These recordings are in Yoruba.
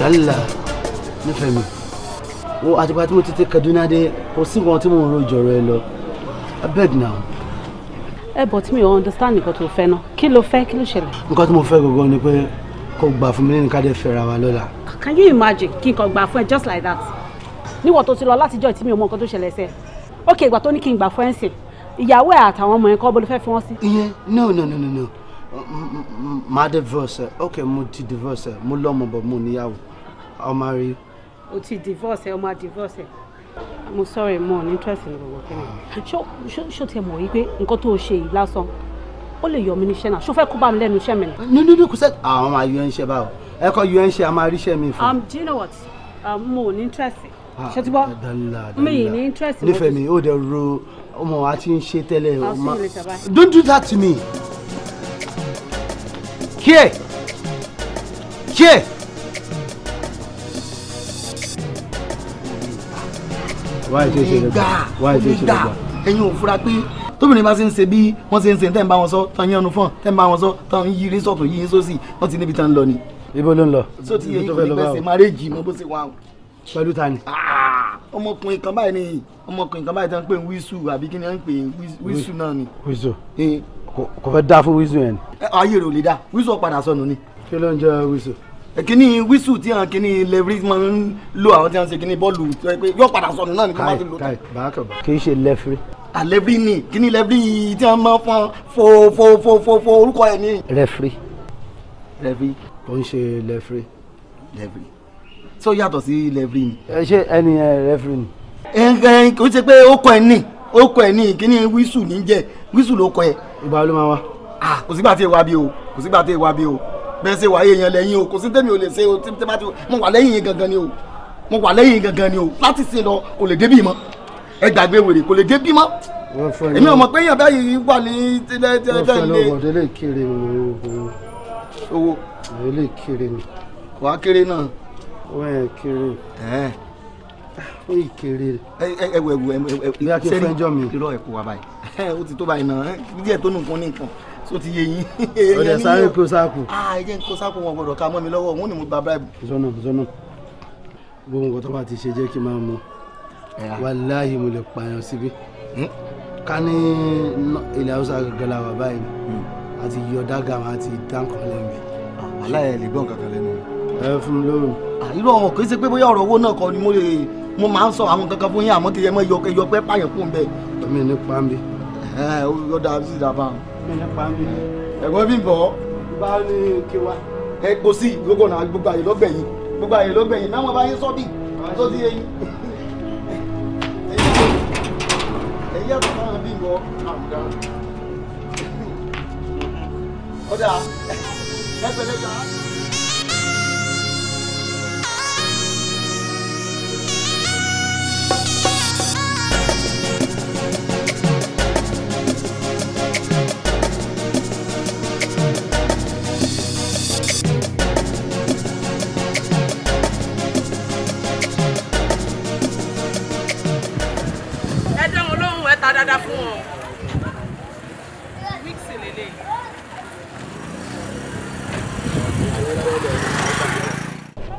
lálẹ́ nífẹ̀ẹ́ mi wo àtìpá tí mo ti tẹ Kaduna dé kò sí nǹkan tí mo ń rojọ́ rẹ lọ abeg now. ẹ bọ̀ tí mi ò understand nǹkan tó fẹ́ náà kí ló fẹ́ kí ló ṣẹlẹ̀. nǹkan tí mo fẹ́ gangan ni pé kó gbà fún mi nínú ká dé fẹ́ra wa lọ́la. can you imagine kí n kàn gbà fún ẹ just like that níwọ̀n tó ti lọ látijọ́ tí mi ò mọ nǹkan tó ṣẹlẹ̀ sẹ́ ok ìgbà tó ní kí n gbà fún ẹ ń sìn ìyàwó ẹ àtàwọn ọmọ yẹn kọ́ bó ló fẹ́ fi wọ́n sí. ìyẹn no no no no no ma divorce ok mo ti divorce mo lọ́mọ bọ̀ mo níyàwó ọmọ rí. o ti divorce ọmọ divorce mo sọ̀rọ̀ mo ní interest ní gbogbo kí ni ṣó tiẹ̀ mọ̀ wípé nǹkan tó o ṣe yìí lásán ó lè yọ mí níṣẹ́ náà ṣó fẹ́ kó bá mi lẹ́nu iṣẹ́ mi ni. ní ní kò sẹ́ àwọn máa yọ ẹ̀ńṣẹ́ báwo ẹ kọ́ yọ ẹ̀ńṣẹ́ a máa ríṣẹ́ mi fún. Um, do you know what um, mo ní interest ah, ṣe ti bọ́ mi ní interest. nífẹ̀ẹ́ mi ó dẹ̀ ro ọmọ wa ti ń ṣe tẹ́lẹ̀. don't do that to me. Here! Here! wá ìṣe ìṣe rẹ wá ìṣe ìṣe rẹ gbà. ẹ̀yin ò fura pé tóbìnrin bá ṣe ń ṣe bí wọ́n ṣe ń ṣe tẹ́ ń bá wọn sọ tán yín ọ̀nù fún tẹ́ ń bá wọn sọ tán yí rí sọ̀tún yí sósì wọ́n ti níbi tá ń lọ ni. ibo ló ń lọ. so ti yẹ kí ní bẹ́sẹ̀ márẹ́jì mọ bó ṣe wà. pẹ̀lú ta ni. Ah, ọmọkùnrin kan báyìí ni ọmọkùnrin kan báyìí tán pé wíṣù àbí kí ni wọ́n ń pè wíṣù náà ni. wíṣù. Eh, kò fẹ́ dá fún wíṣù yẹn. ayé rẹ̀ ò lè dá wíṣù padà sọnù ni. kí ló ń jẹ wíṣù. kíní wíṣù tí àwọn kíní lẹ́fírí máa ń lo àwọn tí wọ́n ṣe kíní bọ́ọ̀lù yóò padà sọnù náà ni kò má ti lò. káì báàkà bá kì í ṣe lẹ́fírí. àlẹ́fírí ni kíní lẹ́fírí tí wọ́n máa fọ́n fo fo fo fo fo orúkọ ẹ̀ ni. rẹfírí. rẹfírí. kò ń ṣe lẹ́fírí. lẹ́fírí. tó yàtọ̀ sí lẹ́fírí ni. ẹ ṣe ẹni rẹfírí ni. ẹ ẹ kò ń ṣe pé ó kọ ẹ ní ó kọ ẹ ní ìkíní wíṣù níjẹ wíṣù ló kọ ẹ. ìgbà ló máa wá. kò sígbà tí ì wá bí o kò sígbà tí ì wá bí o bẹ́ẹ̀ ṣe wáyé yẹn lẹ́yìn o kò sí tẹ́mi ò lè ṣe o tí tẹ́ bá ti mo wà lẹ́yìn yẹn gangan ni o mo wà lẹ́yìn gangan ni o láti ṣe lọ kò lè débì mọ́ ẹ gbàgbé wèrè kò lè débì mọ́ èmi ò mọ̀ pé èèyàn báyìí wà ní tẹ́lẹ̀ tẹ́lẹ̀ tẹ́lẹ̀ owó. ilé kéré ni. wàá kéré náà. wọ́n yẹn kéré ó yìí kéré. ẹ wẹ wẹ ẹ sẹ́ni irọ́ ẹ̀ kó wa báyìí ó ti tó báyìí náà díẹ̀ tó nǹkan ní nǹkan so ti yé yín. ọ̀dẹ̀ sáré kó sáàkù. aa ẹ jẹ́ kó sáàkù wọn gbọ́dọ̀ ká mọ́ mi lọ́wọ́ òun ni mo gba bribe. zọ́nà zọ́nà gbogbo nǹkan tó bá ti ṣe jẹ́ kí n máa mu wàláhì mo lè pààyàn síbí hm? ká ní ilẹ̀ haúsá gẹ́gẹ́ la wà báyìí àti hm. yọ̀dá gàmà àti dáńkọ̀ lẹ́nu. aláyẹ̀ lè gbọ́n kankan lẹ́nu. ẹ fún mi lóru. irú ọ̀hún kì í ṣe pé bóyá ọ̀rọ̀ owó náà kọ́ ni mo lè mo máa ń sọ àwọn kankan fún yín àmọ́ kí ẹ mọ yọ yọ pé pààyàn kún bẹ́ẹ̀. èmi ní pàmì. ẹ ẹ yọ da sí ìdàbà. èmi ní pàmì. ẹ̀gbọ́n bí bọ̀ bá ní kí wa. ẹ kò sí gbogbo náà gbogbo àyè lọ́gbẹ̀ yìí gbogbo àyè lọ́gbẹ̀ yìí náwọn bá yín sọ bí sọ sí eyín. ẹ yàtọ̀ náà bí bọ̀ ọ̀dà ẹ pẹ̀lẹ́ yàrá.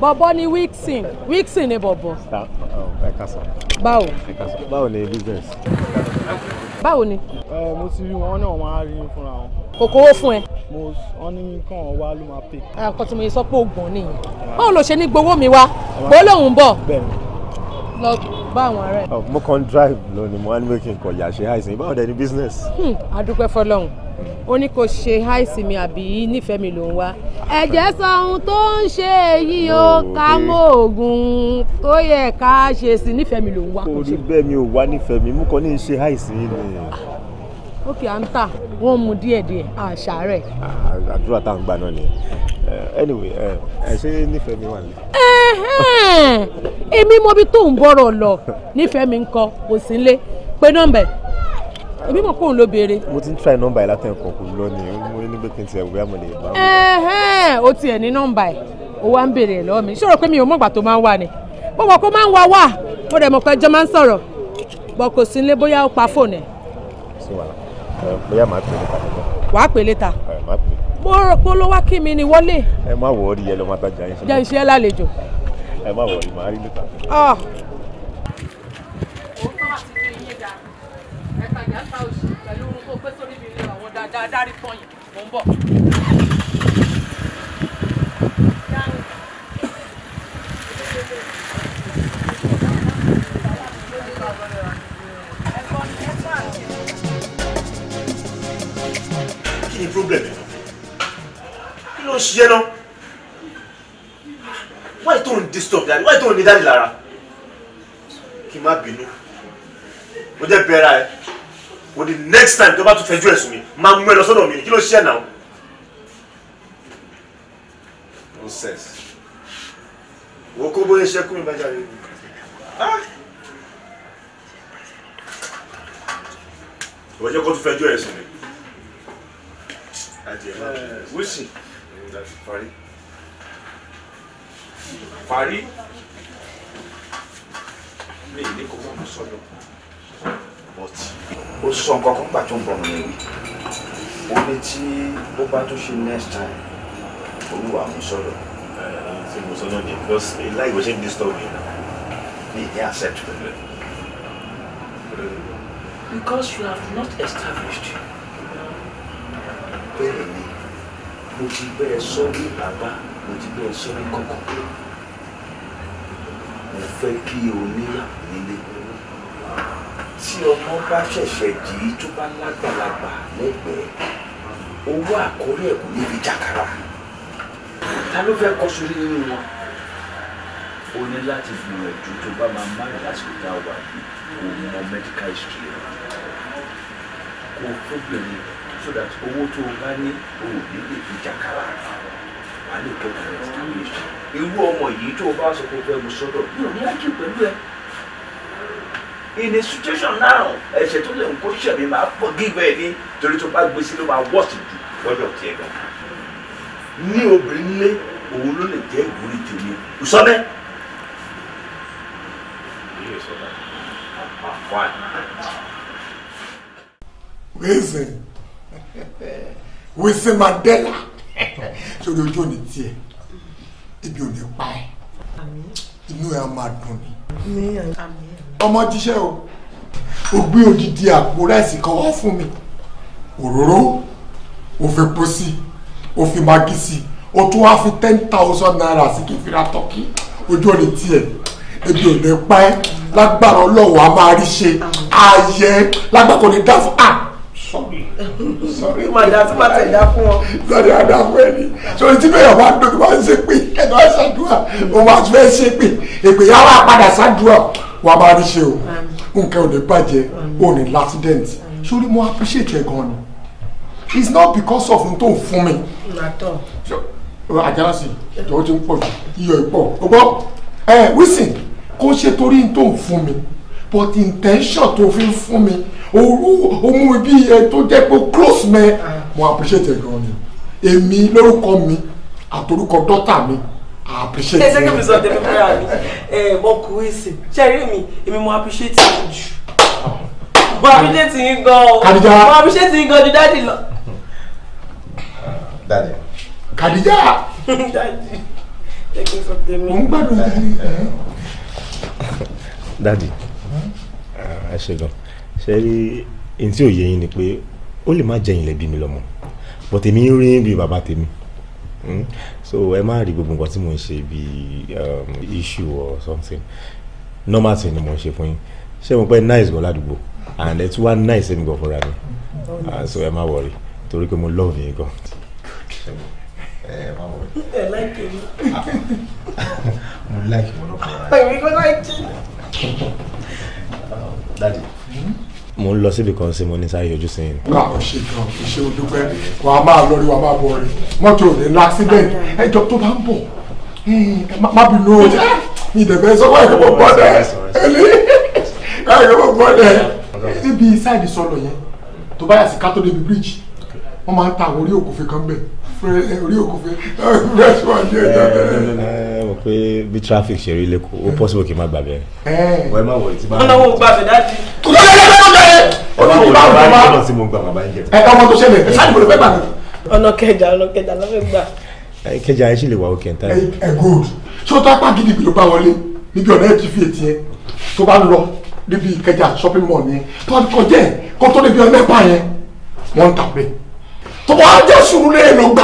bọ̀bọ̀ ni Wilson Wilson ni bọ̀bọ̀. Oh, ẹ ká sọ. báwo. ẹ ká sọ báwo ni business. báwo ni. ẹ mo ti rí wọn náà wọn á rí yín fúnra wọn. kò kówó fún ẹ. mo wọn ní kàn wá ló máa pè. àkọ́ tí mo yẹ sọ pé ògùn nìyẹn báwo ló ṣe ní gbowó mi wá bó lóun bọ̀ lọ bá àwọn ará ẹ. Oh, mo kàn drive lónìí mo wá ní making kọjá ṣe àìsàn ìbáwọ̀ dẹ̀ ní business. Hmm, a fọlọ́run ó ní kò ṣe àìsí mi àbí nífẹ̀ẹ́ mi ló ń wá ẹ̀jẹ̀ sọ ohun tó ń ṣe èyí o ká mọ oògùn tó yẹ ká ṣe sí nífẹ̀ẹ́ mi ló ń wá. kò bẹ́ẹ̀ mi ò wá nífẹ̀ẹ́ mi mú kàn ní í ṣe àìsí ni. ókè à ń tà wọ́n mu àṣà rẹ̀. àdúrà tá à ń gbà náà nìyẹn eh, anyway eh, ẹ ṣe nífẹ̀ẹ́ mi wà ní. èmi mọbi tó ń bọ̀rọ̀ lọ nífẹ̀ẹ́ mi ń kọ kò sí ń lé pé nọ́mbẹ̀ ebi mọ̀ kóun ló béèrè. mo ti ń try nọ́mbà ẹ̀ látẹ̀ nǹkan kò lọ ni mo ní pé kí n tiẹ̀ wí àmọ́ lè bá wọn. o tiẹ̀ ní nọ́mbà ẹ̀ o wá ń béèrè lọ́wọ́ mi ṣòro pé mi ò mọ̀gbà tó máa ń wà ni mo mọ̀ kó máa ń wà wà mo rẹ̀ mọ̀ pé ẹjọ́ máa ń sọ̀rọ̀ bọ̀ kò sí nílé bóyá ó pa fóònù ẹ̀. bóyá màá pè é padà. wàá pè é létà. màá pè é mo rò pé ló wá kí mi ni wọlé. ẹ má wọrí ẹ ìyáta oṣù pẹ̀lú orun tó pé sórí mi lè àwọn dáadáa dárí tọ́yìn mò ń bọ̀. kí ni problem ẹ̀ kí ló ń ṣe má bínú mo jẹ́ bẹ́ẹ̀ ra o the next time tó bá tún fẹjú ẹ̀sùn mi máa mú ẹ lọ sọ́dọ̀ mi kí ló ṣe náà. nonsense. wo kó bóyá iṣẹ́ kún mi bájà rẹ. Ah! ìwọ jẹ́ kó tún fẹjú ẹ̀sùn mi. wíṣì parí. parí. mi ì ní kókó mú sọ́dọ̀ but ó sọ nǹkan kan gbà tó ń bọ̀ mí lẹ́yìn ó ní tí ó bá tún ṣe next time olúwa mi sọ̀rọ̀. ṣé mo sọ náà ni because láì wọ́n ṣe ń disturb mi náà. mi ní accept pẹ̀lú ẹ̀. because you have not established. bẹ́ẹ̀ ni mo ti bẹ́ẹ̀ sọ ní bàbá mo ti bẹ́ẹ̀ sọ ní kọ̀kọ̀ mo fẹ́ kí o níyàwó nílé tí ọmọ bá ṣẹ̀ṣẹ̀ jí tó bá lágbàlagbà lẹ́gbẹ̀ẹ́ owó àkórí ẹ̀kọ́ níbi jàkàrà ta ló fẹ́ kọ́ sórí nínú wọn. o ní láti gbìyànjú tó bá máa má rìn lásìkò tá a wà yìí kò mọ medical history rẹ kò fóbìnrin so that owó tó o bá ní o ò ní lè fi jàkàrà wà á lè kẹ́kọ̀ọ́ rẹ̀ tàbí ìṣe irú ọmọ yìí tó o bá sọ pé o fẹ́ mu sọ́dọ̀ mi ò ní á pẹ̀lú ẹ in a situation now ẹ̀ṣẹ̀ tó lè kó ṣẹ̀ mi máa pọ̀ gígbẹ́ ní torí tó bá gbé sí ló máa wọ́ọ̀sì jù lọ́dọ̀ tiẹ̀ gan. ní obìnrin nílé òun ló lè jẹ́ ìwúrí tèmi ìsọ́bẹ́. wíìsìn wíìsìn Mandela sórí ojú òní tiẹ̀ ibi ò ní pa ẹ́ inú ẹ̀ máa dùn ni ọmọ jíṣẹ́ o ó gbé odidi àpò ráìsì kan wá fún mi òróró ó fi po sí ó fi magi sí ó tún wá fi ten thousand naira sí kí n fi ra tọ́kì ojú ọ̀nà tiẹ̀ ebi ò lè pa ẹ́ lágbára ọlọ́wọ́ a máa rí ṣe ààyè lágbàkọ̀ ní dáfọ́ ah sorry sorry ma da tí ma tẹ̀ dá fún ọ. lọ́dẹ̀ àdá fún ẹ ni sori tí bẹ́ẹ̀ wá dòdò wá ń ṣe pé ẹ̀dọ́ ṣàdúrà òun àti fẹ́ ṣe pé èpè yà wá padà ṣàdúrà wà á máa rí ṣe o nǹkan ò ní bàjẹ́ ò ní l'accident sori mo appreciate ẹ gan ni it's not because of n tó fún mi. àjàrà sí ìjọ tí ń pọ̀ jù iyọ̀ ìpọ̀ ọgbọ́n eh, we kó ṣe torí n tó fún mi but intention to fi ń fún òru òmu ibi ẹ tó jẹ́ pé close mẹ́ ah. mo appreciate ẹ gan ni èmi lórúkọ mi àtòrúkọ dọ́tà mi i appreciate ẹ. ẹ ṣé kí mi sọ tẹ̀mí fúnra mi ẹ ọkùnrin sì ṣe rí mi èmi mo appreciate ẹ jù mo ah. appreciate yín gan o mo appreciate yín gan ju dáàdì lọ. dáàdì. kàdíjà. dáàdì ṣé kí n sọ tẹ̀mí. mo ń gbádùn yín. dáàdì ah, ẹ ṣé gan ṣe rí ẹni tí ò yé yín ni pé ó lè má jẹyìn lẹ́bi mi lọ́mọ but èmi ń rí bí bàbá tèmi hmm? so ẹ má rí gbogbo nǹkan tí mò ń ṣe bí um, issue or something normal thing ni mò ń ṣe fún yín ṣé mo pẹ́ nice gan ládùúgbò and ẹ tún wá nice ẹ̀mí gan fúnra mi ah, so ẹ má worry torí pé mo love yín gan. Eh, ẹ má worry. ẹ láìpẹ́ mi. mo láìpẹ́ wọn lọ́kọ̀ọ́ rẹ̀. èmi kò láìpẹ́. dadi mo ń lọ síbi kan sí mo ní sáyé ojú sí yìí. wà á ṣe kan ìṣe olùpẹ wà á máa lọ rí wà á máa bọ rí mọ́tò rẹ̀ ní accident ẹjọ́ tó bá ń bọ̀ má bínú o ní ìdẹ̀bẹ̀ sọ́kọ́ ẹ̀kọ́ bọ̀ bọ́dẹ̀ ẹ̀lẹ́ ẹ̀kọ́ bọ̀ bọ́dẹ̀ níbi sáìdì sọ̀rọ̀ yẹn tó bá yà sí kátó débi bíríjì wọ́n máa ń ta àwọn orí òkú fi kan bẹ́ẹ̀ orí òkúfe bẹ́ẹ̀ sọ àjẹ ìjà bẹ́ẹ̀. ẹ mọ̀ pé bí traffic ṣe rí lẹ́kọ̀ọ́ ó possible kí n má gbà bẹ́ẹ̀. wọ́n ẹ má wọ̀ ìtì bá. wọ́n náà wọ́n gbà bẹ́ẹ̀ dájú. kò tó yẹ kí wọ́n bẹ̀rẹ̀ olùkí bá wọn bá wọn. ẹ ọmọ tó ṣẹlẹ̀ ẹ sáà ìbòlò fẹ́ gbà mí. ọ̀nà kẹjà ọ̀nà kẹjà ló fẹ́ gbà. kẹjà ẹ sì lè wà ó kẹta. ẹ good ṣó tó apá gidigidi ló bá wọlé níbi ọ̀nà ẹ̀ ti fi ètí ẹ tó bá lọ níbi ìkẹjà shopping mall yẹn tó bá kọjá ẹ kó tó níbi ọ̀nà ẹ̀ bá yẹn wọ́n ń tàwé tó wàá jẹ́ sùúrù lé èlò gbà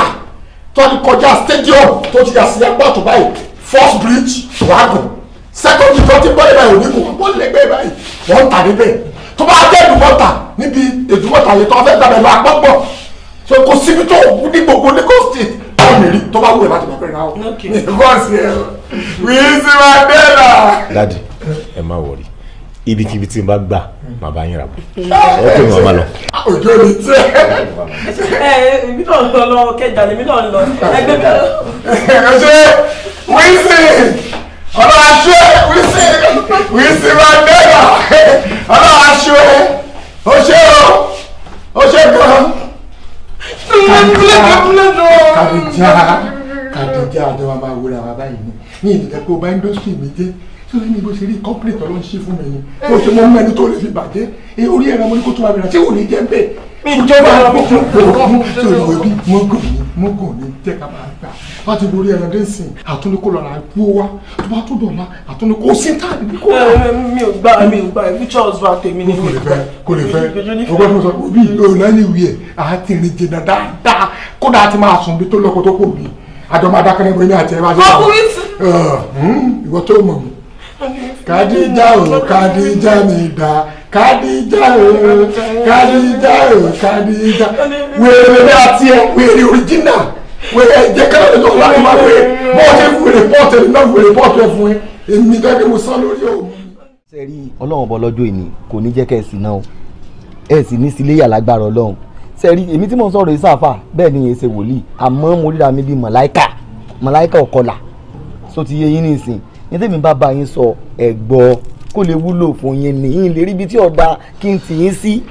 tó ti kọjá stadium tó ti yà sí apá tó báyìí first bridge wàá second bridge tó ti bọ́ ìbáyìí òní gùn wọ́n lè gbé ìbáyìí wọ́n tà níbẹ̀ tó bá jẹ́ ìdúmọ̀tà níbi ìdúmọ̀tà yìí tó wọ́n fẹ́ gbàgbẹ́ lọ àpapọ̀ so kò síbi tó ní gbogbo Lagos state báwo lè rí tó bá wù ẹ̀ láti bẹ̀rẹ̀ náà. ìbọn sí ẹ wíìsì máa dẹ́ là. dadi ẹ má wọrí ibikíbi tí n bá gbà màá bá yín rà bọ ẹ pè mí ọmọ lọ. òjò ni tí ẹ eh, èmi náà lọ lọ kẹjà èmi náà lọ ẹgbẹ́ mi lọ. ẹ̀ṣẹ̀ wíìsì ọ̀nà aṣọ wíìsì wíìsì máa ń dẹ́gbà ọ̀nà aṣọ ó ṣe o ó ṣe gan. kàdìjà kàdìjà àdéhùn àbáwòrán àbáyé ní ìdílé kó bá ń dọ́sùn mi jẹ́ sórí mi bó ṣe rí kọ́pìlì tọ́ ló ń ṣí fún mi yìí bó ṣe mọ mẹ́nu tó lè fi bàjẹ́ ẹ eh, orí ẹ̀rọ mo ní kó tó máa bẹ̀rẹ̀ tí kò ní jẹ́ bẹ́ẹ̀. mi jọba ló fi kún o ìwé bí mọ́gàn ni mọ́gàn ni jẹ́ ká máa gbà wá ti borí ẹran dé sìn àtúndì kó lọ́ra gbó wá tó bá tó dọ̀la àtúndì kó sí tá àbí kó wá. Eh, mi ò gbà mi ò gbà ibi charles wa tèmi ni. kò lè fẹ́ kò lè fẹ́ o gbọ́dọ̀ sọ bí olóyìn wí ẹ̀ àá ti rìn jìnnà dáadáa kódà á ti máa sùn bí tó lọ́kọ̀ tó kò bí àjọ máa dákẹ́ ní ẹgbẹ́ ní àti ẹ̀ bá ti sọ. ọkùnrin ti. Eh, hmm, ìwọ tó mọ̀ mí Kadija o Kadija mi da Kadija o Kadija o Kadija wèrè ní àti ẹ wèrè òrìjínà wèrè ẹ̀jẹ̀ kára ẹ̀jọ̀ láti máa wèrè bọ́ọ̀tì wèrè bọ́ọ̀tì ẹ̀ náà wèrè bọ́ọ̀tì ẹ̀ fún ẹ èmi gẹ́gẹ́ mo sá lórí o. sẹ́rí ọlọ́run ọba ọlọ́jọ́ ìní kò ní jẹ́ kẹ́ ẹ̀ sí náà ẹ̀ sì ní sílé yà lágbára ọlọ́run sẹ́rí èmi tí mo ń sọ̀rọ̀ ìsáfà bẹ́ẹ̀ ni èyí wòlíì àmọ́ mo ríra mi bíi màláìkà màláìkà ọ̀kọlà só ti yé yín nísìn ní tèmi bá bá yín sọ ẹ̀gbọ́ kó lè wúlò fún yín nìyín lè rí ibi tí ọ̀dà kí n tì yín sí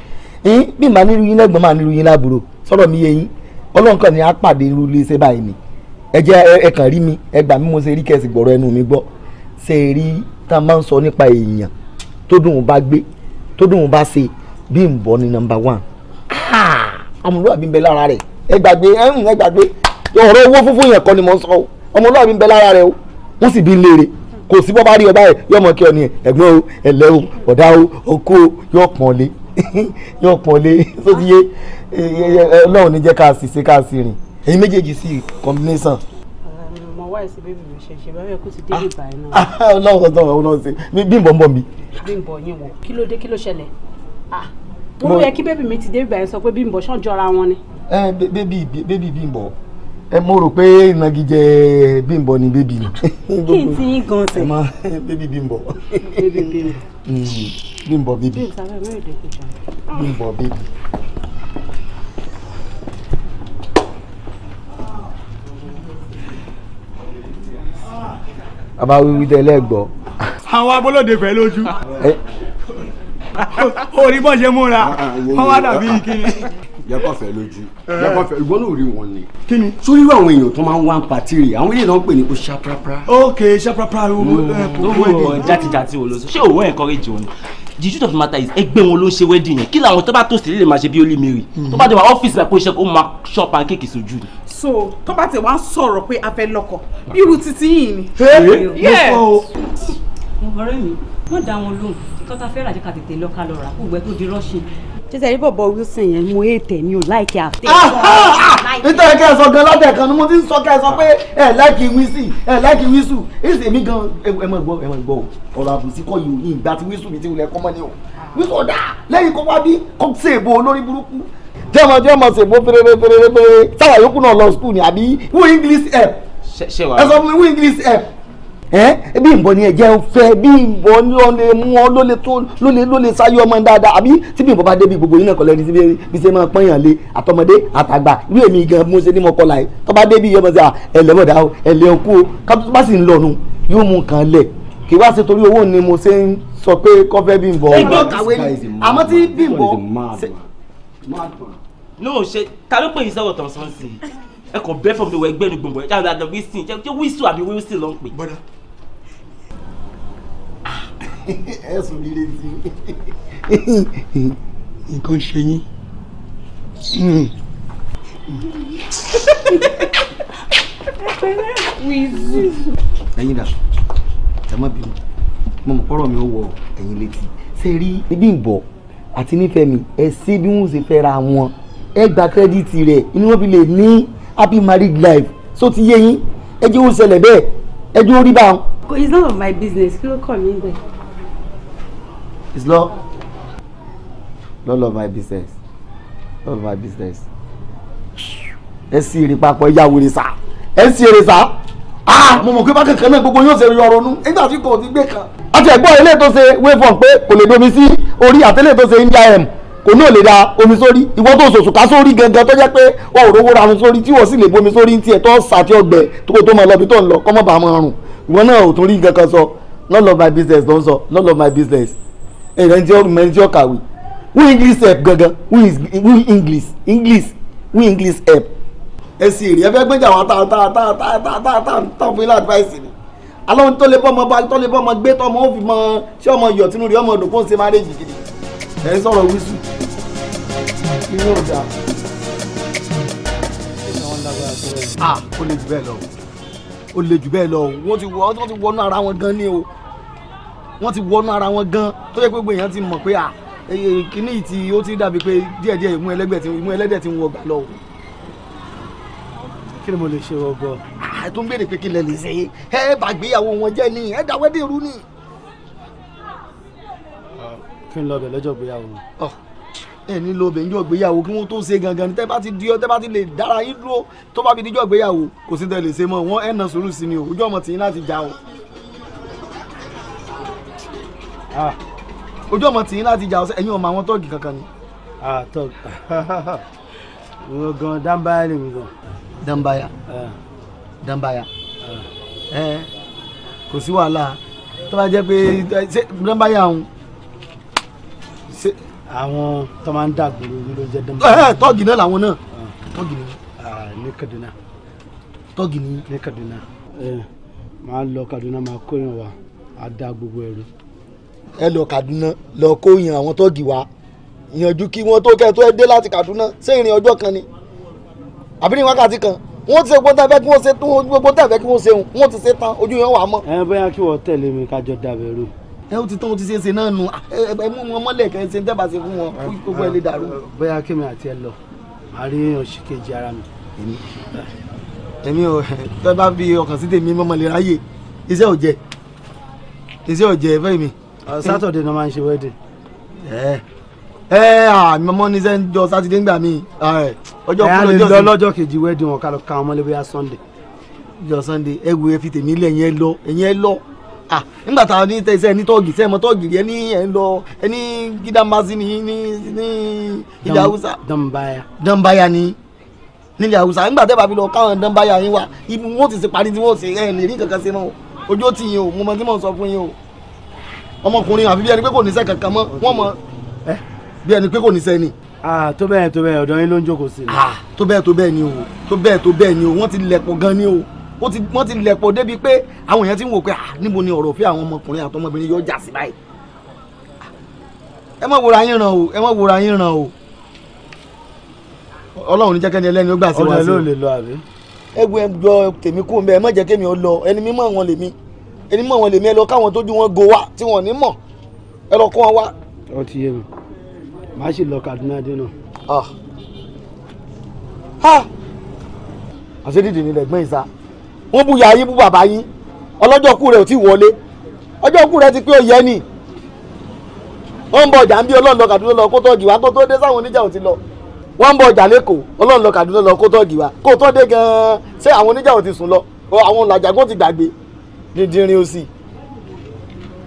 bí màá nílu yín lẹ́gbọ̀n màá nílu yín lábúrò sọ̀rọ̀ mi yé yín ọlọ́nkàn ni a pàdé irú iléeṣẹ́ báyìí ni ẹ jẹ́ ẹ kàn rí mi ẹ gbà mí mo ṣe rí kẹ́sì gbọ̀rọ̀ ẹnu mi gbọ́ ṣe rí tá a máa ń sọ nípa èèyàn tó dùn ún bá gbé tó dùn ún bá ṣe bí n bọ́ ní nọ́mbà one ọmọlúwàbí ń bẹ lára rẹ̀ ẹ gbàgbé ẹ gbàgbé ọ̀rọ̀ owó fúnfún yẹn kọ́ ni mo sọ ọmọlúwàbí ń bẹ lára rẹ̀ o wọ́n sì bí ń léèrè kò sí bọ́ bá rí ọ báyìí yóò kí ọ ní ẹ̀gbọ́n o ẹ̀lẹ́ o ọ̀dá o okó o yóò pọ̀n lé yóò pọ̀n lé sótìyé ọlọ́run ní jẹ́ ká sì ṣe ká sì rìn èyí méjèèjì sí combination. ọmọ wa ìsìn bébì mi ṣe ṣe bẹ́ẹ̀ kó ti dé ah, ìgbà yẹn náà. Ah, ah, ọlọ́run ọ̀sán ọ̀hún ọ̀sẹ̀ bí ń bọ̀ ń bọ̀ mi. bí ń bọ̀ yín wọ̀ kí ló dé kí ló ṣẹlẹ̀ mo ló yẹ kí bébì ẹ mo rò pé ìnagijẹ bímbọ ni bébì ni. kí n ti yín gan sẹ. ẹ máa bébì bímbọ. bímbọ. bébì. bímbọ hmm, bébì. àbá wíwí tẹ́lẹ̀ gbọ́. àwọn abolóde fẹ́ lójú. orí bọ́ ṣe múra ah, ah, wọ́n wá dàbí kíni yẹkọfẹ lójú eh. yẹkọfẹ ìwọ náà rí wọn ni. kí ni. sórí irú àwọn èèyàn tó máa ń wá ń àwọn eléyìí náà ń pè ní kó ṣaprapra. ok ṣaprapra o owó eh, jatijati wo ló sọ ṣé òun encourage òun the truth of the matter is ẹgbẹ́ wọn ló ń ṣe wedding yẹn kí làwọn tó bá tó sílẹ̀ lè máa ṣe bí Holy Mary hmm. tó bá dé wá ọ́fíìsì rẹ̀ kó iṣẹ́ kó máa ṣọ́ pancake sójú ni. so tó bá tẹ̀ wá sọ̀rọ̀ pé a fẹ́ lọ́kọ irú títí yìí ni. ṣé eh, mo fọ́ o. ọ̀rẹ́ mi wọ́n dá wọn lóhùn kí tọ́ta fẹ́ ràjẹ́ tètè lọ́ka lọ́ra kó gbẹ tó di rọ́ṣìn jẹ́sẹ̀ rí bọ̀bọ̀ Wilson yẹn mo ètè mi ò láìkí àtẹ. Ah, ah, ah! nítorí ẹ̀ka ẹ̀sọ́ gan lọ́dẹ̀ kan ni mo ti ń sọ ká ẹ̀sọ́ pé ẹ̀ láìkí wíṣì ẹ̀ láìkí wíṣù ìṣe èmi gan ẹ̀ mọ̀ gbọ́ ẹ̀ mọ̀ gbọ́ ọ̀rọ̀ àbùsí kọ́ yìí òyìn ìgbà tí wíṣù mi ti wulẹ̀ kọ́ mọ́ ni o wíṣù ọ̀dà lẹ́yìn kó wá bí kó ṣe èbò olórí burúkú jẹ́mọ̀ jẹ́mọ̀ ṣèbó pérépérépéré táwa yòókù náà lọ school ni àbí wú English F? ẹ sọ fún mi wú English F? ẹ bí ìbọn ni ẹ̀jẹ̀ fẹ́ bí ìbọn ni ọ lè mú ọ ló lè tó ló lè ló lè sáyé ọmọ dáadáa àbí tí bí ìbọn bá débi gbogbo yín náà kọlẹ́ ní síbi bí ṣe máa pọ́nyàn lé àtọmọdé àtàgbà bí èmi gan mo ṣe ní mo kọlà yìí tó bá débi yọmọ sí ẹlẹ́mọ̀dá o ẹlẹ́ òkú o kápẹ́tù bá sì ń lọ́nu yóò mú nǹkan lẹ̀ kì wá sí torí owó ni mo ṣe ń sọ pé kọ́fẹ́ bímbọ. àmọ́ tí bímbọ. no ṣe ta ló pè yín sọ̀rọ̀ tán sọ́nsìn ẹ kò bẹ́ fọ̀mù ẹgbẹ́ nu gbọ̀ngbọ̀n ẹ jáde àdàbí sìn jẹ́ wíṣù àbí wíṣù ló ń pè. ẹ̀sùn líle sí i. nǹkan ṣe yín. ẹ̀yin dà ẹ má bínú mo mọ̀ pọ́rọ̀ mi ò wọ ẹ̀yin létí ṣe rí níbí ìbọ̀ àti nífẹ̀ẹ́ mi ẹ ṣe bí wọ́n ṣe fẹ́ ra wọn ẹ gba kírẹ́díìtì rẹ̀ inú wọn fi lè ní happy married life so ti yé yín ẹ jẹ́ ó ṣẹlẹ̀ bẹ́ẹ̀ ẹ jẹ́ ó rí báwọn. it's none of my business kí ló kàn mí bẹ́ẹ̀. It's law. None of my business. None of my business. Ẹ sì rí papọ̀ ìyá wèrè sá. Ẹ sì rí sá. Mo mọ̀ pé bákan kan náà gbogbo yóò ṣe yọ ronú. Nígbà tí kò ti gbé kan. A ti ẹ̀gbọ́n ilé tó ṣe waveform pé kò lè domi sí orí àtẹ́lẹ̀ tó ṣe India M kò náà lè da omi sórí ìwọ́n tó sòsò ká sórí gangan tó jẹ́ pé wọ́n ò rówó ra wọn sórí tí wọ́n sì lè bomi sórí ní tiẹ̀ tó sàtí ọgbẹ́ tó kò tó máa lọ tó ń lọ kọ́mọ́ bá máa rùn ìwọ́n náà ò tún rí gangan sọ none of my business ló ń sọ none of my business ẹ̀rẹ́ tí ó mẹ́rin tí ó kàwé wí english help gangan wí english english wí english help. ẹ sì rí ẹ fẹ́ gbẹ́jà tá, tá, tá, tá, tá, tá, tá, tá, fún ilé advice ni aláwọn tó lè bọ́ ọmọ bá tó lè bọ́ ọmọ gbé tọ́ ọmọ ó fi mọ ṣé ọmọ yọ̀ tínú rí ọmọ ọdún kó ń ṣe máa rèjì gidi ẹ ń sọ̀rọ̀ wíṣù inú ọ̀dà. ah ó lè jù bẹ́ẹ̀ lọ ó lè jù bẹ́ẹ̀ lọ wọ́n ti wọ́n ti wọnú ara wọn gan ni o wọ́n ti wọnú ara wọn gan tó yẹ pé gbogbo èèyàn ti mọ̀ pé à kíní yìí tí ó ti dàbí pé díẹ̀díẹ̀ ìmú ẹlẹ́gbẹ̀ tí ìmú ẹlẹ́dẹ̀ ti ń wọ gbà lọ. kí ni mo lè ṣe ọgọ. àì tó ń béèrè pé kí lẹ lè ṣe ẹ bá gbéyàwó wọn jẹ ni ẹ dáwọ́ dèrú ni. kí n lọ bẹ̀ lọ́jọ́ gbéyàwó mi. ẹ ní lọ bẹ̀ níjọ́ gbéyàwó kí wọ́n tó ṣe gangan ni tẹ́ bá ti di ọ tẹ́ bá ti lè dára yín dúró tó bá fi díjọ́ gbéyàwó kò sí tẹ́ lè ṣe mọ́ wọn ẹ̀ nà sùúrù sí mi ò Ah. ojú ọmọ tìyín láti jà ọsẹ ẹ̀yin ọmọ àwọn tọ́ọ̀gì kankan ni. Ah, tọ́ọ̀gì wọ́n gan dánbáyà lèmi gan. dánbáyà ah. dánbáyà kò sí wàhálà tó bá jẹ́ pé dánbáyà ń àwọn tó máa ń dàgbòrò ní ló jẹ dánbà. ẹ tọ́ọ̀gì náà làwọn náà tọ́ọ̀gì ni. ní Kaduna. tọ́ọ̀gì ni. ní Kaduna eh, máa lọ Kaduna máa kóyàn wá á dá gbogbo ẹrù ẹ lọ Kaduna lọ kó yan àwọn tọ́gì wá yanjú kí wọ́n tó kẹ́ẹ̀ tó ẹ dé láti Kaduna ṣé ìrìn ọjọ́ kan ni àbí ní wákàtí kan wọ́n ti ṣe gbọ́n tàbí kí wọ́n ṣe tán gbọ́n tàbí kí wọ́n ṣe hùn wọ́n ti ṣe tán ojú yẹn wà mọ́. ẹ bóyá kí wọ́n tẹ̀lé mi kájọ dàbẹ̀ rú. ẹ ó ti tán ó ti ṣe é ṣe náà nu ẹ mú wọn mọ́lẹ̀ kẹ́ ẹ ṣe ń tẹ́bà ṣe fún wọn kó ẹ lè dàrú. bóyá kí mi àti ẹ lọ màá rí èèyàn ṣì kejì ara mi. èmi èmi tẹ́ bá fi ọkàn sí tèmi mọ́mọ́lẹ̀ iṣẹ́ ò iṣẹ́ ò fẹ́ mi. Uh, sátọ̀dé náà máa ń ṣe wedding. ẹ ẹ àmì ọmọ ní sẹ́ń jọ sátidé ńgbà mí ah, eh, ọjọ́ kúrò eh, ọjọ́ sí. ẹ á lè lọ lọ́jọ́ kejì wedding wọn ká lọ ka ọmọ lébóyá sunday. ọjọ́ sunday ẹ wo efi tèmi lẹ̀ yẹn lọ ẹ̀yẹn lọ ah, nígbà tá a ní tẹsẹ̀ ní tọ́ọ̀gì sẹ́ẹ̀ mọ́ tọ́ọ̀gì ẹ ní ẹ ń lọ ẹ ní gídàmásí ní ní ní ilẹ̀ haúsá. dánbáyà. dánbáyà ni nílẹ̀ haúsá nígbà tẹ́ bá fi lọ káwọn dánbáyà yín wá ibi wọn ti ṣe parí tí wọn ò ṣe ẹ̀ ní rí kankan sí náà ojú ó ti yín o mo mọ tí mò ń sọ fún yín o ọmọkùnrin àfi bí ẹni pé kò níṣẹ́ kankan mọ́ wọ́n mọ ẹ bí ẹni pé kò níṣẹ́ ni. tó bẹ́ẹ̀ tó bẹ́ẹ̀ ọ̀dọ̀ yín ló ń jókòó sí i. tó bẹ́ẹ̀ tó bẹ́ẹ̀ ni o tó bẹ́ẹ̀ tó bẹ́ẹ̀ ni o wọ́n ti lẹ̀pọ̀ gan ni o wọ́n ti lẹ̀pọ̀ débi pé àwọn èèyàn ti ń wò pé níbo ni ọ̀rọ̀ fẹ́ àwọn ọmọkùnrin àtọmọbìnrin yóò jà sí báyìí. ẹ má wòra yín ràn o ẹ má wòra yín ràn o ọlọ́run ní jẹ́kẹ́ni ẹlẹ́ni ó gbà sí wa sí. ọ̀nà ló lè lọ àbí. ẹ ẹni mọ̀ wọn lèmi ẹ lọ káwọn tójú wọn go wa tí wọn ní mọ̀ ẹ lọ kó wọn wá. ọ ti yé mi màá sì lọ Kaduna dé náà. Ah. àṣedìdì nílẹ̀ gbọ́n ìsà wọ́n bu yàrá yín bú bàbá yín ọlọ́jọ́ kú rẹ̀ ò tí ì wọlé ọjọ́ kú rẹ̀ ti pé ó yẹ ni wọ́n ń bọ ọjà ń bí ọlọ́run lọ Kaduna lọ kó tọ́jú wa kó tó dé sáwọn oníjà ò ti lọ wọ́n ń bọ ọjà lẹ́kọ̀ọ́ ọlọ́run lọ Kaduna lọ kó tọ́jú wa kó tó dé gan-an ṣé àwọn oníjà ò ti sùn lọ àwọn làjàgó ti gbàgbé dídìrín òsì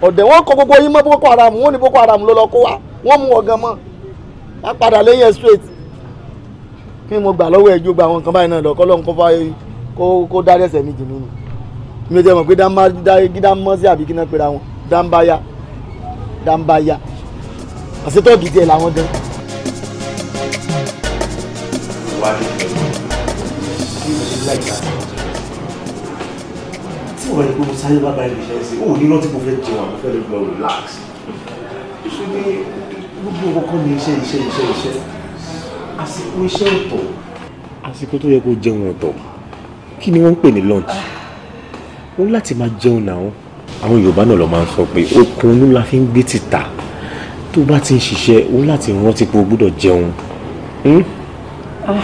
ọ̀dẹ̀ wọn kọ gbogbo yín mọ́ boko haram wọn ní boko haram ló lọ kó wa wọn mú ọgàn mọ́ wọn padà lẹ́yìn ẹ̀ straight kí mo gbà lọ́wọ́ ẹ̀jú gba àwọn nǹkan báyìí náà lọ kọ́ lọ́n kó fa kó dá ẹsẹ̀ mi jì mí ni mi ò jẹ́ mọ̀ pé dáńmọ́sí àbí kí náà pera wọn dáńbáyà dáńbáyà àṣetọ́ọ̀gì tiẹ̀ làwọn gan. wàá ní ìfẹ́ wọn kí ló ṣe láìka fún ọ̀rẹ́ pé mo sáré bá bá ibi iṣẹ́ sí òun ní lọ́tí mo fẹ́ jẹun àmọ́ fẹ́ lọ relax ṣe ní gbogbo kọ́kọ́ ní iṣẹ́ iṣẹ́ iṣẹ́ iṣẹ́ àsìkò iṣẹ́ ọ̀tọ̀ àsìkò tó yẹ kó jẹun ọ̀tọ̀ kí ni wọ́n ń pè ní lunch wọ́n láti máa jẹun náà àwọn Yorùbá náà lọ máa ń sọ pé okun inú la fi ń gbé tìta tó bá ti ń ṣiṣẹ́ o láti rántí pé o gbọ́dọ̀ jẹun. Hmm? Ah.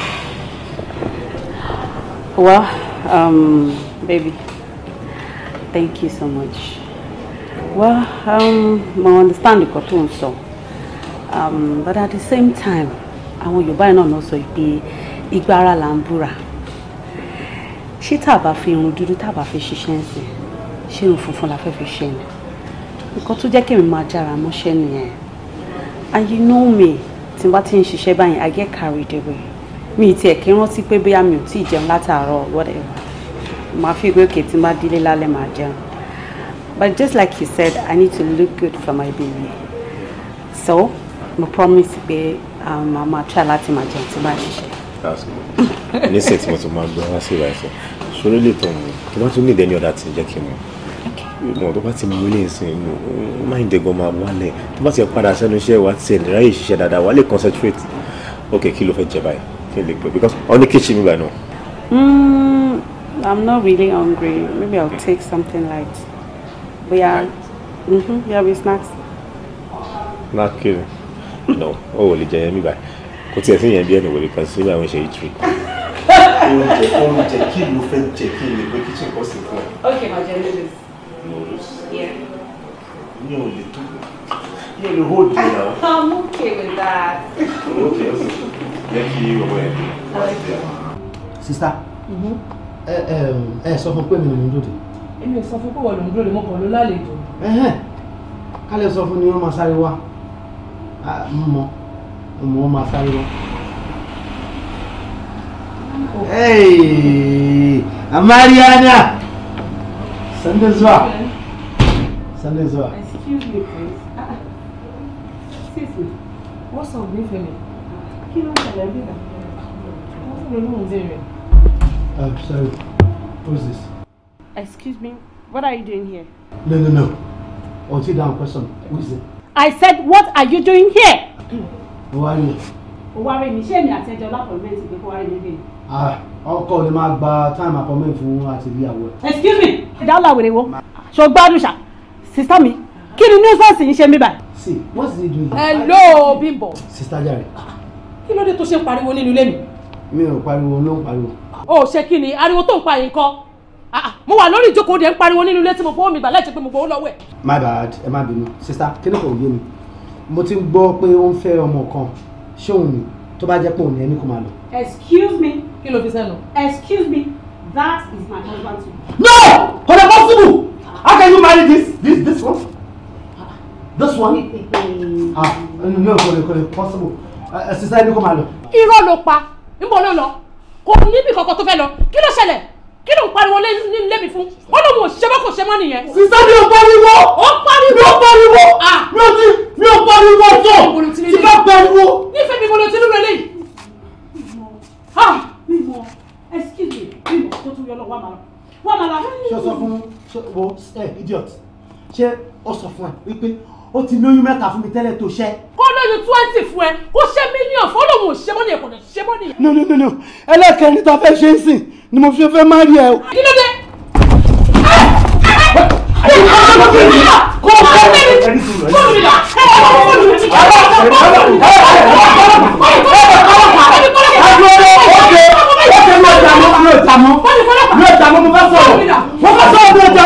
well um, baby Thank you so much. Well, um, mo understand nǹkan tó so Um, but at the same time, I want you náà sọ pé igba ara là ń búra. Ṣé tàbá fi irun dúdú tàbá fi ṣiṣẹ́ ń She Ṣé irun funfun la fẹ́ fi ṣe ni? Nǹkan tó mi máa jára mọ́ṣẹ́ nìyẹn. And you know me, tí n bá ti ń ṣiṣẹ́ I get carried away. Mi ì tiẹ̀ kí rántí pé bóyá mi ò tí ì jẹun whatever. My figure ìgbé òkè daily, má délé but just like you said I need to look good for my baby so mo promise pé um, màá máa try láti máa jẹun tí bá ṣiṣẹ́. nísìn tí mo tún máa gbọ́ wá sí ìwà ẹ̀sẹ̀ ṣòro lè tọ̀ mí tó bá tún ní ìdẹ́ni ọ̀dà tí ń jẹ́ kí n mọ̀ mọ̀ tó bá ti mú ilé ìsìn mọ̀ máa ń dẹ̀gbọ́n máa wálẹ̀ tó bá ti padà sẹ́nu iṣẹ́ wa ti concentrate ok kí ló fẹ́ jẹ because only kitchen kíchìn mi báyìí náà. Hmm. I'm not really hungry. Maybe I'll take something light. We are. Mm-hmm, yeah, we snacks. Not kidding. No. Oh, well, jẹ mi báyìí. Kò tiẹ̀ sí yẹn bí ẹnu wèrè kan sí bí àwọn ṣe yìí tiri. Oúnjẹ oúnjẹ kí ló fẹ́ jẹ kí lè gbé kitchen kọ́ sí fún ẹ. Okay, máa jẹ noodles. Noodles? Yeah. Mi ò lè tó. Mi ò lè hold you now. I'm okay with that. Okay, okay. Jẹ́ kí ọmọ ẹ̀ dùn. Sista. Mm-hmm ẹ ẹ sọ fún pé mi lòún dòde. èmi ò sọ fún pé wọ́n lòún dòde mo kàn ló lálejò. kálẹ̀ sọ fún ni wọ́n máa sáré wá mọ mọ wọ́n máa sáré wá. Amariana Sunday zuwa Sunday zuwa. Excuse me please. Ah, ah, excuse me. What's up with me? Kí ló ń ṣẹlẹ̀ bí ìgbà? Wọ́n fún mi lóhùn dé rẹ̀. Um, uh, so, who's this? Excuse me, what are you doing here? No, no, no. Sit down, question, who is it? I said, what are you doing here? Who are you? Owari mi ṣé mi àti ẹjọ́ lápọ̀lọ́mẹ́ntì pé kó wárí níbí. Ah, ọkọ ni máa gba time appointment fún àti ìyàwó ẹ̀. Excuse me, dálà wèrè wo, ṣo gbádùn ṣá, sista mi, kí ni nuisance yìí ṣe mí báyìí? See, what's he doing? Hello, Bimbo. Sister Jerry. Kí ló dé tó ṣe ń pariwo nínú ilé mi? Mi ò pariwo ló ń pariwo o ṣe kí ni ariwo tó ń pa yìí kọ́ ah, ah, mo wà lórí ìjókòó de ń pariwo nínú ilé tí mo fọwọ́ mi gbà láti pé mo gbowó lọ́wọ́ ẹ̀. my bad ẹ má bínú sista kí ni kò yé mi mo ti ń gbọ́ pé ó ń fẹ́ ọmọ kan ṣé òun ni tó bá jẹ́ pé òun ni ẹni kò máa lọ. excuse me. kí ló fi sẹ́nu. excuse me that is my husband too. no kò lè possible how can you marry this this this one this one ah no kò lè kò lè possible eh, eh, sista ẹni kò máa lọ. irọ́ ló pa ń bọ̀ ló kò níbi kankan tó fẹ́ lọ kí ló ṣẹlẹ̀ kí ló ń pariwo lébi fún ó lóun ò ṣe mọ́ kò ṣe mọ́ nìyẹn. sísá mi ò pariwo ó pariwo mi ò pariwo ah! mi ò ti mi ò pariwo tó ti bá pariwo. nífẹ̀ẹ́ mi mo lo ti rúre lé yìí. Ah! mímọ excuse me mímọ tó tún yọ lọ wà màlá wà màlá. ṣé o sọ fún ṣé o ẹ eh, idiot ṣé o sọ fún ẹ wípé ó ti lóyún mẹ́ta fún mi tẹ́lẹ̀ tó ṣẹ́. kó lóyún twenty fún ẹ kó ṣe mílíọ̀n fún olóhùn òṣìṣẹ́ mọ́ni ẹ̀kọ́ náà ṣiṣẹ́ mọ́ni. no no no no ẹlẹ́kẹ̀rin tá a fẹ́ ṣe é sìn ni mo fi fẹ́ má rí ẹ kí ló dé. kó o fẹ́ mi kó o mi là ẹ ẹ kó o mi là ẹ ẹ kó o mi là ẹ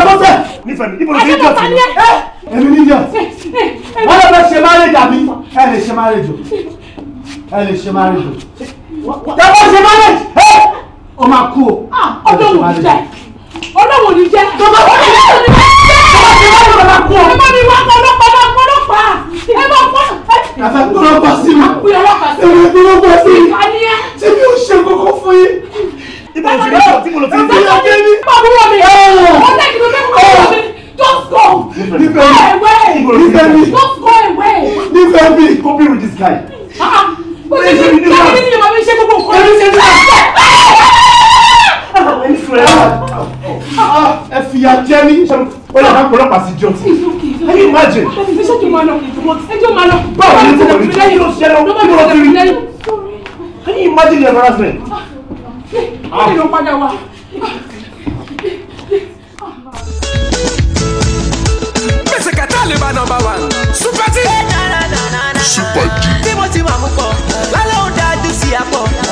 ẹ kó o mi là nífẹ̀ẹ́ mi níbo ló ti ń dọ̀tí mi èmi níyà wọ́n lọ fẹ́ ṣe márèjì àbí ẹ lè ṣe márèjì o ẹ lè ṣe márèjì o tẹ̀wọ́ ṣe márèjì ẹ o máa kú o ah, ọjọ́ wò ní jẹ́ ọlọ́wọ́ ní jẹ́ tọ́gbà wọ́n ní jẹ́ ọjọ́ ṣe márèjì o kú o ẹ má mi wá ọlọ́pàá ọlọ́pàá ẹ má pọ́ àfẹ́ kúrọ́pàá sí mi àfẹ́ kúrọ́pàá sí mi tí mi ò ṣe kókó ibà tí mo lọ tí mo lọ tí mo lọ tí mo lọ tí mo lọ tí mo lọ Just go! Leave go away! Leave me! Just go away! Leave me! Go be with this guy. Ah! What is it? What is it? What is it? What is it? What is it? Ẹ fi ya jẹ́ ní ṣe ó lè máa ń pọ̀lọ́pàá sí jọ tí. Can you imagine? Ẹjọ́ tó máa lọ kìí tó mọ́ ẹjọ́ máa lọ. Báwo ni mo wọ̀ ní? Kí ló ṣẹlẹ̀? Kí ló ṣẹlẹ̀? Can you imagine the embarrassment? Ah wọ́n ní ló padà wá. gbèsè kẹta lè ba nọ́mbà wa Super G. Super G. bí mo ti wà mú pọ̀ lálẹ́ òun dájú sí apọ̀.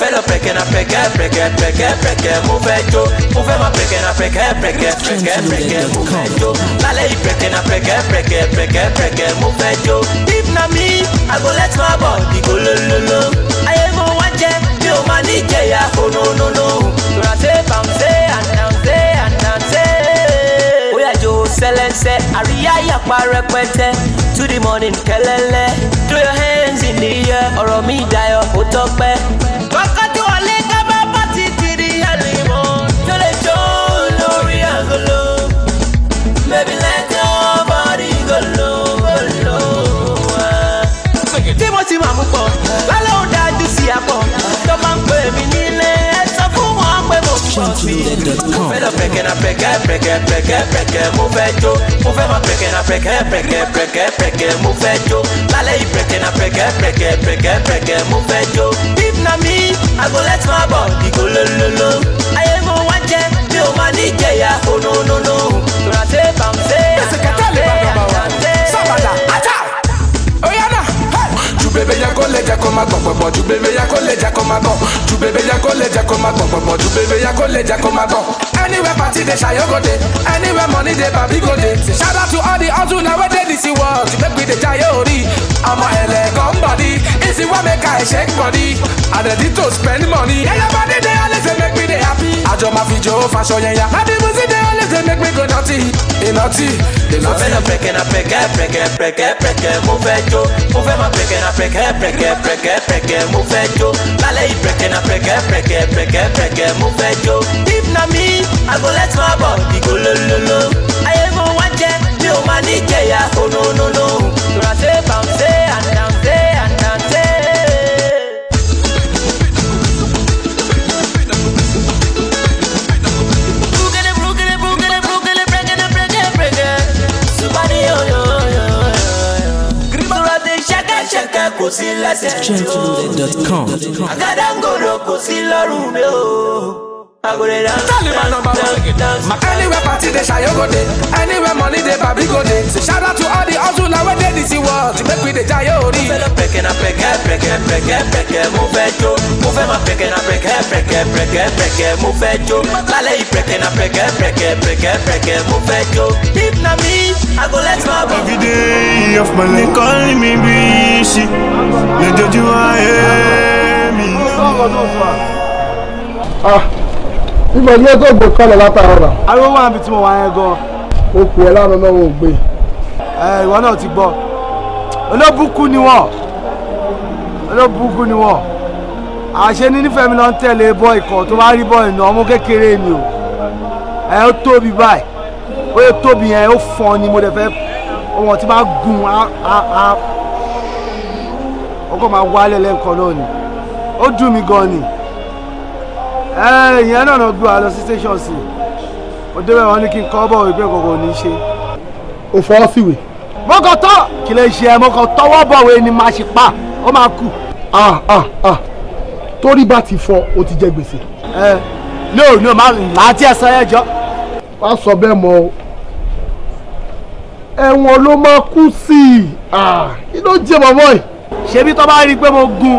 fẹ́ lọ pẹ̀kẹ́ na pẹ̀kẹ́ pẹ̀kẹ́ pẹ̀kẹ́ pẹ̀kẹ́ mo fẹ́ jó mo fẹ́ ma pẹ̀kẹ́ na pẹ̀kẹ́ pẹ̀kẹ́ pẹ̀kẹ́ pẹ̀kẹ́ mo fẹ́ jó lálẹ́ yìí pẹ̀kẹ́ na pẹ̀kẹ́ pẹ̀kẹ́ pẹ̀kẹ́ pẹ̀kẹ́ mo fẹ́ jó if na me i go let my body go lololo ayé mo wá jẹ mi ò máa ní jẹyà ononono tura ṣe bàmṣe àdàmṣe àdàmṣe ó yà jó sẹlẹsẹ àríyá yàpá rẹpẹtẹ to the morning kẹlẹlẹ throw your hands in the air ọ̀rọ̀ mi dayọ̀ ó tọ́pẹ́. mo fẹ́ lọ pẹ̀kẹ́ na pẹ̀kẹ́ pẹ̀kẹ́ pẹ̀kẹ́ pẹ̀kẹ́ mo fẹ́ lọ pẹ̀kẹ́ na pẹ̀kẹ́ pẹ̀kẹ́ pẹ̀kẹ́ pẹ̀kẹ́ my body go lololo ayé mo wá jẹ mi ò máa Tubebe ya koleja koma gbọ̀gbọ̀gbọ̀ tubebe ya koleja koma gbọ̀ tubebe ya koleja koma gbọ̀gbọ̀gbọ̀ tubebe ya koleja koma gbọ̀. Anywhere party dey ṣayọ go dey anywhere money dey babi go dey. Shout out to all the hustle na wey dey dis world to make we dey jayé orí. Ọmọ ẹlẹ́gàn bọ̀dí easy wan make I shake body and ready to spend money. Yẹ́yẹ́ bọ́dí dey always make me dey happy. Àjọ máa fi jó fàṣọ yẹn ya. Má bí mo o they make me go naughty, e naughty, e naughty. Mo fẹ́ lọ pẹ̀kẹ́ na pẹ̀kẹ́ pẹ̀kẹ́ pẹ̀kẹ́ pẹ̀kẹ́ mo fẹ́ jó. Mo fẹ́ ma pẹ̀kẹ́ na pẹ̀kẹ́ pẹ̀kẹ́ pẹ̀kẹ́ pẹ̀kẹ́ mo fẹ́ jó. Lálẹ́ yìí pẹ̀kẹ́ na pẹ̀kẹ́ pẹ̀kẹ́ pẹ̀kẹ́ pẹ̀kẹ́ mo fẹ́ jó. If na me, I go let my body go lololo. Ayé mo wá jẹ́, mi ò máa ní jẹ̀yà, oh no no no. Rà ṣe bounce and down. kò sí lẹ́sẹ̀ mi o kò sí lọ́rùn mi o. I go dey dance. Tell the man number one. Anywhere party dey shy, go dey. Anywhere money dey, baby go dey. So shout out to all the hustler where they this world. To make we dey jaya ori. Oh, mo fẹ́ lọ pẹ̀kẹ́ na pẹ̀kẹ́ pẹ̀kẹ́ pẹ̀kẹ́ pẹ̀kẹ́ mo fẹ́ jó. Mo fẹ́ ma pẹ̀kẹ́ na pẹ̀kẹ́ pẹ̀kẹ́ pẹ̀kẹ́ pẹ̀kẹ́ mo fẹ́ jó. Lálẹ́ yìí pẹ̀kẹ́ na pẹ̀kẹ́ pẹ̀kẹ́ pẹ̀kẹ́ pẹ̀kẹ́ mo fẹ́ jó. If na me, I go let my bọ̀. Every day of my life. They call me Rishi. Lójoojúmọ́ ayé mi. Ah. nígbà yóò tó gbé kọ́lẹ̀ látàárọ̀ rà. ariwo wà níbi tí mo wà yẹn gan. o kù ẹ lánàá náà wọn ò gbé. ẹ ìwọ náà ti gbọ́ olóbùkún ni wọn olóbùkún ni wọn àṣẹ nínífẹ̀ẹ́ mi lọ ń tẹ̀lé bọ́ì kan tó bá rí bọ́ì náà ọmọ kékeré mi o ẹ ó tóbi báyìí ó yẹ tóbi yẹn ó fọn ni mo dẹ̀ fẹ́ ọmọ tí bá gùn á ọkọ̀ máa wálé lẹ́ǹkan náà ni ó dùn mí gan ni. Eh, ìyẹn náà náà gbé wa lọ sí station sí mo débẹ̀ wọn ní kí n kọ́ bọ̀ ìgbẹ́ kọ̀ọ̀kan ò ní ṣe. o fọwọ́ sí ìwé. mo kàn tọ́ kí lè ṣe ẹ mo kàn tọwọ́ bọ̀wé ni màá ṣe pa ó máa kù. ah ah ah torí bá ti fọ o ti jẹ gbèsè. Eh, ẹ ní òní o máa láti ẹ sọyẹ jọ. wàá sọ bẹ́ẹ̀ mọ́ o ẹ̀wọ̀n ló máa kú sí i kí ló jẹ bọ̀bọ̀ yìí. ṣebí tó bá rí i pé mo gun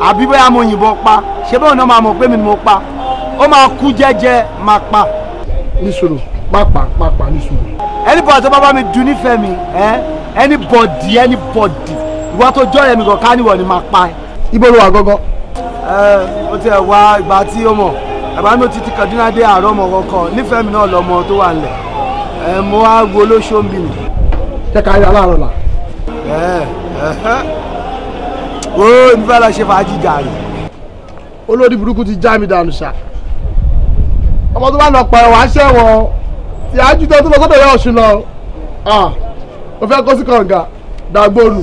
àbí bóyá mo yìnbọn pa ṣé báwọn náà máa mọ̀ pé mi mo pa ó máa kú jẹ́jẹ́ máa pa. níṣòro pàápàá pàápàá níṣòro. anybody tó bá bá mi dun nífẹ̀ẹ́ mi anybody anybody ìwà tó jọ́ ẹ̀mí kan káníwọ̀ ni máa pa ẹ́. ibo ló wà gọ́gọ́. ẹ o ti ẹ̀ wá ìgbà tí ó mọ̀ bàbá mi ò ti ti Kaduna dé àárọ̀ ọmọ kankan nífẹ̀ẹ́ mi náà lọ́mọ tó wà lẹ̀ ẹ mo wá wo olóṣó ń bì mí. ṣé ká rí aláàárọ̀ là. ẹ ẹ wo ìfẹ́ lọ ṣe fàájì jàre olórí burúkú ti já mi dànù ṣá ọmọ tó bá lọ pa ẹwà ṣẹ̀wọ̀n tí àjùtọ tó lọ sọ́dọ̀ yẹ ọ̀ṣun lọ ó ah, fẹ́ kó sí kànga dàgbòrò.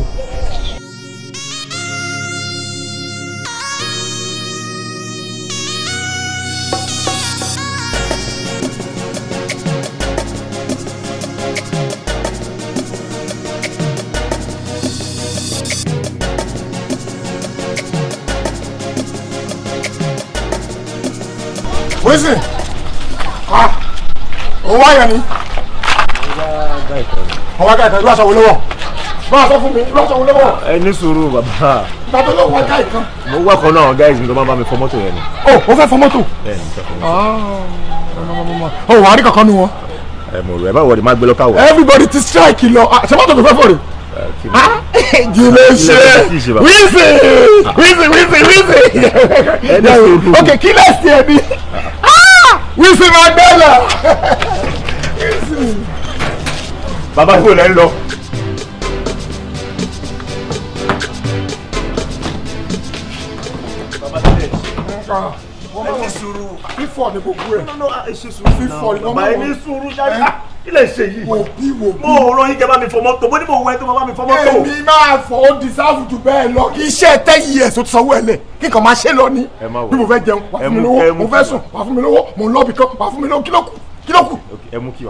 Wilson ah òun wáyà ni. ọwọ́ ká ìkan ló aṣọ olówó bá a sọ fún mi ló aṣọ olówó. ẹ ní sùúrù bàbá. bàbá ló wọ ká ìkan. mo wà kan guys mi tó máa bá mi fọ mọ́tò yẹn ni. o ò fẹ́ fọ mọ́tò. Ah. everybody ti strike lọ ah, ṣé mọ́tò tó fẹ́ fọ́ rè jìlẹ̀ṣẹ̀ wíìsì wíìsì wíìsì wíìsì ok kí We see my Wilson Mandela. bàbá yóò lẹ́ ń lọ. fífọ̀ ni gbogbo ẹ̀ fífọ̀ ni wọ́n mọ̀ wọ́n. bàbá yẹn ní Suru jáde kí lè ṣe yìí. wò bí wò bí. mo rán yín mi fọ mọ́tò mo ní mo wẹ tó mo bá mi fọ mọ́tò. èmi máa fọ ó dísáàfù jù bẹ́ẹ̀ lọ. iṣẹ́ tẹ́ yìí ẹ̀ tó sanwó ẹ̀ lẹ̀ kí nǹkan máa ṣe lọ ni. bí mo fẹ́ jẹun wà fún mi lówó mo fẹ́ sùn wà fún mi lówó mo ń lọ bìkan wà fún mi lówó kílókù kílókù.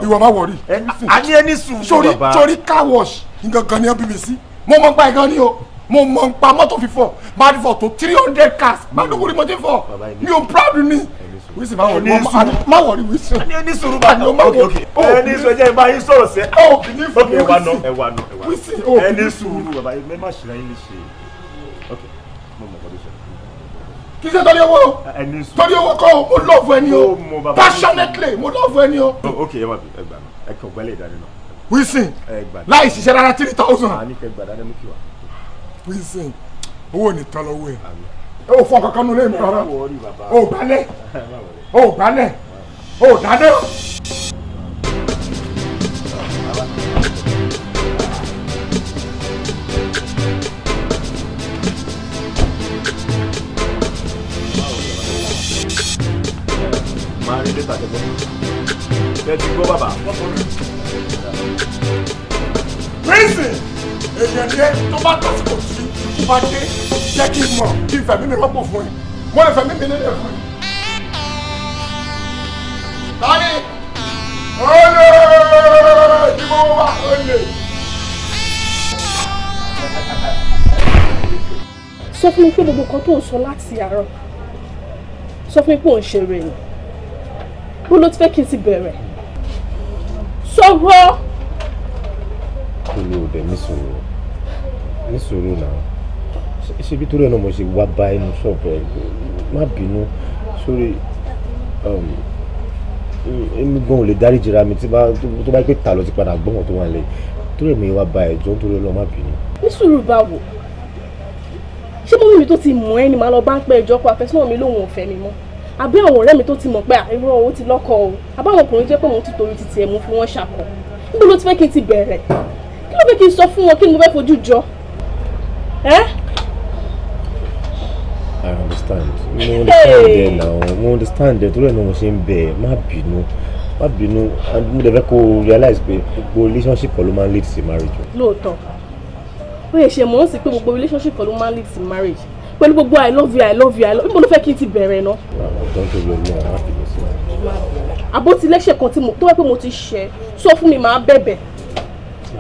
ìwọ máa wọrí. a ní ẹni sùn. sori sori car wash nǹkan kan ni ẹ bí mi sí mo mọ pa ẹ̀gán ni o mo mọ pa mọ́tò fífọ̀ máa fọ̀ tó three hundred cars máa dókòrí mọ́tò fọ̀ mi ò proud ni wíìsì máa wọlé máa wọlé wíìsì. ẹ ní sùúrù bá tó ok ok ẹ ní sọ jẹ́ ìbá yín sọ̀rọ̀ sẹ́. ẹ ò kì ní fún mi wíìsì. ẹ wà nọ ẹ wà nọ ẹ ní sùúrù bàbá yìí mẹ́mà ṣìlá yín lè ṣe ok mo mọ̀ kọ́ ló ṣe. kì í ṣe torí owó torí owó kọ́ mo lọ́ọ̀fù ẹni o passionately mo lọ́ọ̀fù ẹni o. Oh, ok ẹ wà ẹ gbà ẹ kàn gbẹ́lẹ̀ ìdánilọ. wíìsì láì ṣiṣẹ́ rárá three thousand. wíìsì owó ò ní tán lọ́wọ́ ẹ̀ o fọ kankan nínú ilé mi rárá o gbalẹ̀ o gbalẹ̀ o dáná. máa rí lẹ́tà tẹ́gbọ́n. Bẹ́ẹ̀ ti gbọ́ bàbá. Prison èèyàn jẹ́ tó bá tàsíkò tí bá dé jẹ́ kí n mọ̀ kí n fẹ̀mí mi rọ́pò fún ẹ mo lè fẹ̀mí mi nílẹ̀ fún ẹ. tani olè tí mo wà olè. sọ fún mi pé gbogbo kan tó ń sọ láti àárọ̀ sọ fún mi pé ò ń ṣeré ni bó ló ti fẹ́ kí n ti bẹ̀rẹ̀ sọ̀rọ̀. kí ni ò dé ní sùúrù ní sùúrù náà ṣe bí torí ẹ̀ náà mo ṣe wá bá ẹnu sọ̀bẹ̀ má bínú sórí um, èmi gan ò lè dáríjì ra mi tí bá tó bá pẹ́ ta lọ ti padà gbọ́n tó wà lẹ̀ torí ẹ̀ mo wá bá ẹ̀ jọ nítorí ọlọ́ má bínú. ní sùúrù báwo ṣé mọ́mí mi tó ti mọ̀ ẹ́ ni màá lọ bá ń pẹ́ ẹjọ́ pa àfẹ́sọ́nà mi lòun ò fẹ́ mi mọ́ àbí àwọn ọ̀rẹ́ mi tó ti mọ̀ pé àìrọ̀ owó ti lọ́kọ o àbáwọn ọkùnrin jẹ́ pé òun ti torí ti tiẹ̀ mú fi wọ́n ṣàkọ níbo ló ti fẹ́ kí n ti bẹ̀rẹ̀ kí ló fẹ́ kí n sọ fún wọn kí ni mo fẹ́ fojú jọ ẹ́ I understand. Mo understand ẹ náà. Mo understand ẹ torí ẹ̀ náà mo ṣe ń bẹ̀ ẹ́. Má bínú. Má bínú. Mo dẹ̀ fẹ́ kó o realize pé gbogbo relationship kan ló máa ń lead sí marriage. Lóòótọ́. Ó yẹ ṣe mọ̀ ó sì pé gbogbo relationship kan ló máa ń lead sí marriage. Pẹ̀lú gbogbo I love you I love you I love you. Níbo ló fẹ́ kí n ti bẹ̀rẹ̀ náà? Ọ̀dọ́ tó lọ mú àwọn àfihàn sí wa. Àbó ti lẹ́sẹ̀ kan tó wẹ́ pé mo ti ṣẹ̀ sọ fún mi màá bẹ̀bẹ̀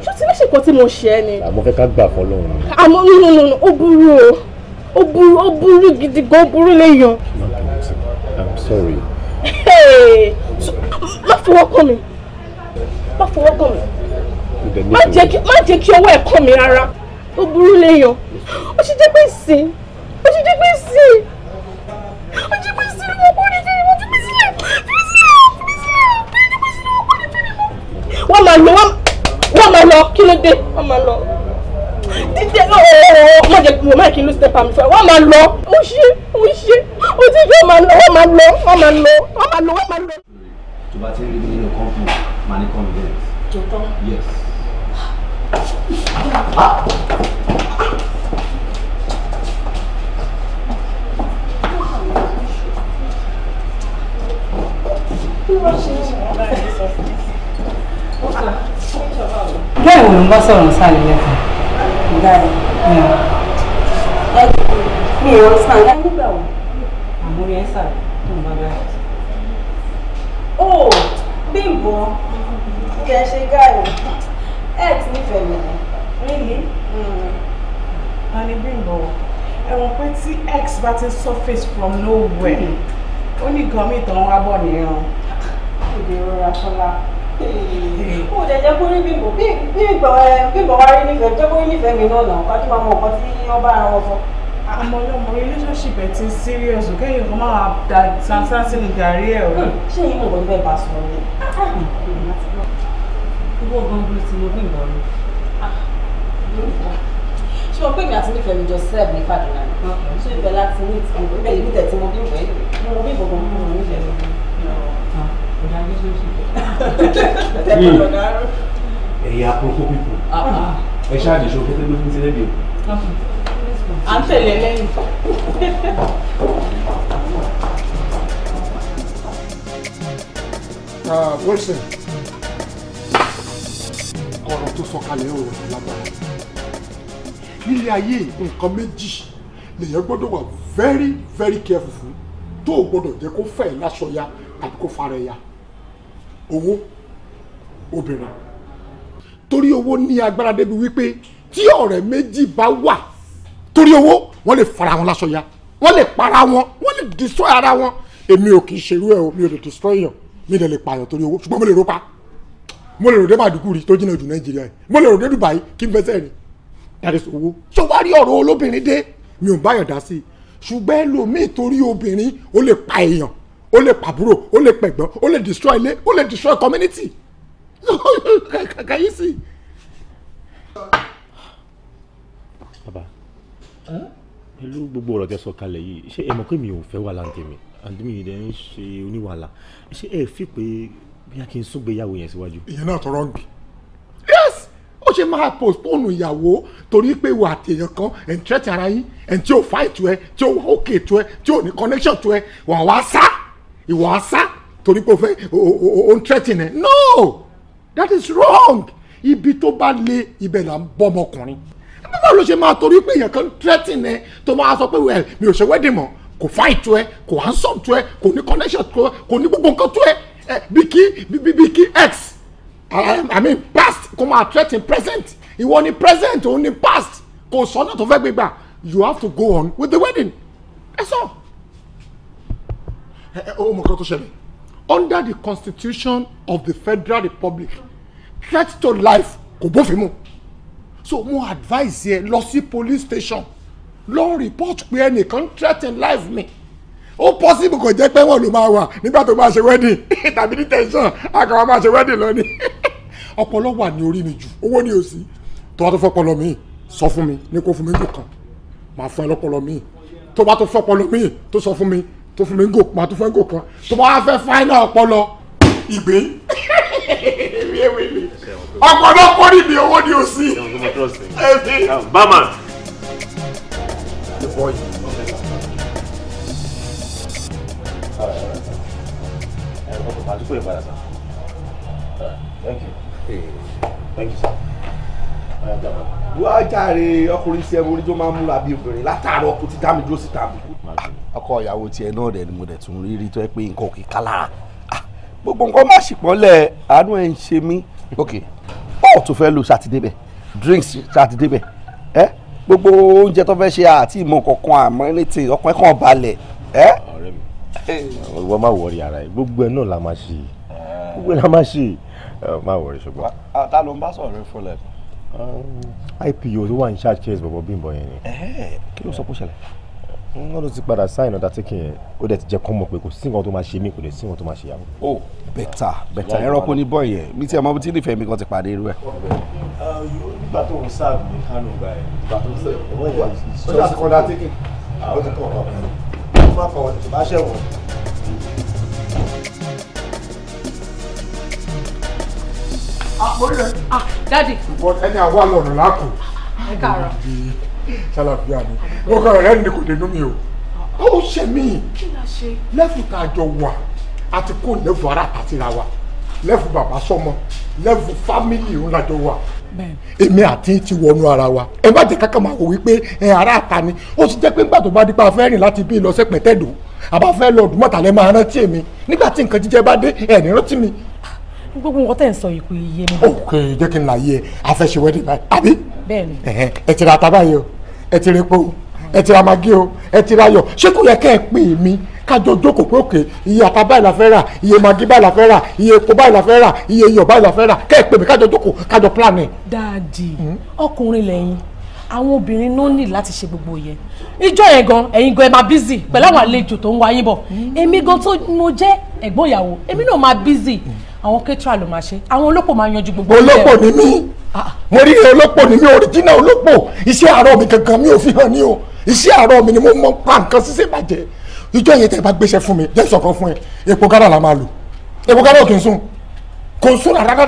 ṣó ti lẹ́sẹ̀ kan tí mo ṣẹ̀ ni. Àmọ́ fẹ́ ká gbà fọlọ́run. Àmọ́ nínú ó burú o ó burú ó burú gidi gan burú léèyàn. i'm sorry. má fọwọ́ kàn mí má fọwọ́ kàn mí má jẹ́ kí ọwọ́ ẹ̀ kàn mí rárá ó burú léèyàn ó ṣe jẹ́ pé sìn ó ṣe jẹ́ pé sìn ó jẹ́ pé sìn ló wọ́n kó ní jẹ́ ìwọ́n fi sílẹ̀ fi sílẹ̀ fi sílẹ̀ fi sílẹ̀ ó jẹ́ pé sìn ló wọ́n kó ní jẹ́ ìwọ́n. wọ́n máa lọ wọ́n máa lọ kí ló dé wọ́n máa lọ dídé náà ó má jẹ́ mo máa kí ló step am fẹ́ wọ́n máa lọ ó ṣe ó ṣe ó ti fẹ́ máa lọ wọ́n máa lọ wọ́n máa lọ wọ́n máa lọ wọ́n máa lọ. tó bá ti rí mi nínú kọ́ńpù máa ní convenience. tó tán. yes. bẹ́ẹ̀ wo ló ń bá sọ̀rọ̀ sáré lẹ́kọ̀ọ́ lára hmm. ẹ mi ò sàn láì nígbà wo. àmúrí ẹ sàrò tó ń bá bá yà. ó Bímbọ́ kì í ṣe gáàyè ẹ ti nífẹ̀ẹ́ mi rí hmm. ta ni Bímbọ́ ẹ̀wọ̀n pé from nowhere hmm. ó ní gan mi ìtàn wa bọ̀ nìyẹn. ìdè ìrora fọlá kó jẹjẹ kó rí bímbọ bí bímbọ wá rí nífẹ̀ẹ́ jẹ́ kó rí nífẹ̀ẹ́ mi náà náà kájú máa mọ nǹkan tí wọ́n bá ara wọn sọ. àmọ́ ọlọ́mọ relationship ẹ̀ ti serious o kẹ́yìn kan máa da sansan sínú gàrí ẹ̀ o. Hmm, ṣé yín mọ̀ bẹ́ẹ̀ bá sọ ni. gbogbo ọgbọ́n bí ti mo bímbọ ni ṣé wọn pè mí àti nífẹ̀ẹ́ mi jọ sẹ́ẹ̀bù ní Kaduna ni ṣé ìfẹ́ láti ní ìtàn ìbẹ̀lẹ̀ ẹ̀yin àpòkò pípò ah, ah. ẹ ṣáàjì ṣo kété ló fún sílẹ̀ bí o. à ń tẹ̀lé lẹ́yìn. Ah, Wilson ọ̀rọ̀ tó sọ kalẹ̀ ọ̀rọ̀ tó lágbára nílé ayé nǹkan méjì lèyàn gbọ́dọ̀ wà very very careful fún tó o gbọ́dọ̀ jẹ́ kó fẹ̀ láṣọ ya tàbí kó fara owó obìnrin torí owó ní agbára débi wípé tí ọ̀rẹ́ méjì bá wà torí owó wọ́n lè fara wọn láṣọ ya wọ́n lè para wọn wọ́n lè destroy ara wọn èmi ò kì í ṣerú ẹ̀ o mi ò lè destroy yàn mi ò lè pààyàn torí owó ṣùgbọ́n mo lè ropa mo lè rò dé Maiduguri tó jìnnà jù Nàìjíríà yìí mo lè rò Dubai kí n fẹsẹ̀ rìn dàdí sòwò ṣé wàá rí ọ̀rọ̀ olóbìnrin dé mi ò báyọ̀ dá sí i ṣùgbọ́n ẹlòmíì torí obìnrin ó lè pa èèyàn ó lè pàbúrò ó lè pẹ̀gbọ́n ó lè destroy ilé ó lè destroy community can you see. bàbá pẹ̀lú gbogbo ọ̀rọ̀ tẹ sọ kalẹ̀ yìí ṣé ẹ mọ̀ pé mi ò fẹ́ wà láǹtẹ̀ mi àǹtí mi ìdẹ́ ń ṣe oníwàhálà ṣé ẹ fi pé bí a kì í súngbéyàwó yẹn síwájú. ìyẹn náà tó rọ́ǹgì yes ó ṣe máa postpone ìyàwó torí pé ìwà àtẹ̀yàn kan ẹ̀ ń tẹ́tẹ̀ ara yín ẹ̀ ń tí ò fight ẹ tí ò wà òkè tó ẹ tí ò ní connection tó ẹ wà wá sá ìwọ asá torí pé o o ń threaten ẹ no that is wrong ibi tó bá le ibẹ̀ là ń bọ́ ọmọkùnrin báwo ló ṣe máa torí pé èèyàn kan threaten ẹ tó máa sọ pé mi ò ṣe wedding mọ́ kò fight tó ẹ kò handsome tó ẹ kò ní connection tó ẹ kò ní gbogbo nǹkan tó ẹ bí kí bí kí ex i mean past kò máa threaten present ìwọ ni present òun ni past kò sọ náà tó fẹ́ gbégbà you have to go on with the wedding that's all ó mọ̀ kan tó under the constitution of the federal republic threat to life kò bófin mu so mo advice here, lọ police station lọ report pé ẹnìkan threaten life me. Oh, possible go jẹ́ pé wọ́n ló máa wà nígbà tó máa ṣe wedding tàbí ní tension àkàrà máa ṣe wedding lọ ni ọpọlọ wà ní orí mi jù owó ni ò sí tó bá tó fọpọlọ mi sọ me. mi ní kó you. Come. My kan màá me. To what mi tó me? To fọpọlọ mi tó tó fún mi ń gò pa tó fẹ́ ń gò kan tó bá fẹ́ fáínà ọpọlọ ìgbín ọpọlọ kọ́ níbi owó ni o sí. Thank you. Thank you, sir wọ́n jàre ọkùnrin sí ẹ̀rọ oníjó máa ń múra bí obìnrin látàárọ̀ kó ti dá mi dúró síta mi. ọkọ ìyàwó tiẹ̀ náà rẹ̀ ni mo dẹ̀ tún rí rí tó ẹ pé nǹkan òkè kálára ah, gbogbo nǹkan má ṣìpọ́nlẹ̀ àánú ẹ̀ ń ṣe mí ok bọ́ọ̀ tó fẹ́ lo sátidé bẹ̀ drinks sátidé bẹ̀ ẹ gbogbo oúnjẹ tó fẹ́ ṣe àti ìmọ̀ kankan àmọ́ anything ọkàn ẹ̀ kàn balẹ̀ ẹ. ọ̀rẹ́ mi wọ́n má wọrí ara ẹ̀ gbogbo ẹ̀ náà la máa ṣe gbogbo ẹ̀ la máa ṣe má wọrí ṣùgbọ́n. ta ló ń bá sọ̀rọ̀ fún IPO tó wà ní charge case bọ̀bọ̀ bímbọ yẹn ni. kí ló sọ pé ó ṣẹlẹ̀. wọ́n ló ti padà sign ọ̀dà tí kìnyẹn ó dẹ̀ ti jẹ́ kọ́ mọ̀ pé kò sí nǹkan tó máa ṣe mí kò dẹ̀ sí nǹkan tó máa ṣe yàwó. o bẹ̀tà bẹ̀tà ẹranko ní bọ́ọ̀ yẹn mi ti ọmọ tí nífẹ̀ẹ́ mi kan ti pàdé irú ẹ̀. nígbà tó ń sáàbù ní kánò gbà ẹ̀ nígbà tó ń sáàbù ní kánò gbà ẹ̀ àpòlẹ̀. dáàdì. ṣùgbọ́n ẹni àwa lọ̀rọ̀ lákò. ẹ káàárọ̀. ṣàlàfíà ni mo kọ̀rọ̀ rẹ́ ni kò dénú mi o. ó ṣe mí lẹ́fù tá a jọ wà àti kó lẹ́fù ara àtìra wa lẹ́fù bàbá sọmọ lẹ́fù fámìlì òun lájọ wà èmi àti ti wọnú ara wa ẹ má jẹ kákà máa wò wípé ẹ ara àta ni ó ti jẹ pé nígbà tó bá dípa fẹ́ rìn láti bí lọ sẹ́pẹ̀tẹ́dò àbá fẹ́ lọ ọdún mọ́tàlẹ́ máa rántí èmi nígbà tí nǹkan jíjẹ bá dé ẹ̀ ní rántí mi gbogbo nǹkan tẹ̀ ń sọ yìí kò yé mi. ok jẹ́ kí n là yé ẹ àfẹsẹ̀ wẹ́dí báyìí àbí. bẹ́ẹ̀ni. ẹ ti ra taba o ẹ ti ra epo o ẹ ti ra magi o ẹ ti ra yọ ṣé kò yẹ kẹ́ ẹ pè mí kájọ jókòó pé òkè iye ata báyìí la fẹ́ rà iye magi báyìí la fẹ́ rà iye epo báyìí la fẹ́ rà iye iyọ̀ báyìí la fẹ́ rà kẹ́ ẹ pè mí kájọ jókòó kájọ plan ẹ̀. dáàdì hmm? ọkùnrin lẹ́yìn àwọn obìnrin ló ní láti ṣe gbogbo yẹn ìjọ yẹn gan ẹ̀yin gan ẹ máa bízì pẹ̀lú àwọn àlejò tó ń wáyé bọ̀ hmm. èmi gan tó mo jẹ́ ẹ̀gbọ́n ìyàwó èmi náà máa bízì àwọn kẹ́tìrà ló máa ṣe àwọn olópò máa yanjú gbogbo ilé olópò ni mí ah, ah. mo rí olópò ni mí oríjìnà olópò iṣẹ́ àárọ̀ mi kankan mi ò fi hàn ní o iṣẹ́ àárọ̀ mi ni mo mọ pa nǹkan ṣíṣe bàjẹ́ ìjọ yẹn tẹ́ bá gbéṣẹ́ fún mi jẹ́ sọ̀kan fún ẹ epo gára la máa lò epo gára ò kì í sùn kò sùn rárá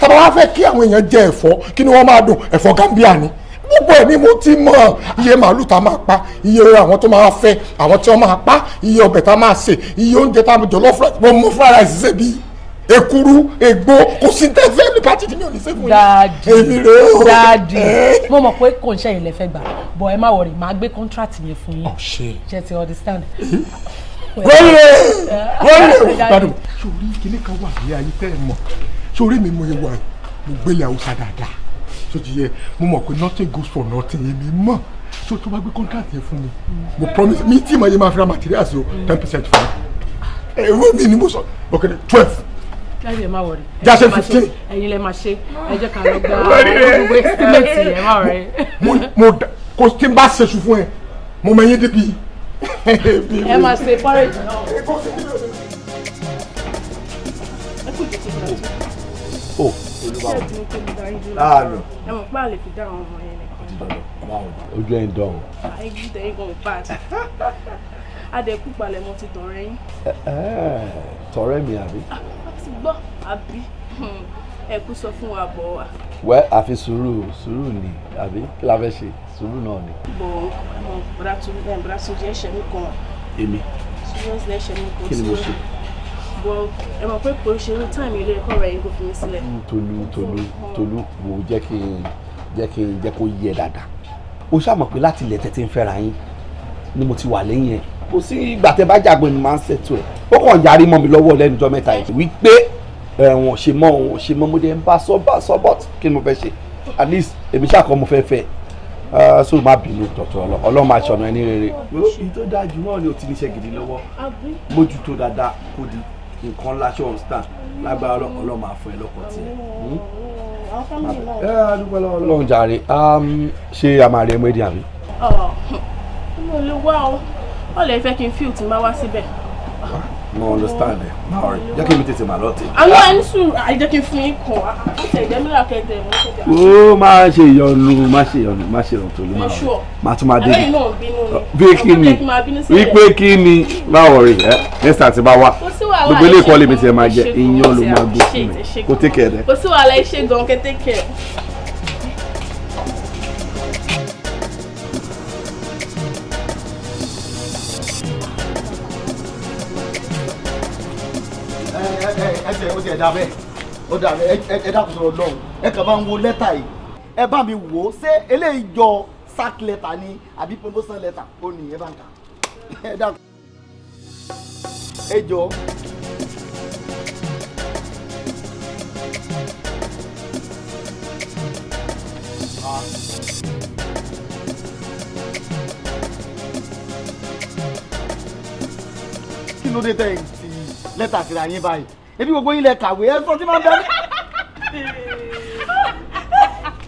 tàbá wá fẹ́ kí àwọn èèyàn jẹ ẹ̀fọ́ kí ni wọ́n máa dùn ẹ̀fọ́ gambia ni gbogbo ẹ̀ ni mo ti mọ̀ iye màálù tá a máa pa iye àwọn tó máa fẹ́ àwọn tí wọ́n máa pa iye ọbẹ̀ tá a máa sè iye oúnjẹ tá a jọ lọ mo mú fúra rẹ̀ ṣiṣẹ́ bíi èkuru ègbó kò sí tẹ́fẹ́ ní pàtí tí mi ò ní sẹ́kùn yìí. dáàdì dáàdì mo mọ̀ pé kò ń ṣe yín fẹ́ gbà bọ̀ ẹ má wọrí màá gbé contract yẹn fún yín oh, ṣe ti understand. wọ́ọ̀rẹ́ wọ́ọ̀rẹ́ gbàdùn. sori kìnní kan wà ní ayé tẹ́ ẹ mọ̀ sori mi mo yẹ wà mo gbélé haúsá dáadáa so ti yẹ mo mọ̀ pé nothing goes for nothing èmi mọ̀ so tó bá gbé contract yẹn fún mi mo promise mi tí mo yẹ máa fi ra materials o ten percent fún mi ẹ̀rọ mi ni mo sọ ọ̀kẹ́dẹ̀ twelve jáde ẹ má wọrí. fifteen ẹ̀yin lẹ máa ṣe ẹ jẹ́ ká lọ gba gbogbo estimate ẹ má wọrí. mo kò tí n bá ṣèṣù fún ẹ mo mọ ẹyin dípì. ẹ máa ṣe porridge náà. o olùbáwò láàánú. ẹ mọ̀ pé a lè fi dá àwọn ọmọ yẹn nìkan. ojú ẹ̀ ń dán o. àìgbé tẹ̀yìn kan ò bá a. adẹ̀kú palẹ̀mọ́ ti tọ̀rẹ́ yín. Eh, eh, tọ̀rẹ́ mi àbí. Ah, gbọ́ àbí ẹ̀kú sọ fún wa bọ̀ wá. wẹ́ àfi sùúrù sùúrù ni àbí kí la fẹ́ ṣe sùúrù náà ni. bò ó bùrà tún bùrà tún jẹ́ ẹ̀ṣẹ̀ mi kan. èmi seriously ẹ̀ṣẹ̀ mi kan. kí ni mo ṣe. bọ ẹ mọ̀ pé kò ṣe irú táìmì ilé ẹ̀kọ́ rẹ̀ yìí kò fi mí sílẹ̀. tolu tolu tolu wò ó jẹ́ kí n jẹ́ kí n jẹ́ kó yẹ dáadáa o ṣáà mọ̀ pé láti ilẹ̀ tẹ̀ ti ń fẹ́ra yín ni mo ti wà lẹ́yìn ẹ̀ kò sí ìgbà tẹ́ bá jàgbọ́n ni màá ń ṣètò ẹ̀ ó kàn yarí mọ́ mi lọ́wọ́ lẹ́nu ọjọ́ mẹ́ta yìí wípé ẹ̀wọ̀n ṣe mọ́ òun ṣe mọ́ mo dé ń bá sọ bá sọ bọ́ kí ni mo fẹ́ ṣe at least èmi ṣàkọ́ mo fẹ́ fẹ́ so má bínú tọ̀tọ̀ ọlọ́run máa ṣọ̀nà ẹni rere. èyí tó dáa jù náà ni o ti níṣẹ́ gidi lọ́wọ́ mójútó dáadáa kó di nǹkan láṣọ ọ̀hún stand lágbára ọlọ́run máa fọ ẹ lọ́kọ̀ tiẹ̀. Hmm? ọlọ́run jàre um, ṣé a máa rí ẹmọ èdè àmì. ọ̀ọ́ mo lè wá o ó lè fẹ́ kí n fíìl tí máa wá síbẹ̀. mo understand ẹ máa rí jẹ́ kí mi tètè máa lọ́ọ̀tì. àwọn ẹni sùn àìjẹ́ kí n fún yín kàn á ṣe ìjẹ́ mílà kẹ́tẹ̀ mọ́ ṣẹ̀dá. ó máa ṣe ìyọnu máa ṣe ìyọnu máa ṣe ìrọ̀tò ló máa rọ máa tún máa dé ní. bí kí ni bí pé kí ni báwo rí ẹ nẹ́sà ti bá wá gbogbo ilé ìkọ́lé mi ti ẹ máa jẹ iyán ló máa gbó fún mi kó tẹ́kẹ̀ẹ́ rẹ. kò sí wàhálà iṣẹ́ gan kẹ́tẹ́kẹ̀ẹ́. ẹsẹ̀ ó ti ẹ̀dá bẹ́ẹ̀ ó dà bẹ́ẹ̀ ẹ dákun sọ̀rọ̀ lọ́hùn ẹ kàn bá ń wo lẹ́tà yìí ẹ bá mi wò ó ṣé eléyìí jọ sack letter ni àbí promotion letter ó ní ẹ bá ń kà ẹ dákun. ẹ jọ. kí ló dé tẹ̀ ń ti lẹ́tà síra yín báyìí ebi gbogbo yín lẹ kàwé ẹ sọ tí máa bẹ.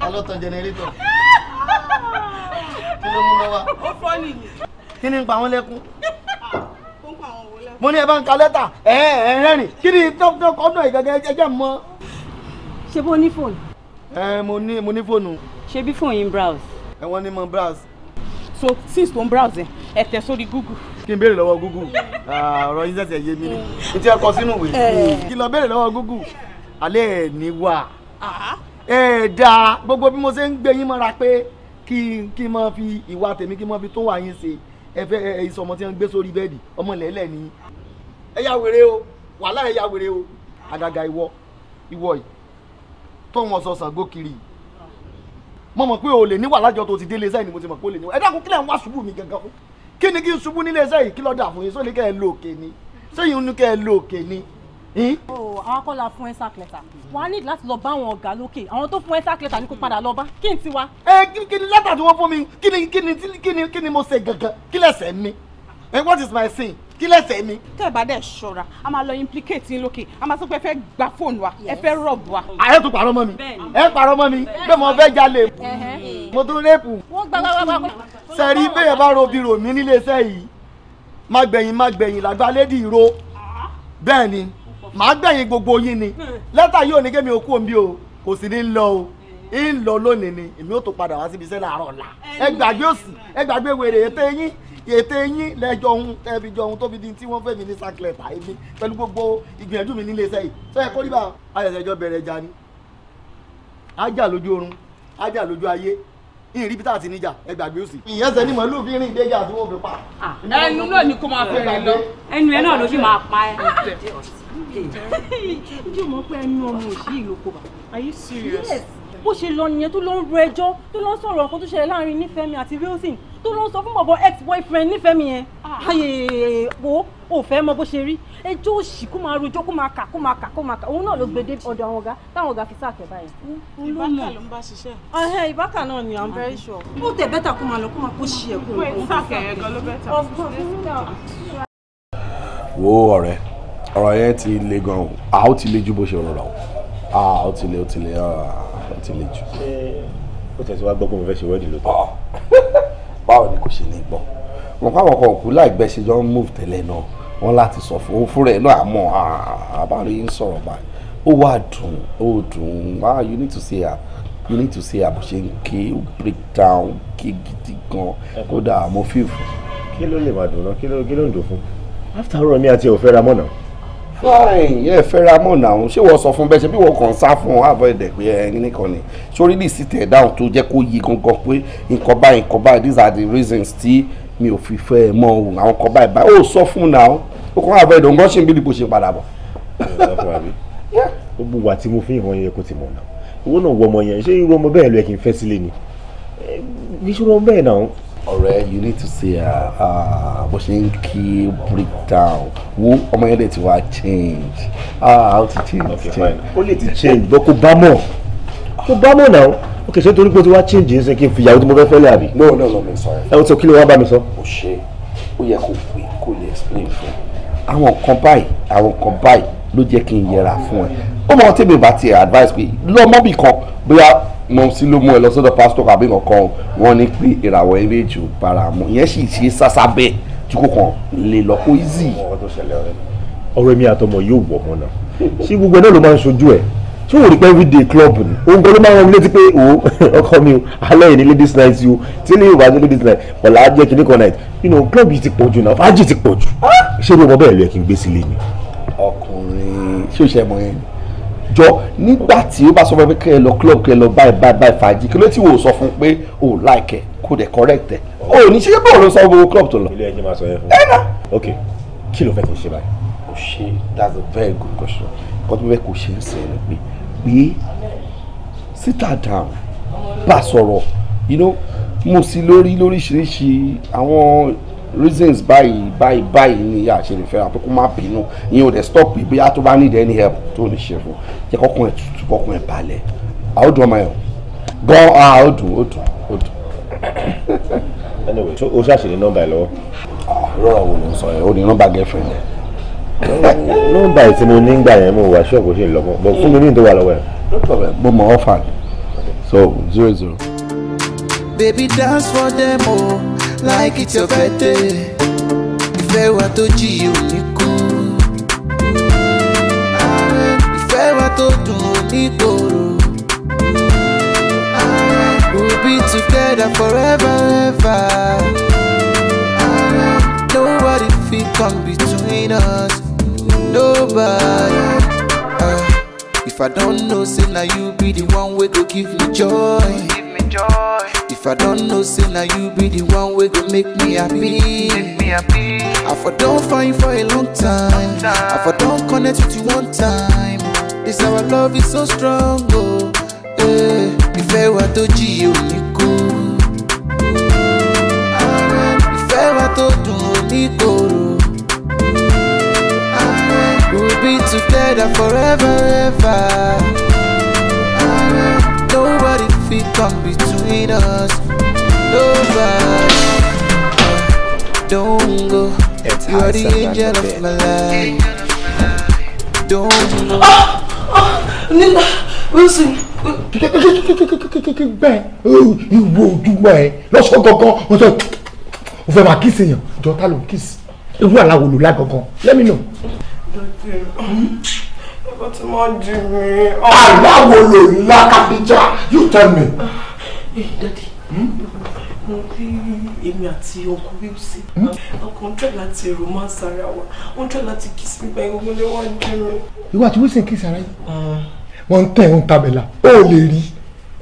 alọ́tàn jẹnẹrétọ̀ kí ló mú lọ́wọ́. ó fọ́ nìyí. kí ni ń pa wọ́n lẹ́kún. mo ní ẹ bá ń ka lẹ́tà ẹ ẹ rẹ́rìn kí ni tó kọ́dọ̀ ìgẹ̀gẹ̀ ẹjẹ̀ mọ́. ṣé bó ní fóònù. ẹ mo ní mo ní fóònù. ṣé bí fóònù yín browse. ẹ wọ́n ní mo browse. so since tó ń browse ẹ tẹ̀ sórí google kí n béèrè lọ́wọ́ Google ah, ọ̀rọ̀ yín ṣẹ̀ṣẹ̀ yé mi ni etí ẹ kọ sínú ìwé eh. kí n lọ béèrè lọ́wọ́ Google alẹ́ ẹ̀ ní wà ah. ẹ̀ dáa gbogbo bí mo ṣe ń gbé yín mọ́ra pé kí kí n máa fi ìwà tèmi kí n máa fi tó wà yín ṣe ẹ fẹ́ ìsọmọ tí wọ́n gbé sórí bẹ́ẹ̀dì ọmọ lẹ́lẹ̀ ni ẹ yá wèrè o wàhálà ẹ yá wèrè o àgàgà ìwọ ìwọ yìí tọ́wọ́n sọ Ṣàngó kiri mo mọ̀ pé o lè ní wàhálà jọ tó ti délé sẹ́yìn ni mo ti mọ̀ pé o lè ní wàhálà ẹ dákun kílẹ̀ ń wá ṣubú mi gangan fún kí ni kí n ṣubú nílé iṣẹ́ yìí kí lọ́ọ́ dà fún yín sóòlì kẹ́ ẹ lo òkè ni sẹ́yìn ń kẹ́ ẹ lo òkè ni. àwọn kọ́ la fún ẹ sack letter wàá nídìí láti lọ bá àwọn ọ̀gá lókè àwọn tó fún ẹ sack letter ni kò padà lọ bá kí n ti wa. ẹ kí ni lẹ́tà tí wọ́n fún mi kí ni kí ni kí ni kí ni mo ṣe gangan kí lẹ́sẹ̀ mi eh, what is my sin kí lẹ́sẹ̀ mi. tẹ́ ẹ bá dẹ̀ ṣọ́ra a máa lọ implicate yín lókè a máa sọ pé ẹ fẹ́ gba fóònù wa ẹ fẹ́ rọ̀bù wa. ayé tún parọ́ mọ́ mi ẹ parọ́ mọ́ mi pé mo fẹ́ jalè mo tún rẹ́pù. sẹ́rí bẹ́ẹ̀ bá ro bírò mi nílé yìí má gbẹ̀yìn má gbẹ̀yìn làgbà lédi ìró bẹ́ẹ̀ ni màá gbẹ̀yìn gbogbo yín ni lẹ́tà yóò ní kémi òkú òǹbí o kò sì ní lọ o ń lọ lónìí ni èmi ò tó padà wá síbi iṣẹ́ láàárọ̀ ọ̀la ẹ gbàgbé òsì ẹ gbàgbé wèrè ètè yín ètè yín lẹ́jọ́ ohun tẹ́ẹ̀fì jọ ohun tó fi di tí wọ́n fẹ́ mi ní sacleta èmi pẹ̀lú gbogbo ìgbìyànjú mi nílé iṣẹ́ yìí sọ́yẹ́ kórìbà ayẹ̀sẹ̀jọ́ bẹ̀rẹ̀ ja ni ajá lójú oorun ajá lójú ayé ìrìn ibi tá a ti níjà ẹ gbàgbé òsì. ìyẹnsẹ ni mọlúù fi rìn ìgbéga àti wọn fi pa. ẹnu náà ni kò máa fi rìn lọ ẹnu ẹ náà ló sì máa pa ẹ. ǹjẹ́ o mọ̀ pé ẹnu ọmọ òsì yìí ló kó bá. Are you serious? Yes bó ṣe lọ nìyẹn tó lọ ń ro ẹjọ́ tó lọ ń sọ̀rọ̀ nǹkan tó ṣẹlẹ̀ láàrin nífẹ̀mí àti wilson tó lọ ń sọ fún bọ̀bọ̀ ex boyfriend nífẹ̀mí yẹn ah. ayé wo ò fẹ́ mọ bó ṣe rí ẹjọ́ òṣì kó máa rojọ́ kó máa kà kó máa kà kó máa kà òun náà ló gbèdé ọ̀dọ̀ àwọn ọ̀gá táwọn ọ̀gá fi sáàkẹ́ báyìí. ìbákà ló ń bá ṣiṣẹ́. ìbákà náà ni i'm ó tẹ̀ bẹ́tà yẹn ti le gan o a ó ti le ju bó ṣe rọra o a ó ti le ó ti le ah àti lè ó tẹ̀sí wá gbọ́ pé fẹ́ ṣe wẹ́ẹ̀dì lóòótọ́. Ah. báwo ni kò ṣe lè gbọ́ mo káwọn kan òkú láìgbẹ́ ṣe jọ ń move tẹ́lẹ̀ náà wọ́n láti sọ fún fúnra ẹ̀ náà àmọ́ àbárí ń sọ̀rọ̀ báyìí ó wà dùn ó dùn ah you need to see her. you need to see her bó ṣe ń ké break down ó ké gidi gan kódà mo feel fún. kí ló lè máa dùn náà kí ló ń dùn fún after all mi àti òfin ra mọ́nà fine ẹ fẹ́ra mọ̀ náà ṣé wọ́n sọ fún bẹ́ẹ̀ ṣe bí wọ́n kàn ń sá fún avoid ẹ̀ pé ẹ nìkan ni sórí lè sì tẹ̀ dáhùn tó jẹ́ kó yí gangan pé nǹkan báyìí nǹkan báyìí these are the reasons tí mi ò fi fẹ́ ẹ mọ́ o àwọn kan báyìí báyìí ó sọ fún náà ó kàn avoid òun gan ṣe ń bí ipò ṣe padà bọ̀. ó bu wà tí mo fi ìwọ̀n yẹn kó ti mọ̀ náà owó náà wọ ọmọ yẹn ṣé irú ọmọ bẹ́ẹ̀ lọ yẹ kí n fẹ́ sílé ni ọ̀rẹ́ you need to see her uh, uh, bó ṣe ń kí break down wo ọmọ yẹn lè ti wá change ah how to change okay, change ó lè ti change But kó bá mọ̀ kó bá mọ̀ náà ok ṣé torí pé o ti wá change ẹ̀ ṣe kí n fi ìyàwó tí mo fẹ́ fẹ́ àbí. no no no mi sọ ẹ. ẹ o sọ kí ló wá bá mi sọ. o ṣe ó yẹ kó pè kó lè explain fún ẹ. àwọn kan báyìí àwọn kan báyìí ló jẹ́ kí n yẹra fún ẹ ó mọ tẹ́mi bá ti advice pé lọ́mọ́bì kan bóyá mọ sí ló mú ẹ lọ sọ́dọ̀ pásítọ̀ àbí kankan wọ́n ní pé ìràwọ̀ ẹ méjì para mọ́ ìyẹn sì ṣe sásá bẹ́ẹ̀ tí kò kàn lè lọ kó easy. ọ̀rọ̀ mi àtọmọ yóò wọ ọmọ náà ṣé gbogbo ẹ náà ló máa ń ṣojú ẹ tí wò ó rí pé everyday club ni òun gan ló máa ń wọn létí pé o ọkọ mi o alẹ́ yìí ní ladies night o tí ní yorùbá ní ladies night pọ̀lá jẹ́ kí ní kan night you know club yìí ti pọ̀ jù náà fàájì ti pọ̀ jù ṣé bí ọmọ bẹ́ẹ̀ lọ yẹ kí n gbé sílé ni. ọkùnrin ṣé o ṣe mọ yẹn ni jọ nígbà tí ó bá sọ fún mi kẹ́ ẹ lọ club kẹ́ ẹ lọ báyìí báyìí báyìí fàájì kí ló tí wò sọ fún pé o like ẹ kó dẹ̀ correct ẹ o ní ṣe bọ́ọ̀ ló sọ gbogbo club tó lọ. ilé ẹjẹ máa sọ yẹn fún mi. ok kí ló fẹ́ kí ṣe báyìí. o ṣe that's a very good question nǹkan tó fẹ́ kó ṣe ń sìn ẹ̀ pé pé síta down bá sọ̀rọ̀ you know mo sí lórí lóríṣiríṣi àwọn reasons báyìí báyìí báyìí ni ìyá àṣẹ lè fẹ́ àpò kó má bínú ìyẹn ò dẹ̀ stop bí bóyá tó bá need any help tó lè ṣe fún jẹ́ kọ́kàn ẹ̀ tutù kọ́kàn ẹ̀ balẹ̀ àódùn ọmọ ẹ̀ o gan ah ó dùn ó dùn ó dùn. anyway so o ṣàṣìlè nọ́mbà ẹ lọ́wọ́. Ah, rọra wo ló ń sọ yẹn o ní nọ́mbà girlfriend yẹn. nọ́mbà tí mo ní gbà yẹn mo wà ṣọ́ọ̀bù ṣe lọ́mọ bọ̀ fún mi ní ìdó wà lọ́wọ́ yẹn. mo mọ ọ́fà so zero zero. baby dance for them o. Oh like it's your birthday ìfẹ́ wa tó jí ò ní kú ìfẹ́ wa tó dùn ò ní korò we'll be together forever ever nobody fit come between us nobody. Ah, if I don't know, say now you be the one wey go give me joy. enjoy. If I don't know, say now you be the one way go make me happy. Make me happy. If I don't find for a long time, i time. if don't connect with you one time, this our love is so strong. Oh, eh. I wa tó you ò ní if Ìfẹ́ wa to do dùn ò ní korò. We'll be together forever, ever. Nobody. become between us. Nobody, don't go. You are the angel of my life. Don't go. Ah! Ah! Linda, Wilson. gbẹ ìwọ ojúwa ẹ lọsọ gangan o sọ o fẹ́ máa kíìsì èèyàn jọ ta ló kíìsì irú àlàwò ló lá gangan let me know ó ti máa jù mí. aláwo you ń a kábíjà you tell me. Hey, daddy. dadi hmm? mo rí èmi àti ọkọ wíwúsí ọkọ ń tẹ̀ láti romance ara wa ó ń tẹ̀ láti kiss mi báyìí ogun lè wọ́n jù mí. ìwà tí wíwúsí kiss ara yìí hmm. wọ́n ń tẹ̀ ń tabẹ̀là ó lè rí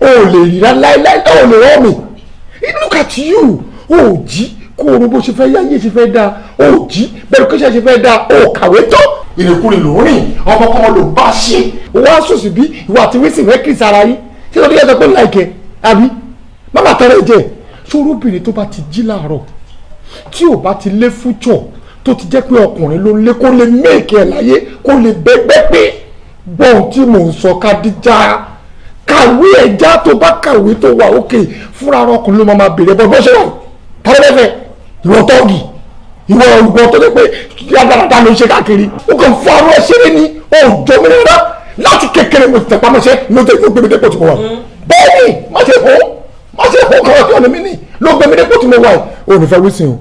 ó lè rí láíláí ó lè rọ́ mi look at you ó jí kó oorun bó ṣe fẹ́ yáyé ṣe fẹ́ dáa ó jí bẹ́ẹ̀ lókè ṣe fẹ́ dáa ó kàwé tó ìrèkúrè ló rìn ọmọkọmọ ló bá ṣe wá sòsì bí ìwà àti wíṣìn rẹ kìrìsì ara yín tí lọ́dún yẹn sọ pé láìkẹ́ àbí má bàa tẹ́lẹ̀ jẹ́ sórúbìnrin tó bá ti jí láàárọ̀ tí ò bá ti lé fújọ tó ti jẹ́ pé ọkùnrin ló ń lé kó lè méèkì ẹ̀ láyé kó lè bẹ́gbẹ́ pé gbọ́n tí mò ń sọ Kádíjà kàwé ẹ̀já tó bá kàwé tó wà òkè fúnra ọkùnrin ló máa béèrè bọ́ bọ́ ṣe wà tọ́lẹ́fẹ̀ ìwọ ìwọ ọgbọ́n tó lé pé agbára ta ló ń ṣe káàkiri ó kàn fún arọ ṣeré ní òòjọ́ mi rárá láti kékeré mo tẹ̀pá mọ́ṣẹ́ ló dé gbé mi dépò tí mm-hmm. mo wà má ṣe hó má ṣe hó kọ́ra kí ọ̀nà mi ní ló gbé mi dépò tí mo ò ní fẹ́ wísìn o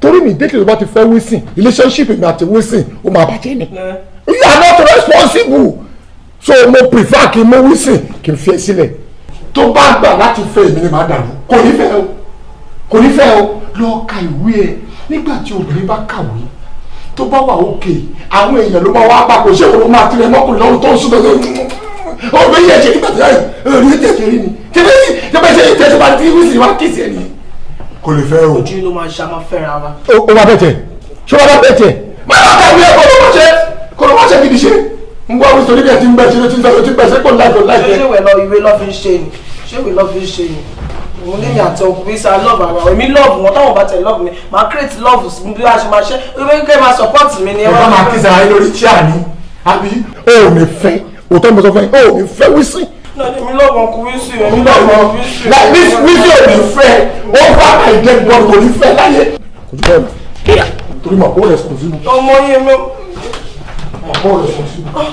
torí mi dékìlì bá ti fẹ́ wísìn relationship mi àti wísìn ó máa bàjẹ́ ni mm-hmm. you are not responsible so mo prefer kí n mú wísìn kí n fi ẹ sílẹ̀ tó bá gbà láti fẹ́ èmi ni màá dàrú kò ní fẹ́ o kò ní fẹ́ o lọ́ọ́ ka ìwé ẹ̀ nígbà tí obìnrin bá kàwé tó bá wà òkè àwọn èèyàn ló máa wá bá kò ṣe òun ló máa tirẹ̀ mọ́kùnrin lọ́rùn tó ń sún lọ́rùn obìnrin yẹn ṣe nígbà tí ẹ̀rí tẹ̀sí rí ni tẹ́fẹ́ sí tẹ́fẹ́ sí tẹ́sí bá ti rí sí wá kìsì ẹ̀ ni. kò lè fẹ́ o. ojú ló máa ṣá máa fẹ́ra wa. ó máa bẹ̀tẹ̀ ṣé wọ́n bá bẹ̀tẹ̀. máa bá kàwé ẹ̀ kó ló máa ṣe kó ló máa ṣe gidi ṣe ń wá wí sórí bí ẹ ti ń bẹ ṣe ló ti ń sọ ló ti ń bẹ ṣe kó láì tó láì jẹ. ṣé ìwé lọ fi ń ṣe ni òun lè yàn àtọ pé sa love ara èmi love wọn táwọn bá tẹ love mi máa create love bí a ṣe máa ṣe wípé kẹ́ máa support mi ni. ọba máa kí sara lórí chair ni àbí. o ò ní fẹ́ òótọ́ mi sọ fẹ́ o ò ní fẹ́ wísìn. love lọ́ọ̀bù ọkùn wísì èmi lọ́ọ̀bù ọkùn wísì. wísì ò ní fẹ́ ó bá àìjẹ́ gbọ́n kò ní fẹ́ láyé. kò ní bẹ́ẹ̀ mọ̀ torí mà kó rẹ̀ sùn sínú. ọmọ yẹn mi. mà kó rẹ̀ sùn sínú. Ah.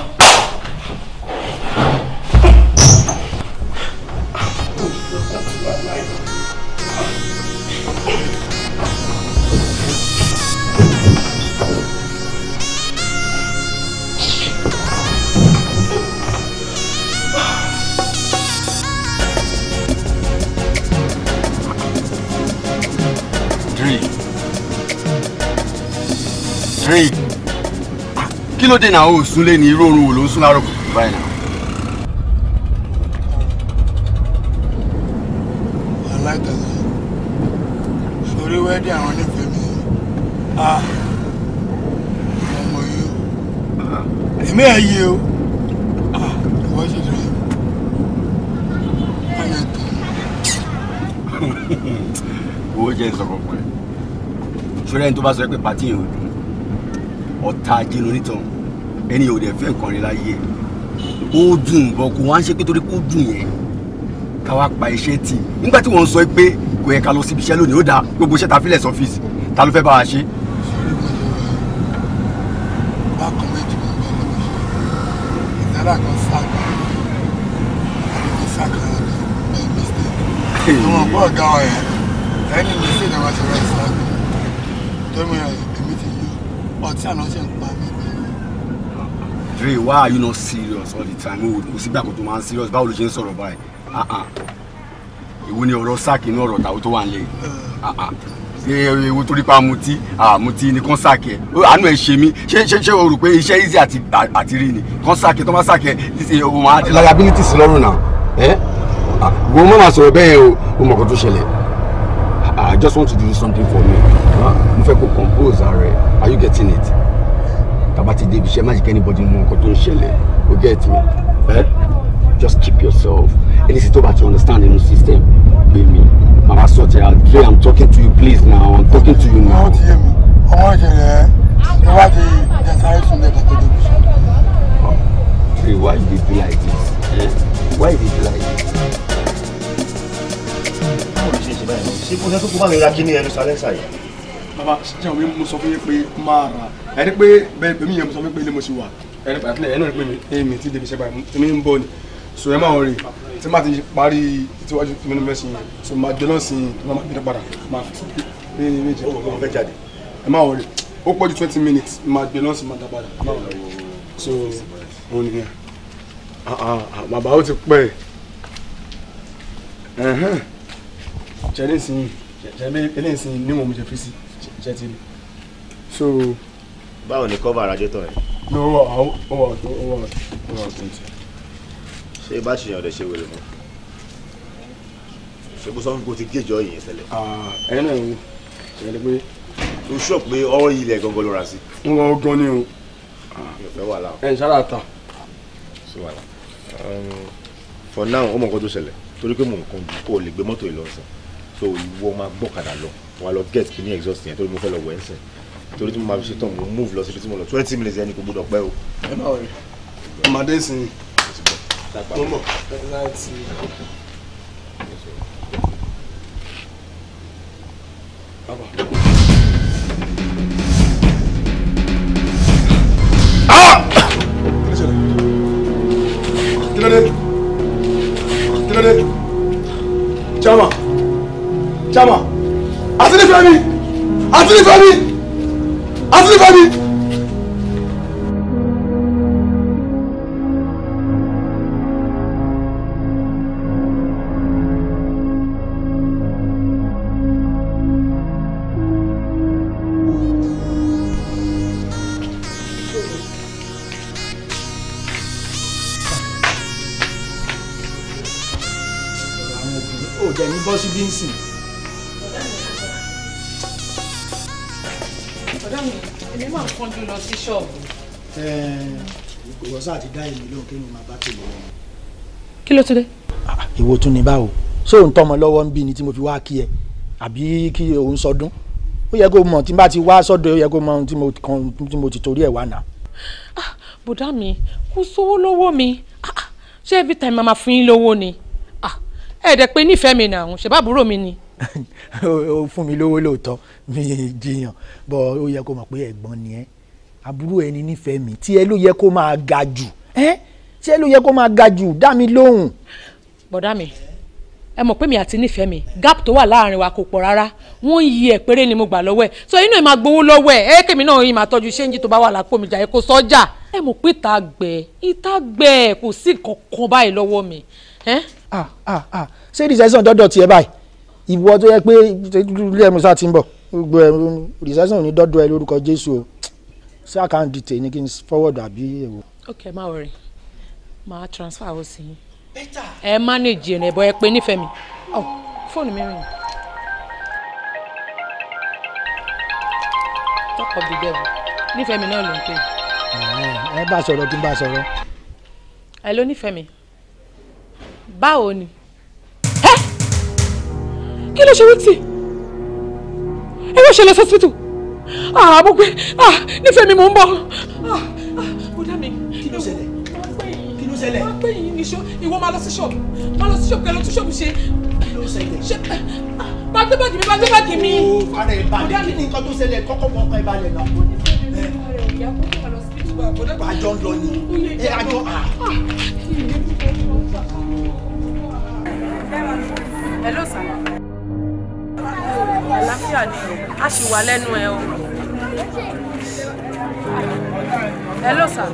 straight kí ló dé náà ó sún lé ní irú oorun wo ló ń sún láàárọ̀ kùtù báyìí náà. alágbàgbà sórí wẹ́ẹ́dì àwọn onífẹ̀ẹ́ mi ọmọ yìí o èmi ẹ̀ yé o ìwọ ṣe lè ọyàn tán. owó jẹ́ ìsọ̀kọ̀ pẹ̀lú ṣọlẹ́ni tó bá sọ pé pàtí yẹn ò dùn ọ̀tá ajé ló nítàn ẹni ò dẹ̀ fẹ́ nǹkan rẹ̀ láyé ó dùn bọ̀ kò wá ń ṣe pé torí kó dùn yẹn ká wá pa iṣẹ́ tì nígbà tí wọ́n sọ pé kò yẹ ká lọ síbi iṣẹ́ lónìí ó dáa gbogbo iṣẹ́ ta fílẹ̀ sọ́fíìsì ta ló fẹ́ bá wa ṣe. bákan méjì ló ẹni mísítẹ̀ẹ̀kì náà wá ṣe wá tó mìíràn ọtí àná ṣe ń Dre, why are you not serious all the time? Kò sígbà kan tó máa ń serious báwo ló ṣe ń sọ̀rọ̀ báyìí? Ah, ah. Èwo ni ọ̀rọ̀ sáàkì inú ọ̀rọ̀ tàwọn tó wà nílẹ̀ yìí? Ah, Èwo torí pa mutí, mutí ni kán sáàkì ẹ̀. Àánú ẹ̀ ṣe mí. Ṣé ṣé ṣé o rò pé iṣẹ́ easy ati rí ni? Kán sáàkì tó máa sáàkì ẹ̀ ti Liability sí lọ́rùn náà. Eh? Wo má máa sọ̀rọ̀ bẹ́ẹ̀ o, o I just want to do something for me. Mo fẹ́ compose ara are you getting it tàbá ti she magic anybody mú nǹkan tó ń you get me eh? just keep yourself anything tó bá ti understand the system gbé mi màmá sọ̀tẹ̀ àdúrà i'm talking to you please now i'm talking to you now. I want to hear me. ìṣẹ̀lẹ̀ ẹ ìwádìí ìjẹsàárẹ sùn lẹ́dọ̀ tó débi iṣẹ́. three why you dey be like this eh? why you dey be like this. báwo ni ṣe ṣe báyìí ṣé kó ṣe tó kó bá mi ra kí ní ẹnu sálẹ́sà yìí bàbá ṣe àwọn mo sọ fún yín pé máa rà ẹ rí pé bẹ́ẹ̀ pèmí yẹn mo sọ fún pé ilé mo ṣe wà ẹ rí pàtàkì ẹ náà rí pé èmi ti débi ṣe báyìí èmi ń bọ̀ ni so ẹ máa rè tí má ti parí tíwájú tí mo ní mẹ́sìn yẹn so máa jọ náà sìn tí wọ́n máa gbé padà máa fi ní ní méje ọ̀gbọ́n fẹ́ jáde ẹ máa rè ó pọ̀ ju twenty minutes máa gbé náà sìn máa dá padà so òun nìyẹn ah, ah, ah, bàbá ó ti pẹ́ ẹ̀ jẹ́ ní sìn jẹ́ ní sìn níwọ̀n mo jẹ́ fi sí i ṣe ti rí. so. báwo ni cover radiator yẹn. ní owó owó owó owó owó twenty. ṣé báṣì yẹn ọ̀dẹ̀ ṣe wèrè mọ́ ṣé kó sọ́n kó ti géjọ yìí ṣẹlẹ̀. Ah, ẹ̀yin náà ń ṣe é pé. o ṣọ pé ọwọ́ yìí ilẹ̀ gangan ló ra sí. ń wọ gan ni o. ẹ̀ ń ṣára ta. for now ọmọ nǹkan tó ṣẹlẹ̀ torí pé mò ń kan kó o lè gbé mọ́tò yìí lọ sàn so ìwọ máa gbọ́kadà lọ wà lọ get kí ní exhaust yẹn torí mo fẹ́ lọ wẹ̀ ẹ́ torí tí mo máa fi ṣe tán mo move lọ síbi tí mo lọ twenty minutes yẹn ni kò gbọdọ̀ pẹ́ o. ẹ má wọlé ọmọdé sìn yìí mo Chama! Ah! Chama! àti nífẹ̀ẹ́ mi àti nífẹ̀ẹ́ mi àti nífẹ̀ẹ́ mi. sáà ti dá èmi lóhùn kéèyàn máa bá tèmi lọ. kí ló ti dé. Ah, ah, ìwọ tún ni báwo ṣé òun tọmọ lọ́wọ́ ń bí ni tí mo fi wá kí ẹ àbí kí òun sọdún ó yẹ kó mọ tí n bá ti wá sọ́dọ̀ ó yẹ kó mọ ohun tí mo ti torí ẹ wá nà. Ah, bùdá mi kò sówó lọ́wọ́ mi ṣé every time màmá fún yín lówó ni ẹ dẹ̀ pé nífẹ̀ẹ́ mi nà ọ̀hún ṣèbá àbúrò mi ni. ó fún mi lówó lóòótọ́ mi jiyàn bọ́ ó yẹ kó mọ̀ pé ẹ̀gbọ́n ni ẹ́ àbúrò ẹni nífẹ̀ẹ́ mi tí ẹ ló yẹ kó máa ga jù ẹ tí ẹ ló yẹ kó máa ga jù dá mi lóhùn. bọ̀dá mi ẹ mọ̀ pé mi àti nífẹ̀ẹ́ mi gap tó wà láàrin wa kò pọ̀ rárá wọ́n yí ẹ̀ péré ni mo gbà lọ́wọ́ ẹ̀ so inú ẹ̀ máa gbowó lọ́wọ́ ẹ̀ ẹ̀ kèmi náà yìí máa tọ́jú ṣéǹjì tó bá wà lápò mi jàre kó sọ́jà ẹ mọ̀ pé ìta gbẹ ìta gbẹ kò sí kankan báyìí lọ́wọ́ mi. ah ah ah ṣé recession dọ́dọ̀ tiẹ̀ báyìí ìwọ tó yẹ pé ilé ẹ̀ musa ti ń bọ̀ gbogbo ẹ̀ recession ní dọ́dọ̀ ẹ lórúkọ Jésù o sí account detail ni kí n forward àbí èwo. ok má wọrí máa transfer ó sí yín ẹ manage ẹ̀ bọ́ ẹ pé nífẹ̀ẹ́ oh, mi fóònù mi rìn. talk of the devil nífẹ̀ẹ́ mi náà ló ń pè. ẹ bá sọ̀rọ̀ kí n bá sọ̀rọ̀. ẹ ló nífẹ̀ẹ́ mi báwo ni ẹ kí ló ṣe wí tì ẹ wọ́n ṣe lọ sọ́sítù ah mo ah, pe ah nífẹ̀ẹ́ mi mò ń bọ̀ ah mo ah, dá mi. kí ló ṣẹlẹ̀ kí ló ṣẹlẹ̀. wọ́n pè yín níṣó ìwọ máa lọ sí ṣọ́ọ̀bù máa lọ sí ṣọ́ọ̀bù kẹlẹ́ tún ṣọ́ọ̀bù ṣe. kí ló ṣẹlẹ̀. ṣe ah, bá gbé bàgì mi bá gbé bàgì mi. o fara ẹ balẹ̀ kí ni nǹkan tó ṣẹlẹ̀ kọ́kọ́ mọ ọkọ ẹ balẹ̀ náà. àjọ ń lọ ni ẹ àjọ à. hello sir àlàáfíà ni a ṣì wà lẹ́nu ẹ o. hello sir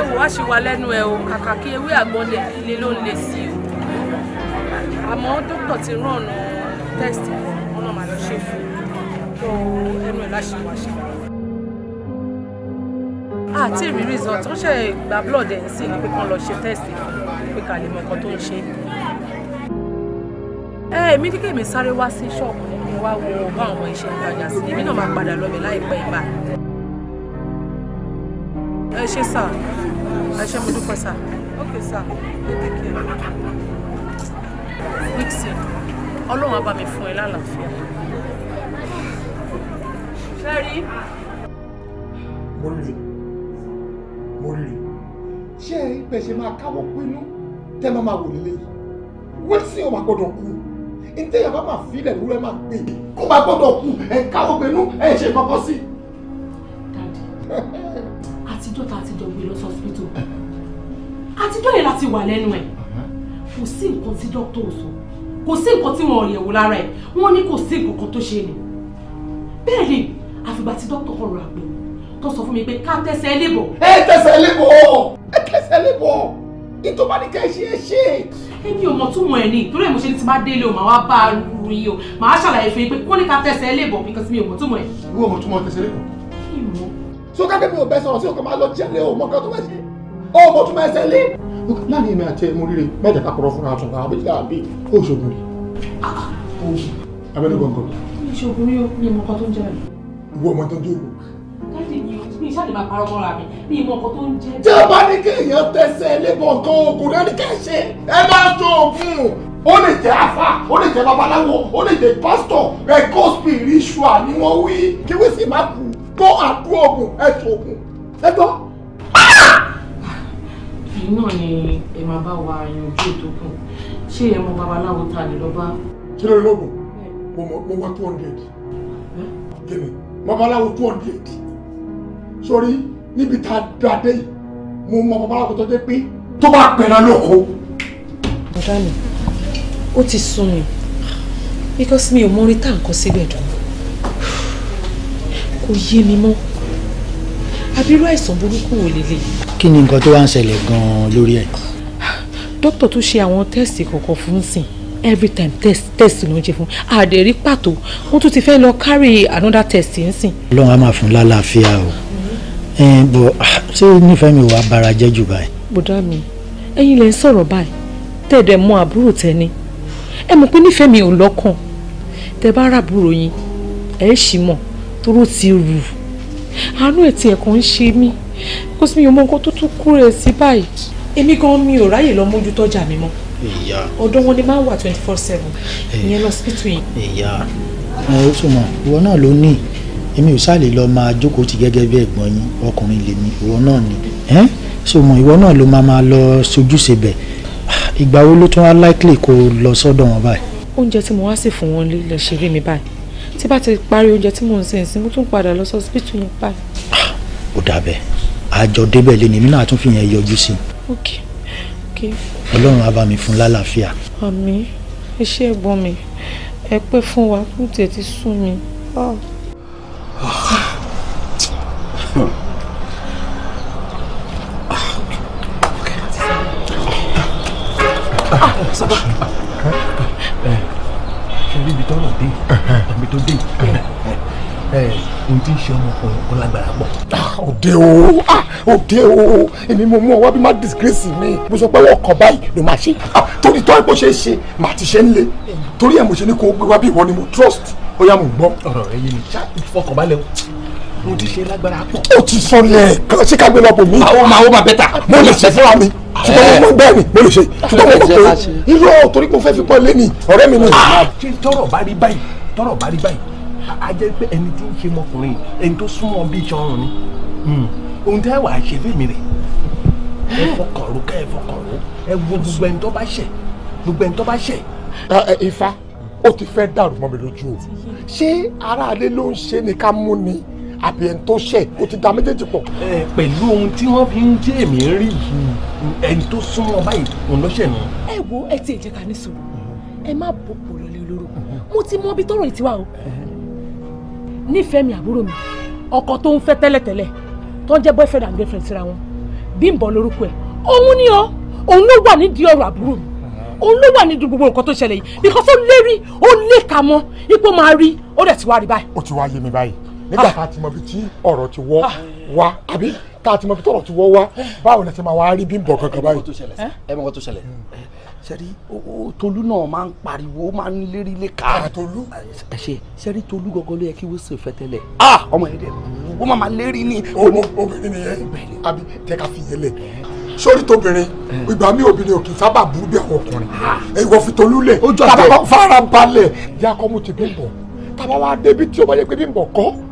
ewu a ṣì wà lẹ́nu ẹ o kàkà kí ewé àgbọn lè le ló ń le sí o àmọ́ dókítà ti rán ọ̀nà eh, test ọ̀nà màá ṣe fún tó ẹnu ẹ̀ láṣẹ wáṣẹ àti rí result ó ṣe gba blood ẹ̀ ń sìn pé kán lọ ṣe test pé ká lè tó ń ṣe èmi ní kèmí sáré wá sí ṣọ́ọ̀bù ní kí n wá wo bá àwọn iṣẹ́ ìtajà sí èmi náà máa padà lọ bẹ̀ láìpẹ́ ìgbà. ẹ ṣé sà ẹ ṣé mo dúpẹ́ sà ókè sà ẹ tẹ̀kẹ́ Wixen ọlọ́run á bá mi fún ẹ lálàáfíà. ṣẹ́rí. mo lè mo lè ṣé ìgbésẹ̀ máa káwọ́ pinnu tẹ́ máa máa wò nílé Wixen ò máa gbọ́dọ̀ kú ntẹ yàrá máa fi ilẹ̀ lórí ẹ máa gbé kó máa gbọ́dọ̀ kú ẹ káwọ́ gbẹnú ẹ ṣe kọ́kọ́ sí. dadi àtijọ́ ta àtijọ́ gbé lọ sọ́sìpítù àtijọ́ yẹn láti wà lẹ́nu ẹ̀ kò sí nǹkan tí dókítà ò sọ kò sí nǹkan tí wọn ò yẹ̀wò lára ẹ̀ wọ́n ní kò sí nǹkan tó ṣe ni bẹ́ẹ̀ ni àfìgbà tí dókítà kan rọ tó sọ fún mi pé ká tẹsẹ̀ lébọ̀. ẹ tẹsẹ̀ ẹ lébọ̀ ìtọ́bánikẹ́ ṣe é ṣe é èmi ò mọ̀ tó mọ̀ ẹ̀ ní ìtòlẹ́ mo ṣe ní ti bá délé o màá wá bá a rú yìí o màá ṣàlàyé fún yín pé kó ní ká tẹ̀sẹ̀ ẹ lébọ̀ because mi ò mọ̀ tó mọ̀ ẹ̀. ìwé ọmọ tó mọ tẹ̀sẹ̀ lébọ̀. so ká pépé òbẹ sọ̀rọ̀ sí òkè máa lọ jẹlé o mọ kan tó máa ṣe o mọ tó máa ṣe lé. láàrin èmi àti ẹmu rírẹ mẹ́ta ká kọrọ fúnra tún àwọn méjìlá àbí oṣogun rẹ. abẹ́rẹ́ gbọ̀ngàn. oṣogun rí o ní ọmọ kan tó ń jẹ́ rẹ̀. ìwé ọmọ tó tèmi o mi ṣáà lè máa parọ́ mọ́ra mi mi ìmọ̀ ọkọ tó ń jẹ́. tí a bá ní kéèyàn tẹsẹ̀ lébọ̀ kan oògùn náà ní kẹ́sẹ̀ ẹ máa tó oògùn ó lè jẹ́ afa ó lè jẹ́ babaláwo ó lè jẹ́ pásítọ̀ ẹ kó spiritual ni wọ́n wí kí wọ́n sì má kú kó àdú oògùn ẹ tó oògùn ẹ gbọ́. kì ah! í náà ni ẹ máa bá wa yanjú ètò kù ṣé ẹ mọ babaláwo ta lè lọ bá. kí ló lóògùn mo mọ two hundred kí ni babaláwo two hundred sórí níbi tá a dá dé yìí mo mọ bàbá àkókò tó dé pé tó bá pẹ̀rẹ̀ lóko. bàbá mi ó ti sún mi because mi ò mọ orin tá à ń kọ síbẹ̀ dùn kò yé mi mọ́ abirú àìsàn burúkú wò lélẹ̀. kí ni nǹkan tó wá ń ṣẹlẹ̀ gan-an lórí ẹ̀. dókítà tó ṣe àwọn tẹ́sì kọ̀ọ̀kan fún sìn every time test test ló ń ṣe fún àdèrí pàtó wọn tún ti fẹ́ lọ carry another test ń sìn. ọlọ́run á máa fún lálàáfíà o ẹ eh, bọ ah, ṣé nífẹ̀ẹ́ mi wà bara jẹ́ jù báyìí. bùdá mi ẹ̀yin lẹ ń sọ̀rọ̀ báyìí tẹ̀dẹ̀ mọ àbúrò tẹni ẹ mọ̀ pé nífẹ̀ẹ́ mi ò lọ́kàn tẹ bá rà àbúrò yín ẹ ṣì mọ̀ tóró ti rù àánú ètí ẹ̀kọ́ ń ṣe mí kó sì mi ò mọ nǹkan tó tún kúrè sí báyìí èmi gan mi ò ráyè lọ mójú tọ́jà mi mọ́ ọ̀dọ̀ wọn ni máa wà twenty four seven eh, ìyẹn lọ síbítù yìí. ìyá ẹ eh, ó sùn mọ ìwọ náà ló èmi ò sáà lè lọ máa jókòó ti gẹ́gẹ́ bí ẹ̀gbọ́n yín ọkùnrin lèmi ìwọ náà ni ẹ́n so mọ ìwọ náà ló máa máa lọ sojúṣe bẹ̀ ìgbà wo ló tún wá likely kó lọ sọ́dọ̀ wọn báyìí. oúnjẹ tí mo wá sí fún wọn lè ṣe rí mi báyìí tí bá ti parí oúnjẹ tí mò ń sìn sí mo tún padà lọ sọ́sibítù yẹn báyìí. ó dàbẹ̀ àjọ débẹ̀ lé ni náà tún fi yẹn yọjú sí i. ok ok. ọlọ́run mi fún lálàáfíà. àmín iṣẹ́ ẹ̀gbọ́n mi ẹ pẹ́ fún sábà ṣe rí ibi tọ́lọ̀ dé ibi tó dé ohun tí ń ṣe ọmọkùnrin kó lágbára pọ̀. òde o ah, òde o èmi mo mú ọ wá bí má disgrace mi mo sọ pé wọ́n kàn báyìí ló máa ṣe ah, torí tọ́ ẹ̀ bó ṣe é ṣe màá ti ṣe ń le torí ẹ̀ mo ṣe ní kó gbé wá bí ìwọ ni mo trust ó yá mo gbọ́. ọ̀rọ̀ rẹ yé mi ṣá ìfọkànbalẹ̀ o mo ti ṣe lágbára pọ̀. ó ti sọ lẹ́ẹ̀kan ṣé ká gbé lọ́pọ̀ mi. àwọn máa ó máa bẹ́tà. mo lè ṣe fúnra mi ṣùgbọ́n mo bẹ́ẹ̀ ni mo lè ṣe ṣùgbọ́n mo mọ̀ pé irú ọ̀ torí pé mo fẹ́ fi pọ́n lé ni ọ̀rẹ́ mi ni. Ah, tọrọ bá rí báyìí tọrọ bá rí báyìí a jẹ́ pé ẹni tí ń ṣe mọkùnrin ẹni tó súnmọ́ bíi ṣọrun ni hmm. ohun tẹ́ wàá ṣe fẹ́mi rẹ̀ ẹ fọkàn rò ká ẹ fọkàn rò ẹ wo gbogbo ẹni tó bá ṣẹ̀ gbogbo ẹni tó bá ṣẹ̀. Ah, eh, ifá ó ti fẹ́ dàrú mọ́ mi lójú o ṣé aráalé ló ń ṣe ni ká mú ni àbí ẹni tó ṣẹ̀ o ti da méjèèjì pọ̀. pẹ̀lú ohun tí wọ́n fi ń jẹ́ èmi rí ẹni tó súnmọ́ báyìí òun ló nù. ẹ wo ẹ ti ìjẹ́ ká ní sùúrù ẹ má bòkò lọlé olóró mo ti mọ ibi tọ́rọ̀ ìtiwá o nífẹ̀ẹ́ mi àbúrò mi ọkọ tó ń fẹ́ tẹ́lẹ̀tẹ́lẹ̀ tó ń jẹ́ boyfriend and girlfriend síra wọn Bímbọ́ lórúkọ ẹ̀ òun ni ọ òun ló wà nídìí ọ̀rọ̀ àbúrò mi òun ló wà nídìí gbogbo nǹkan tó ṣẹlẹ̀ yìí because ó lérí ó léka mọ́ ipò máa rí ó dẹ̀ ti wá rí báyìí. ó ti wá yé mi báyìí nígbà ah. tá a ti mọ ibi tí ọ̀rọ̀ ti wọ́ ah. wá àbí tá a ti mọ ibi tí ọ̀rọ̀ ti wọ́ wá báwo lẹ ti máa wá rí bí n bọ̀ kankan báyìí. ẹ mọ̀ kó tó ṣẹlẹ̀ sẹ́rí eh? hmm. eh, tolú náà máa ń pariwo máa ń lérí lé ká. Ah, tolú. ẹ eh, ṣe sẹ́rí tolú gọ́gọ́ ló yẹ kí wọ́n sè fẹ́ tẹ́lẹ̀. ọmọ yẹn dẹ wọ́n máa máa lérí ní. obìnrin nìyẹn àbí tẹ ká fi yẹn sórí tóbìnrin hmm. ìgbà mi obìnrin òkè sábà burú bí àwọn ọkùnrin ìwọ fi tolú lẹ tàbá fara balẹ̀ yà kọ́ mo ti bí n bọ̀ tàbá wa débi tí o bá yẹ pé bí n bọ̀ kọ́.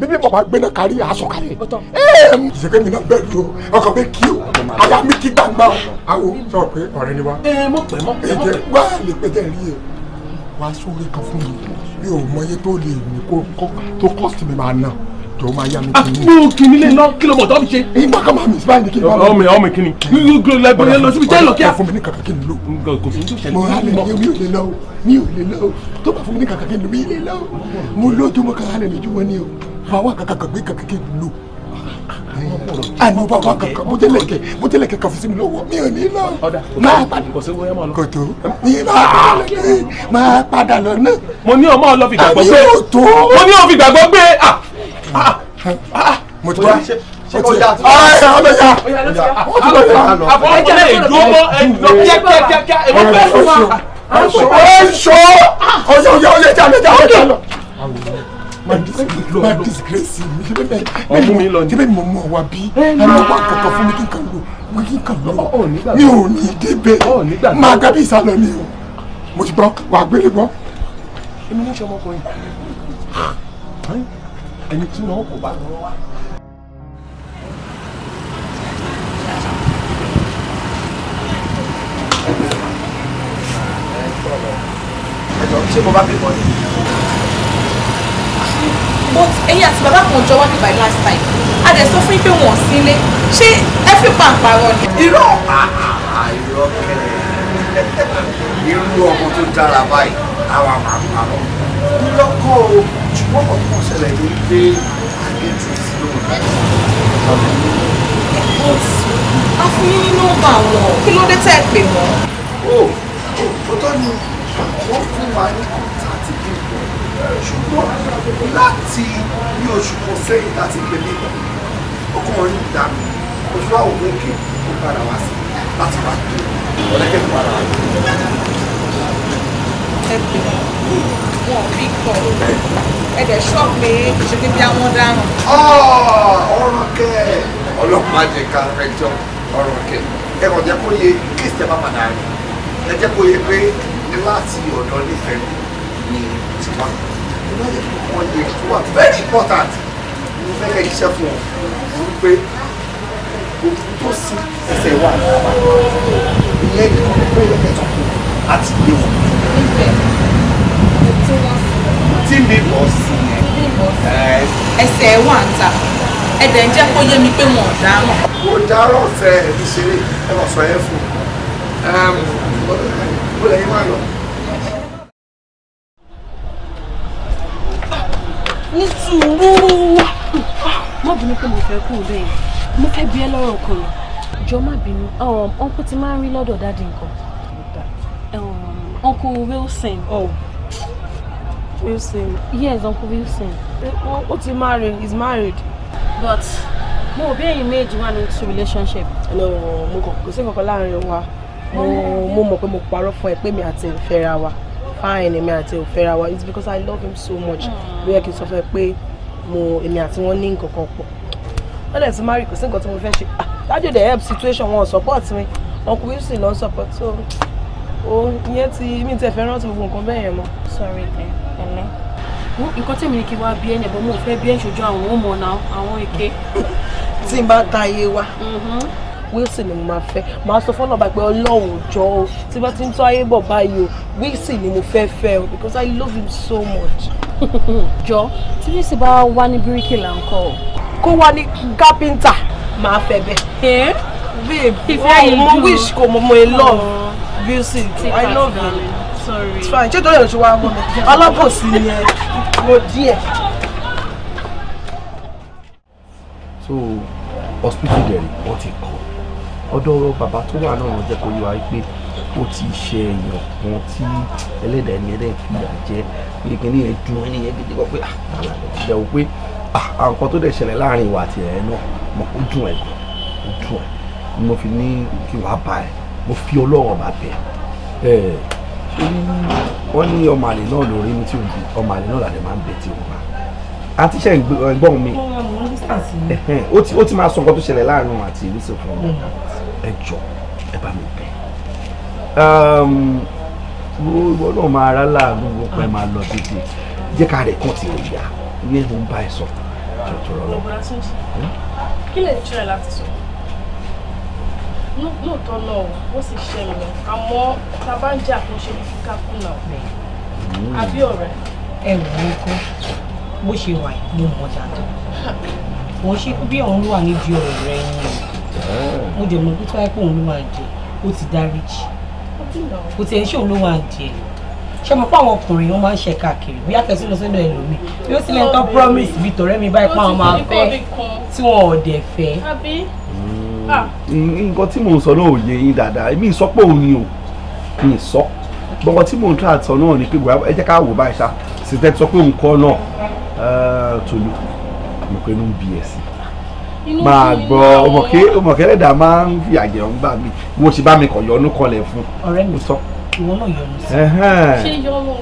bíbí bàbá gbéná kárí aṣọ kárí ìṣègbè mi náà bẹ́ẹ̀ dúró ọkàn mi kí o àyà mi kí gbangba o awo sọ pé ọ̀rẹ́ ni wa. ẹ mọ pẹ mọ pẹ mọ pẹ. ẹjẹ wá lè pẹ tẹ rí ẹ wá sóore kan fún mi mi ò mọye tó lè ní kó tó kọ́sì mi máa ná jọ máa yá mi kí ni. Ah, mo kì í lè ná kí ló mọ̀ tó mi ṣe. ìgbà kan máa mi ìsìláyìn ní kí ni. ọmọ mi ọmọ mi kí ni. yóò gbé lọ ẹgbẹ̀rún lọ síbi tẹ́lọ̀ kíá. fún mi ní kàkà kí ni lò. kò sí ní mo rà lẹ́yìn mi ò lè lọ o mi ò lè lọ o tó bá fún mi ní kàkà kí ni mi ò lè lọ o mo lójú mo kàkà lẹ́yìn ju wọn ni o máa wá kankan kan gbé kankan kí n lò àní ọba wa kankan mo tẹ́lẹ̀ kẹ mo tẹ́lẹ̀ kẹ kàfíìsì mi lọ́wọ́ mi ò ní lọ máa padà kòtò ní máa máa padà lọ náà. mo ní ọmọ ọlọ́fi gbàgbọ́ gbé mo ní ọfi gbàgbọ́ gbé mo ti wá ọjọ́ ọjọ́ ọjọ́ ẹja ẹja ọjọ́ lọ ma disgrace mi ṣe bẹ́ẹ̀ ọmú mi lọ ni ṣe bẹ́ẹ̀ mo mọ wa bí mo wá kankan fún mi kí n kàn lò mo kí n kàn lọ mi ò ní débẹ̀ máa ga bí ìsàlọ ni o mo ti gbọ́ wà gbére gbọ́. èmi ní sọmọkùnrin ẹni tí wọn kò bá lọ wá. ṣé mo bá bí wọn ni but ẹ̀yin àti bàbá kan jọ wá nígbà last time a dẹ̀ sọ fún yín pé wọ́n sí ilé ṣé ẹ fi pa àpárọ̀ ni. irọ́ ah, ah, irọ́ kẹlẹ̀ irú ọmọ tó dára báyìí àwa máa pa lọ. irọ́ kọ́ o ṣùgbọ́n kò kàn ṣẹlẹ̀ ní pé àgbẹ̀ ti sí lóhùn náà. a fún yín ní nọ́mbà wọn kí ló dé tẹ́ ẹ pè wọ́n. Oh, oh, ó ó tó ní wọ́n fún wa ní kọ́kọ́ ṣùgbọ́n láti ní oṣù kan sẹ́yìn láti pè mí lọ ọkùnrin dà mí oṣù àwọn òun òkè ó padà wá sí láti wá pè ọ̀rẹ́kẹ́ tó padà wá. ẹgbẹ́ wọn bí kan ẹ̀dẹ̀ ṣọ́ pé ṣe ní bí àwọn dáràn. ọ̀rọ̀ kẹ́ ọlọ́pàá jẹ ká rẹjọ ọ̀rọ̀ kẹ́ ẹ̀rọ̀ jẹ́ kó yẹ kí ìṣẹ́ bá padà rẹ̀ ẹ jẹ́ kó yẹ pé láti ọ̀dọ̀ nífẹ̀ẹ́ ní tiwa ìwọ́n yẹ kí wọ́n yẹ kí wọ́n very important mo fẹ́ kẹ́ iṣẹ́ fún ọ mo ń pé ojú tó sí ẹsẹ̀ wà lára ìyẹn ni wọ́n pé ẹ̀tọ́ kù àti ilé wọn. tí mi bọ̀ sí yẹn. ẹsẹ̀ wà ń ta ẹ̀dẹ̀ ń jẹ́ kó yé mi pé wọn ò dáràn. kò dáràn fẹ́ ẹ̀mí ṣeré ẹ̀ wọ́n sọ yẹn fún un. bọ́lá yín máa lọ. ní sùúrù ah, má bínú pé mo fẹ́ kú bẹ́ẹ̀ mo fẹ́ bí ẹ lọ́rọ̀ kan lọ jọ má bínú ọkùn um, ti máa ń rí lọ́dọ̀ dáàdi nǹkan um, uncle wilson. Oh. Wilson. Yes, Uncle Wilson. Ó eh, ti married. is married. But mo be in méjì one into relationship. No, mo kò ṣe kankan láàrin wa. Mo mo mọ̀ pé mo parọ́ fún ẹ pé mi àti ẹ fẹ́ra wa fine èmi àti òfẹ́ra wa it's because i love him so much ló mm. yẹ kí n sọ fún ẹ pé mo èmi àti wọn ní nǹkan kan pọ̀ wọ́n dẹ̀ ti marry kò sí nǹkan tí mo fẹ́ ṣe ah, dájú dẹ̀ help situation wọn support mi ọkùnrin sì lọ support so o ìyẹn ti mi tẹ̀ fẹ́ rántí gbogbo nǹkan bẹ́ẹ̀ yẹn mọ́. sorry ẹ̀lẹ́ nǹkan tèmi ni kí wá bí ẹni ẹ̀bọ̀n mo fẹ́ bí ẹ̀ ṣojú àwọn ọmọ náà àwọn èké. tí n bá ta iye wa mm-hmm wíìsì ni mo máa fẹ́ màá sọ fọ́nà bá pé ọlọ́run jọ o tí bá ti ń tọ́ ayé bọ̀ báyìí o wíìsì ni mo fẹ́ fẹ́ o because I love him so much. jọ tí wíìsì bá wá ní bíríkìlà ńkọ́ o. kó wá ní kápẹ́ńtà máa fẹ́ bẹ́ẹ̀. Eh? babe wọ́n mo wish kò mo mo in love wíìsì I love you. it's fine ṣé tó yẹ ṣe wá mọ́ mi alábòsí ni ẹ mo díẹ̀. so hospital dẹ̀ ni wọ́n ti ọ̀dọ̀ ọ̀rọ̀ bàbá tó wà náà jẹ́ kó yé wa pé ó ti ṣe èèyàn kan tí ẹlẹ́dàá ẹni ẹlẹ́dàá fìyà jẹ pé kíní yẹn dùn ẹni yẹn gidi wọ́n pé ah, àlàyé wọ́n pé ah, àǹkan tó dẹ̀ ṣẹlẹ̀ láàrin ìwà àti ẹ̀ náà mọ̀ ó dùn ẹ̀ gan ó dùn ẹ̀ ni mo fi ní kí wàá bá ẹ̀ mo fi ọlọ́run ọba bẹ̀ ẹ̀ ṣé wọ́n ní ọmọ àlè náà lórí mi tí ọmọ àlè náà làdẹ̀ máa ń bẹ̀ tí òun bá àti ṣe ń gbọ́n mi ó ti máa sọ nǹkan tó ṣẹlẹ̀ láàrin òun àti ìrísí fún un mm. ẹ jọ ẹ bá mi bẹ̀ ìwọ náà máa rà láàánú wọn pé máa lọ dédé jẹ́ ká rẹ̀ kàn ti rè yá ní ẹ̀hún bá ẹ sọ jọjọrọ lọ. Hm? kí lè jẹ́ ẹ láti sọ? lóòótọ́ náà ó sì ṣẹlẹ̀ àmọ́ tá a bá ń jà kó ṣe ní kíkà kùnà àbí ọ̀rẹ́. ẹ wò ó kọ́ bó ṣe wà yìí ló mọ̀ kàn ṣe bí ọ̀hún ló wà nídìí ọ̀rọ̀ rẹ ni o dẹ̀ mọ̀ pé tó wáyé pé òun ló máa jẹ ó ti dáríjì kò tiẹ̀ ṣé òun ló máa jẹ ṣé mo pa àwọn ọkùnrin wọn máa ń ṣe káàkiri bóyá kẹsí lọ sọ́dọ̀ ẹlòmíì bí ó tilẹ̀ ń tán promise bíi tọ̀rẹ́ mi báyìí pa àwọn máa fẹ́ tí wọn ò dẹ̀ fẹ́. Hmm. Ah. nǹkan tí mò ń sọ náà ò yé yín dáadáa èmi sọ pé òun ni ní sọ gbọ́ngàn tí mò ń tà sọ náà ni pé ẹ jẹ́ ká wò báyìí ṣá sì tẹ́ sọ pé òun kọ́ náà eh, tòlù mo pé inú ń bí ẹ sí máa gbọ́ ọmọkẹ́lẹ́ dà máa ń fi àjẹ́ ọ̀hún gbà mí mo ṣe bá mi kọ̀ yọnu kọlẹ̀ fún ọ̀rẹ́ mi sọ. ìwọ náà yọnu sí ṣé yọnu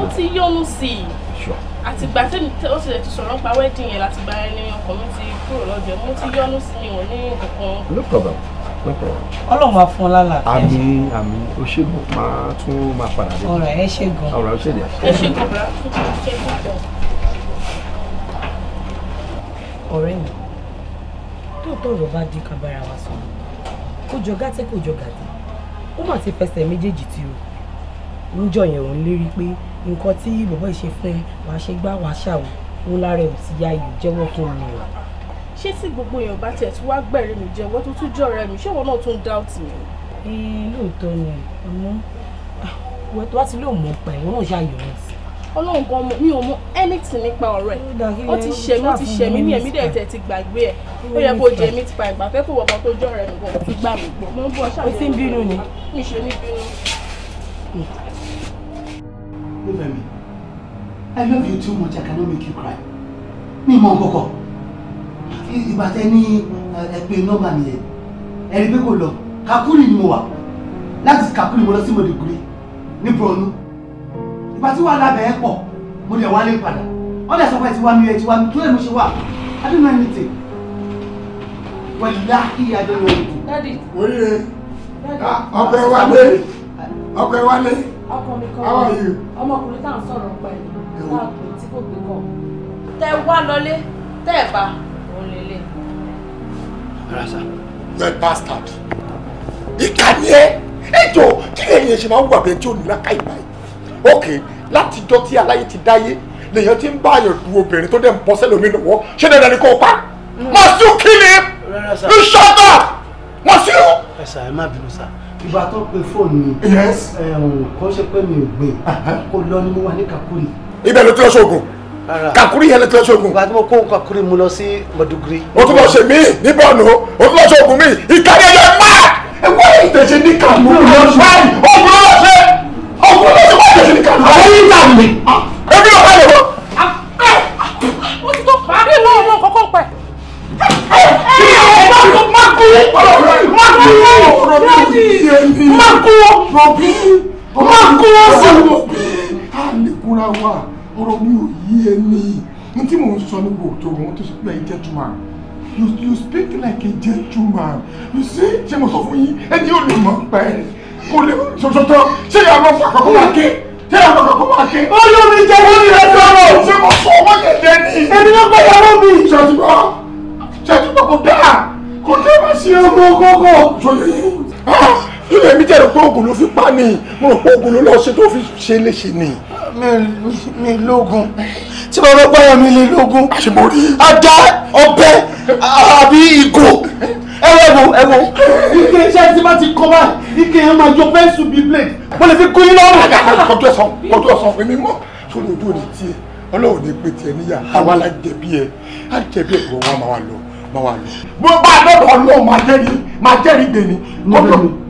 ó ti yọnu sí i àtìgbà tẹ́mi ó ti lè ti sọ̀rọ̀ nípa wedding yẹn látìgbà ẹni ọkọ mi ti kúrò lọ́jọ́ mo ti yọnu sí mi ò ní nǹkan. no problem no problem. ọlọ́run máa fún ọ lálà. àmín o ṣe máa tún máa padà dé. ọ̀rọ̀ ẹ ṣe gan. ọ̀rọ̀ ẹ ṣe gan. ẹ ṣe gan ọ̀rẹ́ mi tóòtọ́ ọ̀rọ̀ bá di kan bára wa sọ kó jọ gátẹ́ kó jọ gàtẹ́ ó mà ti fẹsẹ̀ méjèèjì tí o níjọ yẹn òun lérí pé nǹkan tí bàbá ìṣe fún ẹ wàá ṣe gbá wàá ṣàwò ń lára ẹ̀ ti ya ìlú jẹ́wọ́ kí n lè rà ṣé tí gbogbo èèyàn bá tiẹ̀ tí wàá gbẹ̀rẹ̀ mi jẹ́wọ́ tó tún jọ̀rọ̀ mi ṣé ìwọ náà tún dá òtì mi. ẹ lóòótọ́ ni àmọ́ ah, ìwọ tó bá ti lóò mọ̀ pa ìwọ náà ṣàyọ̀ ọlọ́run gan mi ò mọ anything nípa ọ̀rọ̀ ẹ̀ ó ti ṣe mí ó ti ṣe mí ní ẹ̀mí dẹ̀ tẹ̀ ti gbàgbé ẹ̀ ó yẹ kó jẹ mí ti pa ìgbà fẹ́ kó wọ́pọ̀ tó jọ rẹ̀ nìkan kò gbà mí gbọ́ mo ń bọ̀ ṣáà. o ti ń mi ṣe ní bínú. Bẹ́ẹ̀ni, I love you too much, I cannot make you cry. Mi mọ kọ̀kọ̀, ìgbà tẹ ní ẹgbẹ́ nọ́mbà nìyẹn, ẹ̀rí pé kò lọ, Kakuri ni mo wà, láti Kakuri mo lọ sí Mọ̀dẹ̀gúrí ní Borno ìgbà tí wàhálà bẹ̀ẹ́ pọ̀ mo lè wálé padà wọ́n lè sọ pé tiwa mi ẹ̀ tiwa mi tó lè mo ṣe wà á dùn náà ní tè wẹ̀lá ìyá jẹ́ lórí. oríire ah, ọkọ ẹ wálé ọkọ ẹ wálé how are you. ọmọkùnrin tá à ń sọ̀rọ̀ pẹ̀lú náà tí kò gbé kọ̀ tẹ wá lọlé tẹ ẹ bá òun lélẹ̀. well bastard ìkànnì ẹ ètò kí lèyìn ṣe máa ń wà bẹ́ẹ̀ tí ò ní lákàyè báyìí okay látijọ́ tí aláyé ti dáyé lèyàn ti ń bá àyàn du obìnrin tó dẹ̀ ń bọ́ sẹ́lómi lọ́wọ́ ṣé dandan ni kò pa mm. must you kill him you shut up must you. ẹ sà ẹ má bínú sà ìgbà tó pe fóònù kan ṣe pé mi ò gbé uh-huh. kó lọ ni mo wà ní kakuri. ibẹ̀ ló ti lọ sóògùn kakuri yẹn ló ti lọ sóògùn. ìgbà tí mo kó kakuri mu lọ sí mọ̀dúgiri. o tún lọ ṣe mí ní bọ́ọ̀nù o tún lọ sóògùn mí ìkàlẹ̀ yẹn máa ẹ wọ́n ìtẹ̀sẹ̀ ní kakuri lọ́sùn. bí máa kúrò sí i. a lè kúra wa ọ̀rọ̀ mi ò yí ẹ ní ní tí mò ń sọ ní gbòòtò wọn tó sọ pé ẹ jẹ́ túmọ̀ you you speak like a gentleman you see ṣé mo sọ fún yín ẹni yóò lè mọ̀ pẹ́ kò lè sọ̀tọ̀tọ̀ ṣé ìyá ọmọ àkọ́kọ́ máa ké ṣé ìyá ọmọ àkọ́kọ́ máa ké. ó yọ mi jẹ́ wọ́n ní ẹjọ́ rẹ̀. ṣé mo sọ ọmọ yẹn lẹ́ni. èmi ló gbé yàrá mi. ṣètùbọ̀ ṣètùbọ̀ kò dáa kò dé má ṣe é. ṣé mo kọ́kọ́ ilé mi jẹ́rìí pé oògùn ló fi pa ni mo rò pé oògùn ló lọ ṣe tó fi ṣe léṣe ni. mi lóògùn tí bàbá báyọ̀ mi lè lóògùn àṣemọ́rí ajá ọbẹ̀ àbí ìgò ẹwọ ẹwọ ẹwọ ike iṣẹ́ tí bá ti kọ báyìí ike yẹn máa jọ fẹsù bíi blade mo lè fi kú yín lọ́rùn. kọjú ẹ̀sán kọjú ẹ̀sán fún mi mọ́ sórí ojú òní tiẹ̀ ọlọ́run ní pé tiẹ̀ níyà àwa la jẹ̀bi ẹ̀ á jẹ̀bi ẹ̀ kọ́ wa máa wà lọ máa wà lọ. bó bá a lọ́dọ̀ ọlọ́run máa jẹ́rìí máa jẹ́rìí gbè ní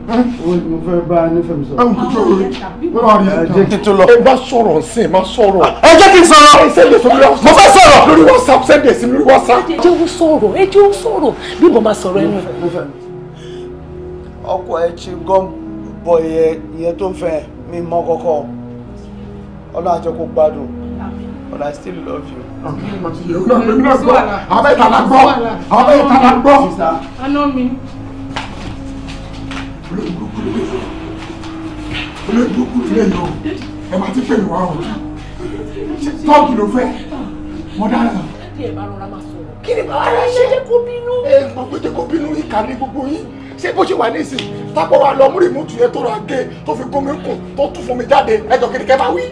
mo fẹ́ bá nífẹ̀ẹ́ mi sọ. ẹ̀wọ̀n kìtó rẹ̀ wọ́n wà ní ẹ̀jẹ̀ kìtó lọ. ẹ bá sọ̀rọ̀ nsìn má sọ̀rọ̀. ẹ jẹ́ kí n sọ̀rọ̀. ẹ sẹ́ndẹ̀ sí lórí whatsapp. mo fẹ́ sọ̀rọ̀. lórí whatsapp sẹ́ndẹ̀ sí lórí whatsapp. ẹ jẹ́ ó sọ̀rọ̀ ẹ jẹ́ ó sọ̀rọ̀ bí mo máa sọ̀rọ̀ ẹnu. ọkọ ẹ ti gọ́m bọ ìyẹn tó ń fẹ́ mi mọ kọ́kọ́ ọlọ́run àjọ kó gbádùn but I still love you. àwọn bẹ́ẹ̀ tà lá gbọ́ àwọn bẹ́ẹ̀ tà lá gbọ́ olóyìn burúkú ló lè lọ olóyìn burúkú ló lè lọ ẹ máa ti pèmí wá o tọ́ọ̀kì ló fẹ́ mọ dára. kí ẹ bá rọra máa sọ̀rọ̀. kí ni bàbá rẹ ṣe jẹ́ kó bínú. ẹ mọ̀ pé jẹ́ kó bínú ìkànnì gbogbo yín ṣé bó ṣe wà ní ìsìn tápọ̀ wa lọ múrì mú tuyẹ tó ra gé tó fi gómi kù tó tún fún mi jáde ẹjọ́ kí ni kẹ́ máa wí.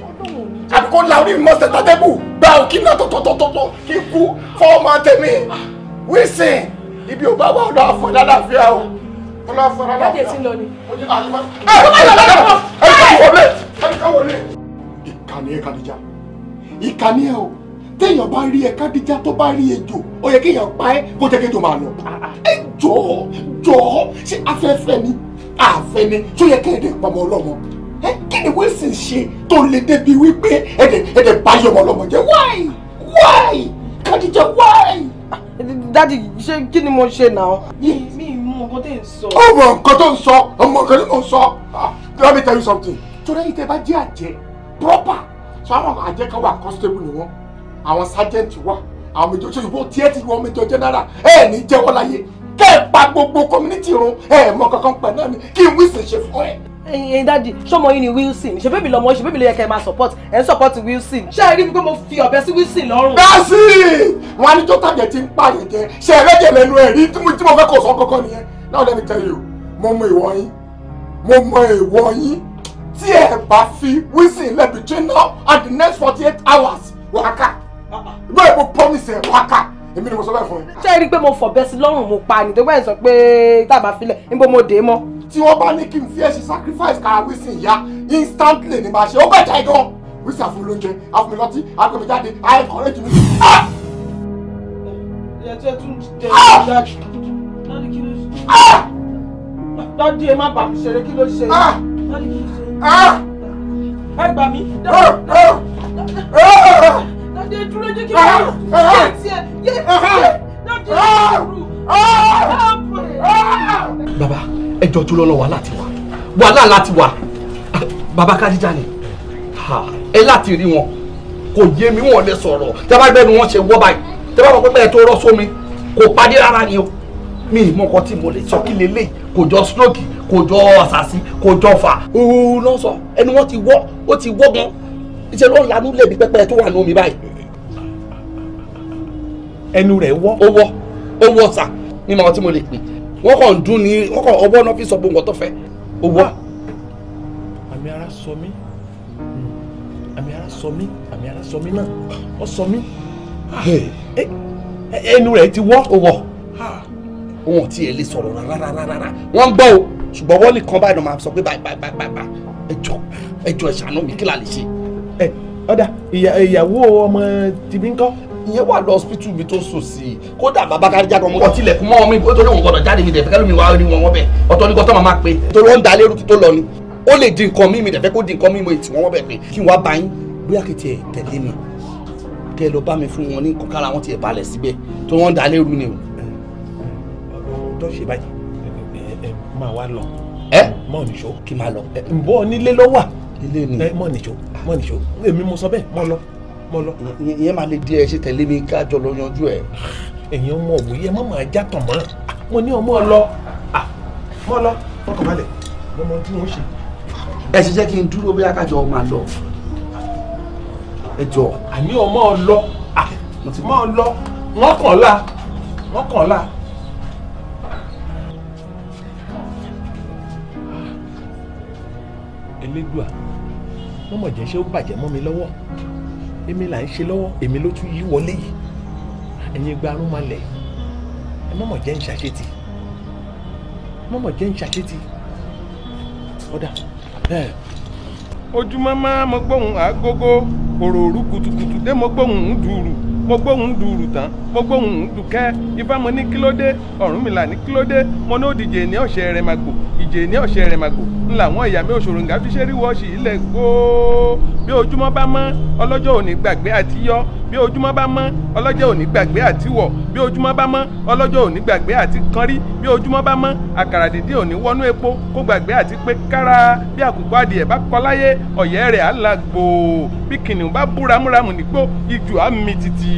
àbí kó la orí mi mọ́ sẹ́ta tẹ́bù gba òkì náà tọ̀tọ̀tọ̀tọ̀ kí n kú fọ́ọ̀mù àtẹ̀mí wíṣìn ibi ò bá wà ọ̀dọ̀ àfọ̀dá láàfíà o ìkànnì ẹ Kàdíjà ìkànnì ẹ o téèyàn bá rí ẹ Kàdíjà tó bá rí ejò ó yẹ kéèyàn pa ẹ kó jẹ́ kéèjò máa lọ. Ah, ah. ẹ jọ̀ọ́ jọ̀ọ́ ṣé afẹ́fẹ́ ni àfẹ́ ni tó yẹ kéèyàn dẹ̀ pamọ́ ọlọ́mọ ẹ kí ni wọ́n sì ṣe tó lè débi wípé ẹ̀dẹ̀ ẹ̀dẹ̀ báyọ̀ ọmọ ọlọ́mọ jẹ́ why why Kàdíjà why. Ah, dádì ṣé kí ni mo ṣe náà mọ nǹkan tẹ̀ ń sọ. ó mọ nǹkan tó ń sọ ọmọ nǹkan tó ń sọ ah, let me tell you something torí ẹ̀yin tẹ́ bá jẹ́ àjẹ́ proper so àwọn àjẹ́ kan wà constable ni wọ́n àwọn sergeant wà àwọn méjọ ṣe ìbò tiẹ́ ti wọ́n méjọ general ẹ̀ ní jẹ́wọ́ láyé kẹ́ ẹ̀ pa gbogbo community run ẹ̀ mọ kankan pẹ̀ náà ni kí n wíṣẹ̀ ṣe fún ẹ ẹyin eh, eh, dáàdi ṣọmọ yín ni Wilson ṣe bébì lọmọ ṣe bébì ló kẹ ẹ máa support ẹ ń support Wilson ṣé ẹ rí pé mo fi ọ̀bẹ sí Wilson lọ́rùn. bẹ́ẹ̀sì wọn á ní tó tàjẹ̀ tí ń pààyàn jẹ ṣe ẹ rẹ́jẹ̀ lẹ́nu ẹ̀ rí tí mo fẹ́ kọ̀ sọ́ kọ́kọ́ nìyẹn now let me tell you mo mọ ìwọ yín mo mọ ìwọ yín tí ẹ bá fi Wilson lẹ̀ between now and the next forty eight hours wákà bẹ́ẹ̀ mo promise ẹ wákà èmi ni mo sọ bẹ́ẹ̀ fún yín. ṣé ẹ rí pé mo fọ̀bẹ sí lọ́rùn mo pa ni tó bá yẹn sọ pé a bá mo dé tí wọ́n bá ní kí n fi ẹ̀ ṣe sacrifice kára wísìn ìyá instantly ni màá ṣe ó bẹ̀jà ìdán wísìn àfúnmi lóúnjẹ àfúnmi lọ́tí àgbẹ̀mí jáde àyè kọ̀ọ̀rẹ́ jù mí. dádì ẹ má bà mí ṣeré kí ló ṣe ah! ah! ẹ gbà mí ah! dádì ẹ dúró jẹ́ kí n bá yẹ tiẹ̀ yẹ tiẹ̀ dádì ẹ dúró. Baba ẹjọ́ tó lọ́nà wàhálà ti wà wàhálà láti wà bàbá kádíjà ni ẹ láti rí wọn kò yé mi wọn lè sọ̀rọ̀ tẹ́bá gbẹ́nu wọn ṣe wọ́ báyìí tẹ́bá wọn pẹ́pẹ́ tó rọ́ sómi kò pàdé rárá ni o mi ì mọ nǹkan tí mo lè sọ kí lélẹ̀ kò jọ stroke kò jọ ọ̀sàsí kò jọ fà òun lọ sọ ẹnu wọn ti wọ́ ó ti wọ́ gan iṣẹ́ ló ń lanú lẹ̀bi pẹ́pẹ́ tó wà lómi báyìí. ẹnu rẹ̀ wọ́. ó wọ́ ó wọ́ sà ní màá tí mo lè pè é wọ́n kàn ń dún ní wọ́n kàn ọwọ́ náà fi sọ gbogbo tó fẹ́ owó. àmì ara sọ mí àmì ara sọ mí àmì ara sọ mí náà ó sọ mí eh, eh, ẹnu rẹ̀ ti wọ́ owó wọn ò tiẹ̀ lè sọ̀rọ̀ rárá rárá wọ́n ń gbọ́ o ṣùgbọ́n wọ́n nìkan báyìí ló máa sọ pé báyìí báyìí báyìí ẹjọ ẹjọ ẹ̀ṣánú mi kí la lè ṣe. ẹ eh, ọ̀dà ìyàwó ọmọ tìbí ń kọ́ ìyẹn wà lọ hospital mi tó sùn sí i kódà bàbá káríjà kan mo kàn tilẹ̀kùn mọ́ ọmọ torí òun gbọ́dọ̀ jáde mi dẹ̀ fẹ́ kẹ́lómi wá rí wọn wọ́n bẹ̀ ní kọ́tọ́ máa pé torí ó ń dalérú tó lọ ni ó lè di nǹkan mímu dẹ̀ fẹ́ kó di nǹkan mímu ètì wọn wọ́n pé kí n wá bá yín bóyá kì í tiẹ̀ tẹ̀lé mi kẹ́ ẹ lọ bá mi fún wọn ní nǹkan kára wọn tiẹ̀ balẹ̀ síbẹ̀ torí wọ́n ń dalérú ni o. ọ̀dọ́ ṣe báyìí máa mo lọ. ìyẹn máa lè di ẹ ṣe tẹ̀lé mi kájọ lọ yanjú ẹ. ẹ̀yin ọmọ òwe ẹ má máa já tàn mọ́ mo ní ọmọ lọ mọ lọ balẹ̀ mo mọ tí mo ń ṣe. ẹ ṣe jẹ́ kí n dúró bí akájọ máa lọ ẹ jọ. àní ọmọ lọ ọmọ lọ wọn kàn la wọn kàn la. elédùà mọ́mọ̀jẹ́ ṣé ó bàjẹ́ mọ́ mi lọ́wọ́ èmi là ń ṣe lọ́wọ́ èmi ló tún yí wọlé yìí ẹ̀yin gba arún ẹ mọ̀mọ̀ jẹ́ ń ṣàṣetì mọ̀mọ̀ jẹ́ ń ṣàṣetì ọ̀dà bẹ́ẹ̀. ojúmọ́ máa mọ gbóhùn agogo òròòrú kutukutu dé mọ gbóhùn ń dùrù mo gbóhùn dùrù tán mo gbóhùn dùkẹ́ ifá mo ní kílódé ọ̀rúnmìlà ní kílódé mo ní òdìjé ní ọ̀sẹ̀ rẹ̀ màgbò ìjé ní ọ̀sẹ̀ rẹ̀ màgbò ńlá àwọn ìyá mi òṣòro ńgá fi ṣe rí wọ́ọ̀ṣì ilẹ̀ gbòó bí ojúmọ́ bá mọ́ ọlọ́jọ́ òní gbàgbé àtiyọ́ bí ojúmọ́ bá mọ́ ọlọ́jọ́ ò ní gbàgbé àti wọ̀ bí ojúmọ́ bá mọ́ ọlọ́jọ́ ò ní gbàgbé àti kanrí bí ojúmọ́ bá mọ́ àkàrà dìde ò ní wọnú epo kó gbàgbé àti pé kára bí àkùkọ adìẹ bá kọ láyé ọ̀yẹ́ rẹ̀ á la gbòò bí kìnìún bá bú ramúramù ijù á mi tìtì.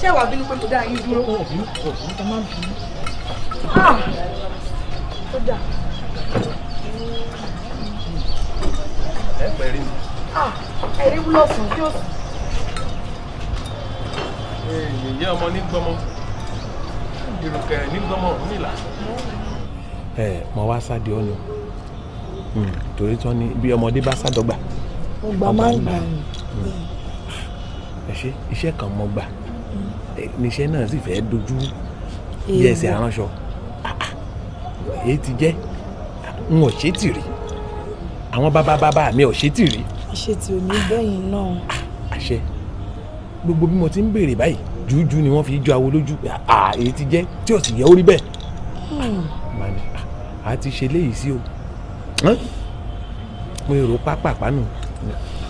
ṣé wàá bínú pé mo dá yín dúró. ọ̀hún ọ̀hún ọ̀hún máa ń bínú. ó dà. ẹ pẹ̀ rí mi. ẹ̀rí wúlò sùn tí ó sùn. yèyé ọmọ ní gbọmọ ìrùkẹ̀rẹ̀ ní gbọmọ ọ̀hún nìlà. ẹ mọ wá sáde ọ̀nà torí tán ni bí ọmọdé bá sádọ́gba. ọgbà máa ń gbà ẹ ṣe iṣẹ́ kan mọ́ gbà níṣẹ́ náà sì fẹ́ dojú bí ẹsẹ̀ aránṣọ ah, ah, èyí ti jẹ́ n ò ṣe tì rí àwọn bàbá mi ò ṣe tì rí. àṣẹ tí ò ní ah, bẹ́yìn náà. àṣẹ gbogbo bí mo ti ń béèrè báyìí jújú ni wọ́n fi jọ awo lójú èyí ti jẹ́ tí ò sì yẹ ó rí bẹ́ẹ̀. Hmm. a ti ṣe léyìí sí o mo èrò pápá pánù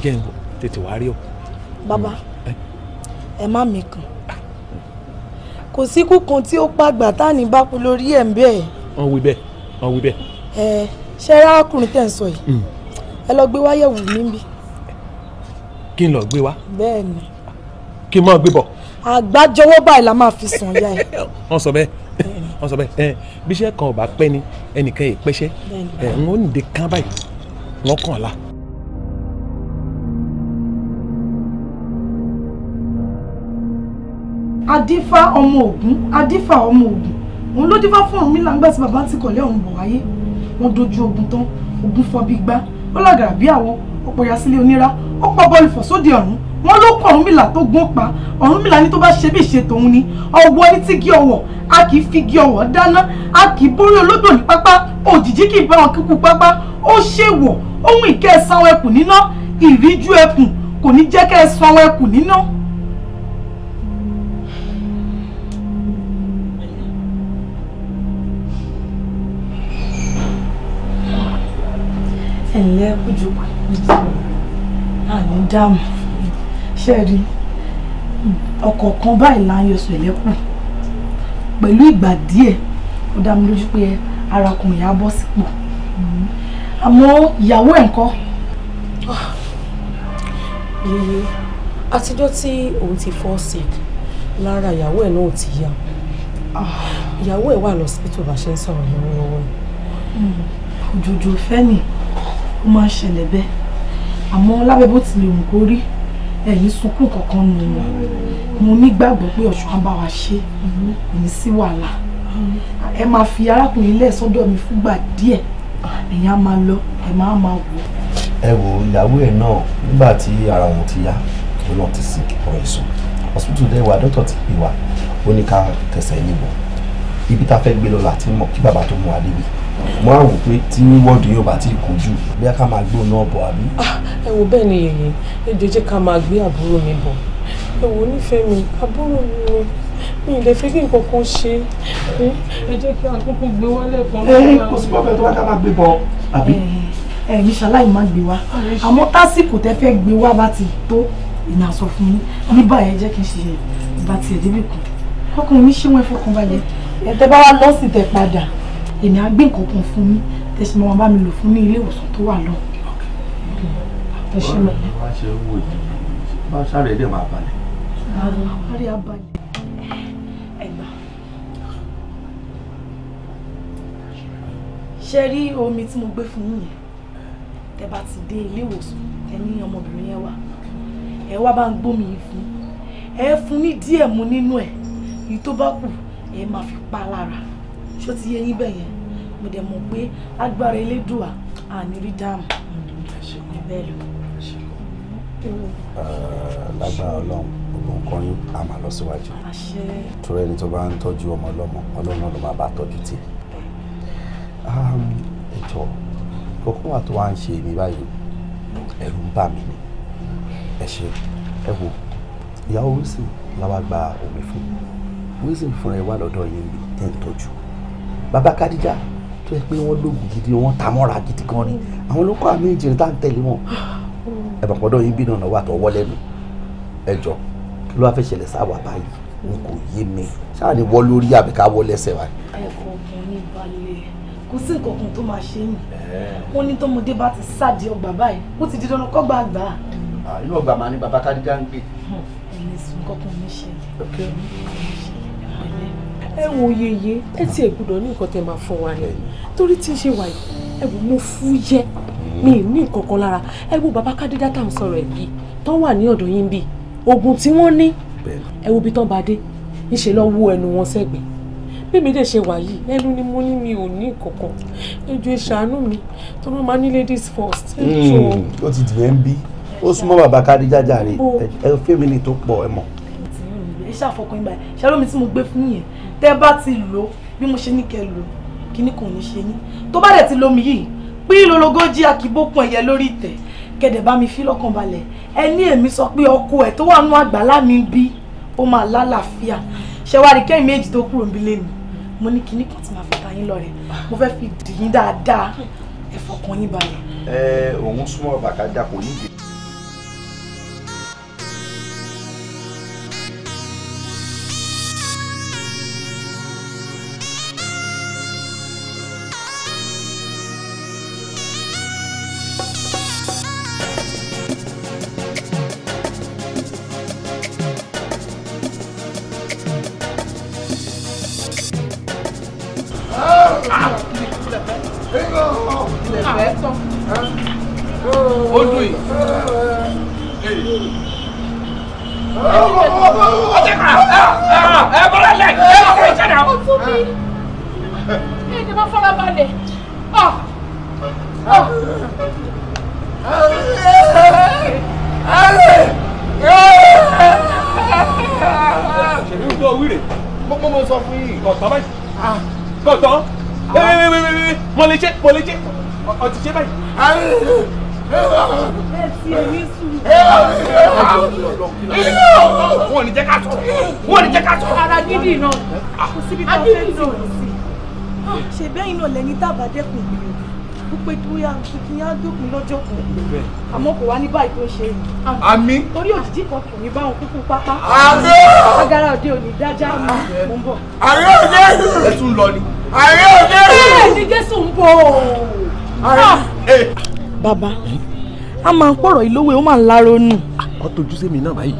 jẹ́ n tètè wá rí o. bàbá hmm. ẹ má mi kàn kò síkú kan tí ó pàgbà táàní bá kú lórí ẹ̀ ń bẹ́ẹ̀. wọ́n wí bẹ́ẹ̀ wọ́n wí bẹ́ẹ̀. ẹ ṣe arákùnrin tẹ̀ ń sọ yìí hmm. ẹ lọ gbé wáyẹ̀wò níbi. kí n lọ gbé wá. bẹ́ẹ̀ ni. kí n máa gbé bọ̀. àgbájọwọ́ báyìí la máa fi sàn ya ẹ. wọ́n sọ bẹ́ẹ̀ wọ́n sọ bẹ́ẹ̀ ẹ bí kan ò bá pẹ́ ni ẹnìkan yìí pẹ́ṣẹ́ ẹ̀ ń ó nìde adífá ọmọ ògún adífá ọmọ ògún òun ló dífá fún ọ̀run mílà ńgbà tí bàbá ti kọ̀lẹ́ ọ̀run bọ̀ wáyé wọ́n dojú ogun tán ogun fọ́ bí gbá ó làgàrà bí àwọ ọ̀pọ̀ ya sílé onírá ó pọ̀ bọ́ọ̀lù fọ̀ sóde ọ̀run wọ́n ló kọ Ọ̀rúnmìlà tó gún pa Ọ̀rúnmìlà ní tó bá ṣe bí ìṣe tòun ni ọwọ́ ní tí gí ọwọ́ a kì í fi gí ọwọ́ dáná a kì í borí olódò ní pápá òjìjí kì í bá wọn kíkú pápá ó ṣèwọ̀ ohun ìkẹ́ ẹ̀ sanwó ẹkùn níná ìríjú ẹkùn kò ní jẹ́ kẹ́ ẹ sanwó ẹkùn níná. ẹ̀lẹ́ kújúkú àní dáàmú ṣe rí ọ̀kọ̀ọ̀kan báyìí là ń yọsọ ẹ̀lẹ́kùn pẹ̀lú ìgbà díẹ̀ ó dá mi lójú pé arákùnrin á bọ́ sípò àmọ́ ìyàwó ẹ̀ ń kọ́. yeye àtijọ́ tí òun ti fọ́ sick lára ìyàwó ẹ̀ náà ti yá ah. ìyàwó ẹ̀ wà lọ́sibítù bá ṣe ń sọ̀rọ̀ lọ́wọ́lọ́wọ́ ojoojúmọ́ hmm. fẹ́ nìyí ó máa ń ṣẹlẹ̀ bẹ́ẹ̀ àmọ́ lábẹ́ bó ti lè wù kó rí ẹ̀yìn sunkún kankan nù wọn mo nígbàgbọ́ pé ọ̀ṣun á bá wa ṣe kò ní sí wàhálà ẹ máa fi arákùnrin lẹ̀ sọ́dọ̀ mi fúngbà díẹ̀ ẹ̀yìn á máa lọ ẹ̀ máa máa wò. ẹ wo ìyàwó ẹ náà nígbà tí ara wọn ti yá òun náà ti sìn ọ̀rọ̀ ìsùn hospital dẹ́ wa dọ́tọ̀ ti pè wá ó ní ká tẹ̀sẹ̀ níbọ̀ ibi tá a fẹ́ gbé lọ láti mọ̀ kí bàbá tó mú wa débi mo á wò pé tí wọ́ọ̀dù yóò bá ti kún jù bí a ká máa gbé òun náà bọ̀ àbí. Ah, ẹ wo bẹ́ẹ̀ ni èyí ejò jẹ́ ká máa gbé àbúrò mi bọ̀ ẹ wo nífẹ̀ẹ́ mi àbúrò mi mi ì lè fi kí nǹkan kan ṣe ẹ jẹ́ kí akókó gbé wálé kan. ẹ kò sí pọ́fẹ́ tó wá ká máa gbé bọ̀ àbí. ẹ ní ṣaláì má gbé wá ah, àmọ́ tásìkò tẹ́ fẹ́ gbé wá bá ti tó ìnà sọ fún mi ní báyẹn jẹ́ kí n ṣe ìbátí ẹ̀dẹ́bìkan ọkùnrin mi ṣé wọ́n fọkàn balẹ̀ ẹ̀ tẹ́ bá wá lọ́sìn tẹ́ padà èmi á gbé nǹkan kan fún yín tẹ̀sí mo máa bá mi lò fún ní ilé ìwòsàn tó wà lọ. ẹ ṣe mọ̀ ní. bá a ṣe wò yìí bá a ṣàrẹ̀ dẹ̀ máa balẹ̀. àárẹ̀ á balẹ̀. ẹ̀gbà ṣe rí omi tí mo gbé fún yín yẹn tẹ bá ti dé ilé ìwòsàn ẹ ọmọbìnrin yẹn wà ẹ wá bá ń gbómi yìí fún ẹ fún ní díẹ̀ mu nínú ẹ̀ èyí kù ẹ máa fi pa lára ṣó ti yé yín bẹ̀ yẹn mo dẹ̀ mọ̀ pé agbára elédùà àní rí dáàmú bẹ́ẹ̀ lọ. lágbára ọlọ́run gbogbo nǹkan yín a máa lọ síwájú. torí ẹni tó bá ń tọ́jú ọmọ ọlọ́mọ ọlọ́run ló máa bá tọ́jú tì. ẹ̀jọ̀ kókó wà tó wá ń ṣe èmi báyìí ẹ̀rù ń bà mí ni ẹ ṣe ẹ wò ìyàwó wilson làwọn gba omi fún wilson fúnra ẹ wà lọ́dọ̀ yín bí ẹ̀ ń tọ́jú bàbá Kádíjà tó yẹ pé wọ́n lògùn gidi wọ́n ta mọ́ra gidi gan ni àwọn ló kọ́ àmì ìjìnlẹ̀ tá à ń tẹ̀lé wọn ẹ̀bà pọ̀dọ̀ yín bí nànà wà tó wọ́ lẹ́nu ẹ jọ kí ló wá fẹ́ ṣẹlẹ̀ sáwà báyìí n kò yé mi ṣáà ni wọ́ lórí àbí ká wọ́ lẹ́sẹ̀ wa. ẹ̀kọ́ ọkùnrin ní balẹ̀ kò sí nǹkan kan tó máa ṣe yìí wọ́n ní tọ́mọdé bá ti sáàdì ọgbà báyìí ó ti di dandan kọ́ gbà gbà. inú ọgbà máa ní bàbá Kádíjà ń gbé. Hm, ẹ̀yin sùn kọ́kùnrin ṣe ẹ wo yeye ẹ ti ẹ̀gbọ́dọ̀ ní nǹkan tẹ máa fún wa ni torí tí ń ṣe wà yìí ẹ wò mo fúyẹ́ mi ní nǹkan lára ẹ wo bàbá kádídá tá à ń sọ̀rọ̀ ẹ̀ yìí tán wà ní ọ̀dọ̀ yín bíi oògùn tí wọ́n ní ẹ wo bí tán bá dé níṣẹ́ lọ́ wó ẹnu wọn sẹ́gbẹ̀ẹ́ bíbi dẹ̀ ṣe wà yìí ẹnu ni mo ní mi ò ní kankan ẹjọ́ ìṣàánú mi tó ló máa ní ladies first. Hmm, ó ti dìbẹ̀ ń bí ó súnmọ́ bàbá kádíjà jàre ẹ fẹ́mi ni tó pọ̀ ẹ mọ̀. ẹ ṣàfọkàn ìgbà ṣàlómi tí mo gbé fún yẹn tẹ́ bá ti lò bí mo ṣe ní kẹ́ lò kíní kò ní ṣe yín tó bá dẹ̀ ti lomi yìí pín lológójì àkìbókun ẹ̀yẹ lórí ìtẹ̀ kẹ̀dẹ̀ bá mi fi lọ́kàn balẹ̀ ẹ ní èmi sọ pé ọkọ ẹ̀ tó wà nú àgbàlá mi bí ó máa lálàáfíà ṣe wá rí kẹ́yìn méjì tó kúrò nílé mi mo ní kíní kan tí màá fi ta yín lọ́rẹ mo fẹ́ fi dì yín dáadáa ẹ fọkàn yín balẹ̀. ẹ òun súnmọ́ bàkà dà kò ní ìdè. tàbá dẹ́kun ìgbìyànjú ó pé bóyá tuntun yá dópin lọ́jọ́ kan àmọ́ kò wá ní báyìí tó ṣe yìí. àmín. torí òjijì kan kò ní bá òun kúkú pápá. àmín. agara òde òní dájá mi mo ń bọ̀. ààrẹ òde ìlú. ẹ tún lọ ni. ààrẹ òde ìlú. bẹ́ẹ̀ ni jésù ń bọ̀. Ah. bàbá a máa ń pọ̀rọ̀ ìlówó ó máa ń láró nù. ọtọjú sí mi náà báyìí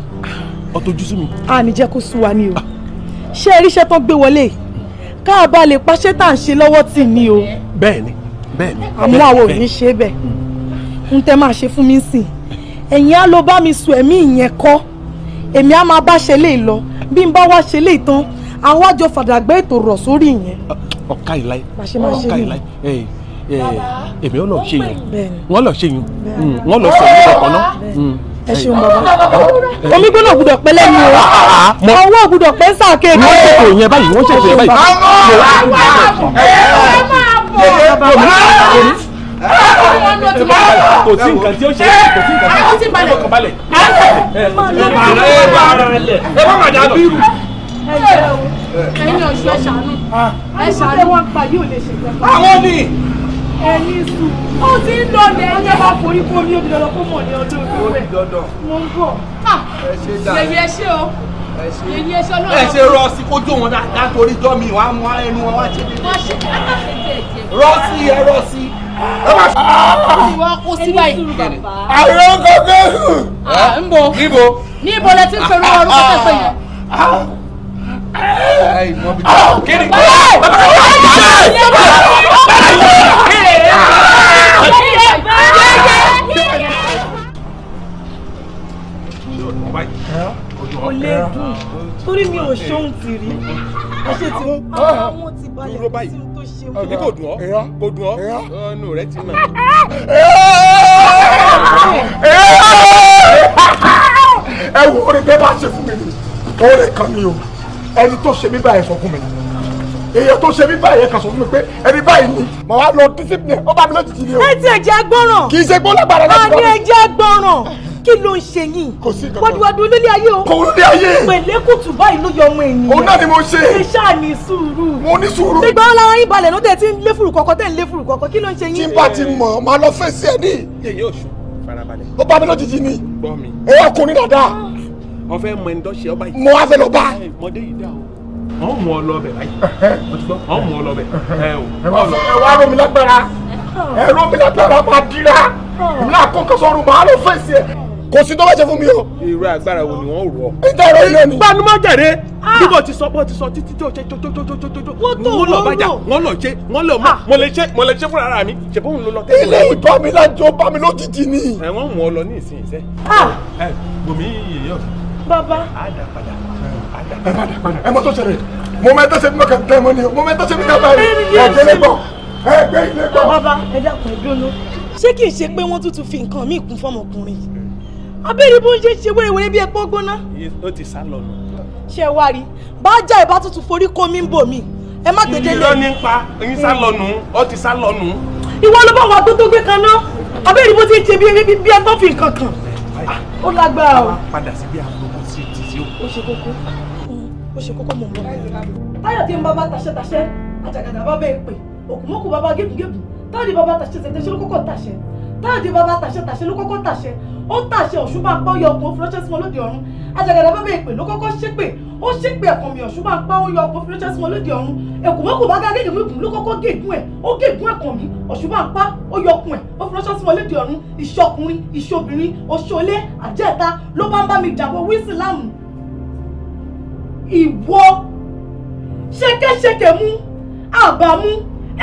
ọtọjú sí mi. a ní jẹ́ kó sú wa ni o ṣé iṣẹ́ tó gbé wọlé yìí ká a bá lè paṣẹ tá à ń ṣe lọ́wọ́ tì ní o. bẹ́ẹ̀ni bẹ́ẹ̀ni. àmọ́ àwọn ò ní ṣe bẹ́ẹ̀ ń tẹ́ máa ṣe fún mi sìn ẹ̀yin á lọ bá mi sùn ẹ̀mí ìyẹn kọ́ èmi á máa bá ṣe lè lọ bí n bá wá ṣe lè tán àwọn àjọ ètò rọ̀ sórí ìyẹn. ọ̀ka ìláyé ọ̀ka ìláyé èmi ò lọ ṣe yẹn wọ́n lọ ṣe yẹn mm, wọ́n lọ sọ̀rọ̀ ìṣọ̀kan náà ẹ ṣeun omi gbọ́dọ̀ gbọ́dọ̀ pẹ́ lẹ́nu o ọwọ́ gbọ́dọ̀ pẹ́ sàkéèké. wọ́n ṣètò yẹn báyìí wọ́n ṣètò yẹn báyìí. kò sí nǹkan tí ó ṣe kò sí nǹkan tí ó ṣe balẹ̀. ẹ má bàjẹ́ àbírù. ẹ̀yin ọ̀ṣun ẹ̀ ṣàánú ẹ̀ ṣàánú wọn pa yóò lè ṣe pẹ́. àwọn ni ẹni sùn ó ti ń lọ lẹ ẹni bá forí kó ní obìnrin ọlọpọ mọ ní ọdún ìgbẹ mo ń bọ yèyí ẹ ṣe o yèyí ẹ ṣe ọlọ́run ẹ ṣe rọọsì kójú wọn dáadáa torí jọ mi wàá mú ẹnu wọn wá jẹ rọọsì ẹ rọọsì. ìwọ kó sí báyìí. àwọn kọ̀ọ̀kan sùn. níbo níbo níbo lẹ ti ń pẹ̀lú ọrùn kọ́kẹ́ sọ yẹn. Ay, mami. Ah, kini. Ay, ay, ay, ay, ay, ay, ay, ay, ay, torí mi ò ṣóhun ti rí ẹ ṣe tí wọn wọn ti balẹ̀ kí tí n tó ṣe wọn. èmi kò dùn ọ́ kò dùn ọ́ ọ̀nù rẹ ti nà. ẹ wo orin bẹ́ẹ̀ bá ṣe fún mi ni orin kan ni o ẹni tó ṣe mí báyìí sọ fún mi ni èèyàn tó ṣe mí báyìí kan sọ fún mi pé ẹni báyìí ni mo wá lọ discipline ó bá mi lójijì ni o. ẹ ti ẹ̀jẹ̀ gbọ́ràn. kì í ṣe gbọ́ lágbára láti wọ́n. àní ẹ̀jẹ̀ gbọ́ràn kí ló ń ṣe yín. kò sí kankan wọ́dúwọ́dú lórí ayé o. kò lórí ayé. pèlè kùtù báyìí ló yọ ọmọ ènìyàn. òun náà ni mo ṣe. ṣe ṣáà ní sùúrù. mo ní sùúrù. nígbà wọn lára yín balẹ̀ ló tẹ̀ tí ń lé fùrù kọ̀ọ̀kan tẹ̀ ń lé fùrù kọ̀ọ̀kan kí ló ń ṣe yín. tí n bá ti mọ̀ máa lọ fẹ́ sí ẹ ní. ó bá mi lójijì ni. ẹ ọkùnrin dáadáa. wọ́n fẹ́ mọ ẹni tó ṣe ọ báyìí. mo wá fẹ́ lọ bá. mọdé yìí dá o wọn mú ọ lọ bẹ báyìí wọn mú ọ lọ bẹ ẹ o. ẹ wá rọ mi lágbára ẹ rọ mi lágbára máa dira èmi náà kọ́ kọ́sọ́ ọ̀run màá lọ fèsì ẹ kò sí tó bá ṣe fún mi o. irú agbára wo ni wọ́n rọ. ìta ẹ̀rọ ilé ni. gbanumọ jàre ah. bíbọ ti sọ bọ ti sọ títí tí o ṣe tótótótótótó. wọ́n tó wọ́n lọ bàjá wọ́n lọ ṣe wọ́n lọ mọ ah. mo lè ṣe mo lè ṣe fúnra ara mi ṣe bóun ló lọ tẹ́lẹ̀. ilé ìtọ́ mi lájọ bá mi lójijì ni. ẹ wọ́n mú ọ lọ ní ìsinyìí sẹ́. Ah. ẹ bùnmi yèyé ọ̀sán bàbá. ẹ má dà padà ẹ mọ tó ṣẹlẹ̀ mo mẹ tẹsẹ mímọ kẹtẹ mọ ni o mo mẹ tẹsẹ mímọ kẹtẹ mọ ni o ẹgbẹ lẹgbọ ẹgbẹ lẹgbọ. bàbá ẹ dákun ẹ dúró ṣé kì í ṣe pé wọ́n tún tún fi nǹkan míì kún fọmọkùnrin yìí abẹ́rẹ́ bó ń ṣe ṣe wẹ́rẹ́wẹ́rẹ́ bí ẹ̀pọ́ gbóná. ó ti sá lọ nù. ṣé ẹ wá rí bá jà ìbá tuntun forí kó mi ń bò mí ẹ má gbèdé lé. irọ́ ní pa eyín sá lọ nù ó ti sá lọ nù. ìwọ ló bá wà tó tó gbé kaná abẹ́rẹ́ bó o. ó ṣe kókó mm, ó ṣe kókó mò ń bọ̀. táyọ̀ tí ń bá bá taṣẹ́ taṣẹ́ àjàgàdà bá bẹ́ẹ̀ pè òkùnmọ́kù bá bá gégùgégù táyọ̀ tí bá bá taṣẹ́ tẹ̀tẹ̀ṣẹ́ ló kọ́kọ́ taṣẹ́ táyọ̀ tí bá bá taṣẹ́ taṣẹ́ ló kọ́kọ́ taṣẹ́ ó taṣẹ́ ọ̀ṣùbà pọ́ yọ ọkùn òfurufú sí wọn lóde ọ̀run àjàgàdà bá bẹ́ẹ̀ pè ló kọ́kọ́ ṣépè ó ṣépè ẹ̀kàn mi ọ̀ṣùbà pọ́ yọ ọkùn òfurufú sí wọn lóde ọ̀run èkùnmọ́kù bá gá gégùgégù ló kọ́kọ́ gégùn ẹ̀ ó gégùn ẹ̀kàn mi ọ̀ṣùbà pa ó yọkùn ẹ̀ ó fi ránṣẹ́ sí wọn léde ọ̀run ìṣọkùnrin ìṣobìnrin òṣòlé àjẹta ló bá ń bá mi jàbọ̀ wísílámù ìwọ ṣẹkẹṣẹkẹ mú àbámú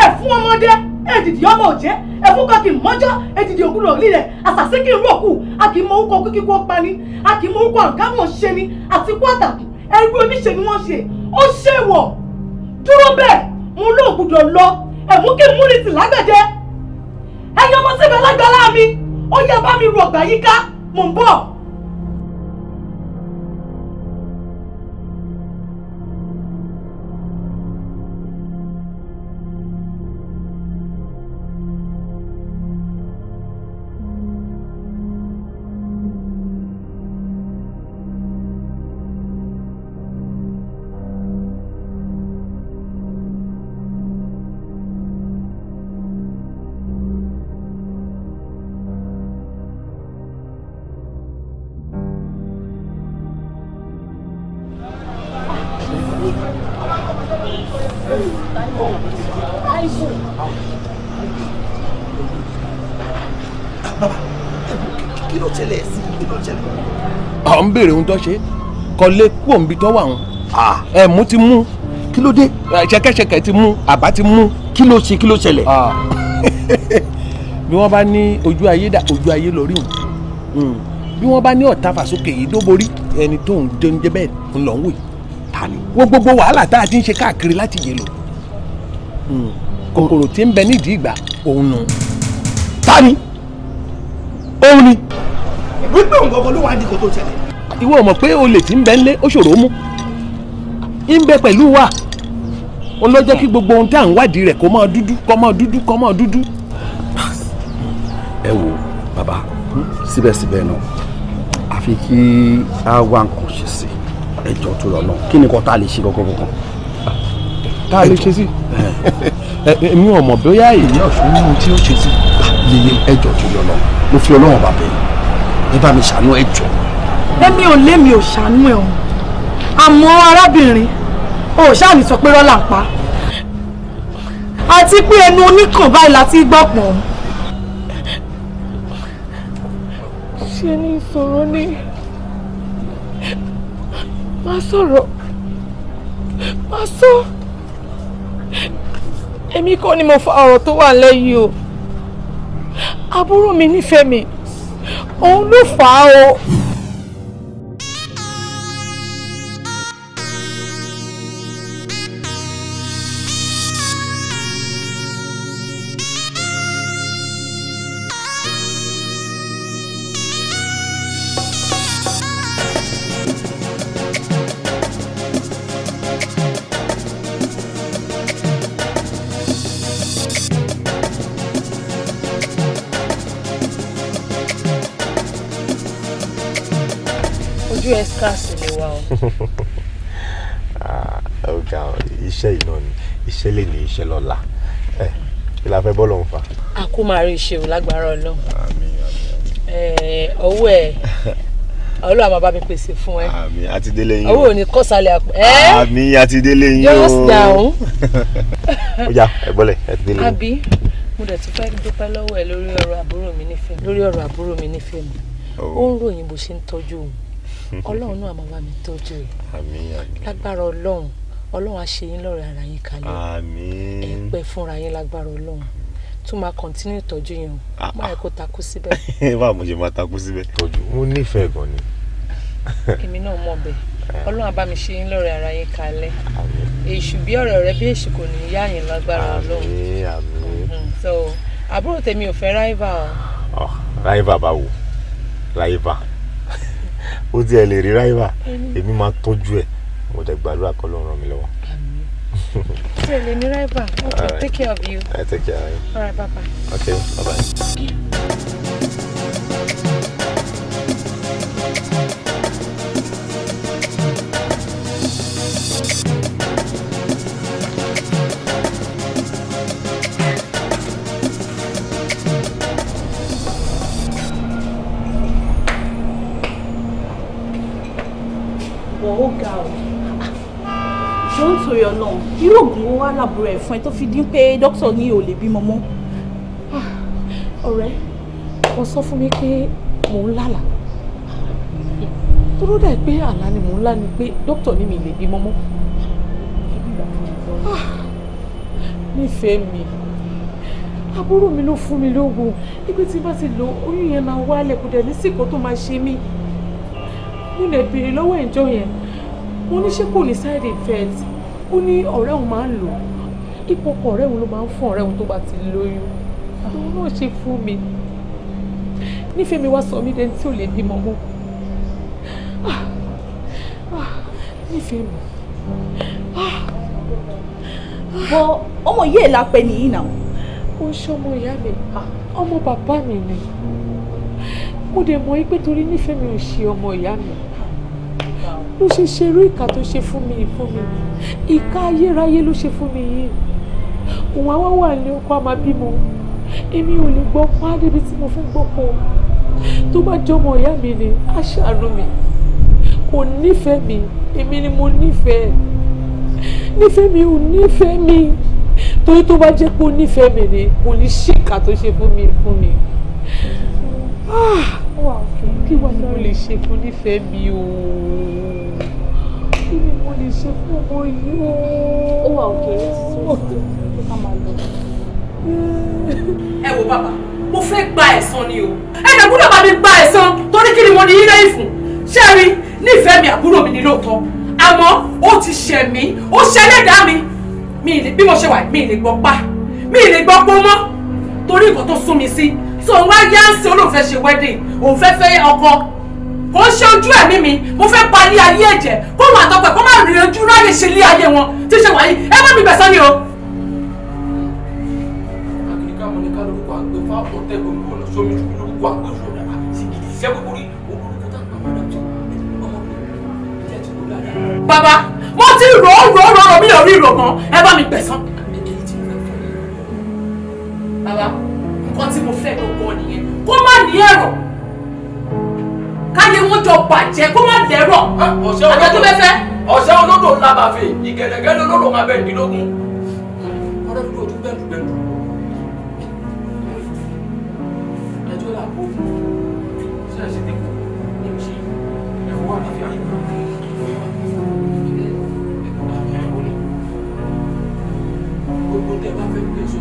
ẹfún ọmọdé èdìdì ọmọ òjẹ ẹfún kọkì mọjọ èdìdì òkúrò lílẹ àṣàṣe kí n rọkù a kì í mọ orúkọ kíkíkó pani a kì í ni àti pàtàkì ẹrú oníṣe ni wọn ṣe ó ṣèwọ dúró bẹ́ẹ̀ mo lóògùdọ lọ ẹmú kí n múnisì lágbẹ̀dẹ ẹyọ ọmọ síbẹ̀ lágbàlá mi ó yẹ bá mi rọgbà yíká mò ń bọ̀. béèrè ohun tó ṣe kọ́lé kú òǹbi tó wà wọn ẹ̀mú ti mú kí ló dé ṣẹ̀kẹ̀ṣẹ̀kẹ̀ ti mú àbá ti mú kí ló ṣe kí ló ṣẹlẹ̀. bí wọ́n bá ní ojú ayé dà ojú ayé lọ rí wọn hmm. bí wọ́n bá ní ọ̀tá fàsókè yìí tó borí ẹni tó ń jẹ́ bẹ́ẹ̀ ń lọ ń wè ta ni. wo gbogbo wàhálà tá a ti ń ṣe káàkiri láti yè lò hmm. kòkòrò tí ń bẹ nídìí ìgbà òun nù. ta ni òun ni. ìgbésẹ̀ òun gbogbo ló wà á di kò ṣẹlẹ̀ ìwọ mọ̀ pé olè tí ń bẹ ńlé ó ṣòro mú ń bẹ pẹ̀lú wa òun ló jẹ́ kí gbogbo ohun tá à ń wádìí rẹ̀ kó máa dúdú kó máa dúdú kó máa dúdú. ẹ wo bàbá síbẹ̀síbẹ̀ náà àfi kí a wá nǹkan ṣe sí ẹjọ́ tó lọ náà kí ni kò tá a lè ṣe gọ́gọ́ gọ́gọ́. tá a lè ṣe sí mi ò mọ̀ bóyá èyí ọ̀ṣun ní ohun tí ó ṣe sí. yeye ẹjọ́ tó lọ náà mo fi ọlọ́run bàbá yìí ẹ bá mi ṣàánú ẹjọ́ èmi ò lémi ò ṣàánú ẹ̀ ọ̀hún àmọ́ arábìnrin ò ṣàní sọ pé rọ́là ń pa àti pé ẹnu oníkàn báyìí láti gbọ́ pọ̀n. ṣe ni ìṣòro ni má sọ̀rọ̀ má sọ èmi kọ́ ni mo fa ọ̀rọ̀ tó wà lẹ́yìn o àbúrò mi nífẹ̀ẹ́ mi òun ló fà á o. ṣe lọ́la ẹ kí la fẹ́ bọ́ lọ́hùn fa. a kó máa rí iṣẹ́ o lágbára ọlọ́run ọwọ́ ẹ ọlọ́run àmọ́ bá mi pèsè fún ẹ àmín àti o owó ò ní kọ́ sálẹ̀ àpò ẹ àmín àti délé yín o yóò sàún. ó yá ẹ gbọ́lẹ̀ ẹ délé yín. àbí mo dẹ̀ tún fẹ́ dúpẹ́ lọ́wọ́ ẹ lórí ọ̀rọ̀ àbúrò mi nífẹ̀ẹ́ lórí ọ̀rọ̀ àbúrò mi nífẹ̀ẹ́ mi oh. ó ń ròyìn bó ṣe ń tọ́jú òun ọlọ́run náà àmọ́ bá mi tọ́jú ẹ lágbára ọlọ́run ọlọ́run á yín lọ́rẹ̀ ara yín kalẹ̀ ẹ pẹ́ fúnra yín lágbára ọlọ́run tún máa kọ́ntínú ìtọ́jú yẹn o ah, máa ah. kó takú síbẹ̀. báwo mo ṣe máa takú síbẹ̀. tọ́jú mo nífẹ̀ẹ́ gan ni. èmi náà mọ̀ bẹ́ẹ̀ ah. ọlọ́run á ṣe yín lọ́rẹ̀ ara yín kalẹ̀ èṣù bí ọ̀rẹ́ rẹ bí èṣù kò ní yá yín lágbára ọlọ́run. Mm-hmm. àbúrò tèmi ò fẹ́ ráìvà o. ráìvà báwo ráìvà ó tiẹ̀ lè rí ráìvà èmi máa tọ́jú ẹ̀ mo dẹ̀ gbàdúrà kọ́ ló ń ràn mí lọ́wọ́. ṣe lè ní ráìbà take care of you. I take care of you. all right bye bye. okay bye bye. torí ọlọ́run irú oògùn wo wá làbúrò ẹ̀ fún ẹ tó fi dín pé dókítà ní ò lè bímọ mọ́. Ah, ọ̀rẹ́ wọ́n sọ fún mi pé mò ń lálàá dúró dà pé àlá ni mò ń lá ni pé dókítà ní mi lè bímọ mọ́. Ah, nífẹ̀ẹ́ mi àbúrò mi ló fún mi lóògùn ibi tí bá ti lo oyún yẹn máa wálẹ̀ kò dẹ̀ ní sìnkú tó máa ṣe mí mo lè béèrè lọ́wọ́ ẹ̀jọ́ yẹn mo ní ṣé kò ní side effect ó ní ọ̀rẹ́ òun máa ń lò ipò ọkọ ọ̀rẹ́ òun ló máa ń fún ọ̀rẹ́ òun tó bá ti lóyún òun náà ṣe fún mi nífẹ̀ẹ́ mi wá sọ mí dẹni tí ò lè bímọ mọ́ ah, ah, nífẹ̀ẹ́ mi. bọ ah, ọmọ yìí èlà pẹ nìyí náà. ó ń ṣọmọ ìyá mi ọmọ bàbá mi ni mo dẹ̀ mọ̀ pé torí nífẹ̀ẹ́ mi ò ṣe ọmọ ìyá mi ló ṣe ṣerú ìka tó ṣe fún mi fún mi ìka ayérayé ló ṣe fún mi yìí òun àwọn wà ní ọkọ àmà bímọ èmi ò lè gbọ́ pa débi tí mo fẹ́ gbọ́ tó bá jọmọ ìyá mi ni á ṣàánú mi kò nífẹ̀ẹ́ mi èmi ni mo nífẹ̀ẹ́ nífẹ̀ẹ́ mi ò nífẹ̀ẹ́ mi torí tó bá jẹ́ pé ó nífẹ̀ẹ́ mi ni kò ní ṣìkà tó ṣe fún mi fún mi. Ah kí wà ní mo lè ṣe fún nífẹ̀ẹ́ mi o kí ni mo lè ṣe fún ọmọ yìí o. ó wà òkè ní títí ó ká máa lọ. ẹ wo bàbá mo fẹ́ gba ẹ̀san ni o ẹ̀dá gbọ́dọ̀ bá mi gba ẹ̀san torí kí ni mo ní yín lẹ́yìn fún ṣé rí nífẹ̀ẹ́ mi àbúrò mi ni lóòótọ́ àmọ́ ó ti ṣẹ̀ mí ó ṣẹlẹ́dàá mi bí mo ṣe wà mí lè gbọ́ pa mí lè gbọ́ pọ́ mọ́ torí nǹkan tó sún mi sí so n wá yá ń sin olóòfẹ́ ṣe wedding òun fẹ́ fẹ́ ọkọ kò ń ṣe ojú ẹ̀mí mi mo fẹ́ ba ilé ayé ẹ̀jẹ̀ kó wọn àtọ́pẹ́ kó má rìn ojú ráyè ṣe ilé ayé wọn tí ṣe wáyé ẹ má mi bẹ̀ sọ́ni o. àkìníkà mo ní ká lórúkọ àgbẹ̀ fá ọ̀tẹ́ gbogbo ọ̀nà sómi jù lórúkọ àgbẹ̀ fún ọ̀dà ah, sí gidi iṣẹ́ gbogbo rí olórúkọ tá a máa dàtọ̀ ọmọkùnrin jẹ́ ti kú dáadáa. bàbá mo ti rò ó rò ó rò ó mi ò rí ìrò ẹ bá mi gbẹ̀sán. bàbá nǹkan tí mo fẹ́ gbọ̀ngàn nìyẹn kó má ní ẹ̀rọ káyé wọn jọ bàjẹ́ kó má dẹ̀rọ̀ àjọ tó fẹ́ fẹ́. ọ̀sẹ̀ olódò ńlá máa fè ìgẹ̀lẹ̀gẹ̀lẹ̀ olódò máa bẹ̀ ìdílógún. ọ̀rẹ́ mi yóò tún bẹ̀rù bẹ̀rù. ẹjọ́ là bó ṣe é ṣe tẹ̀ kọ́ ní ti ẹ̀wọ́ àti àyíká. gbogbo tẹ bá fẹ́ gbé sọ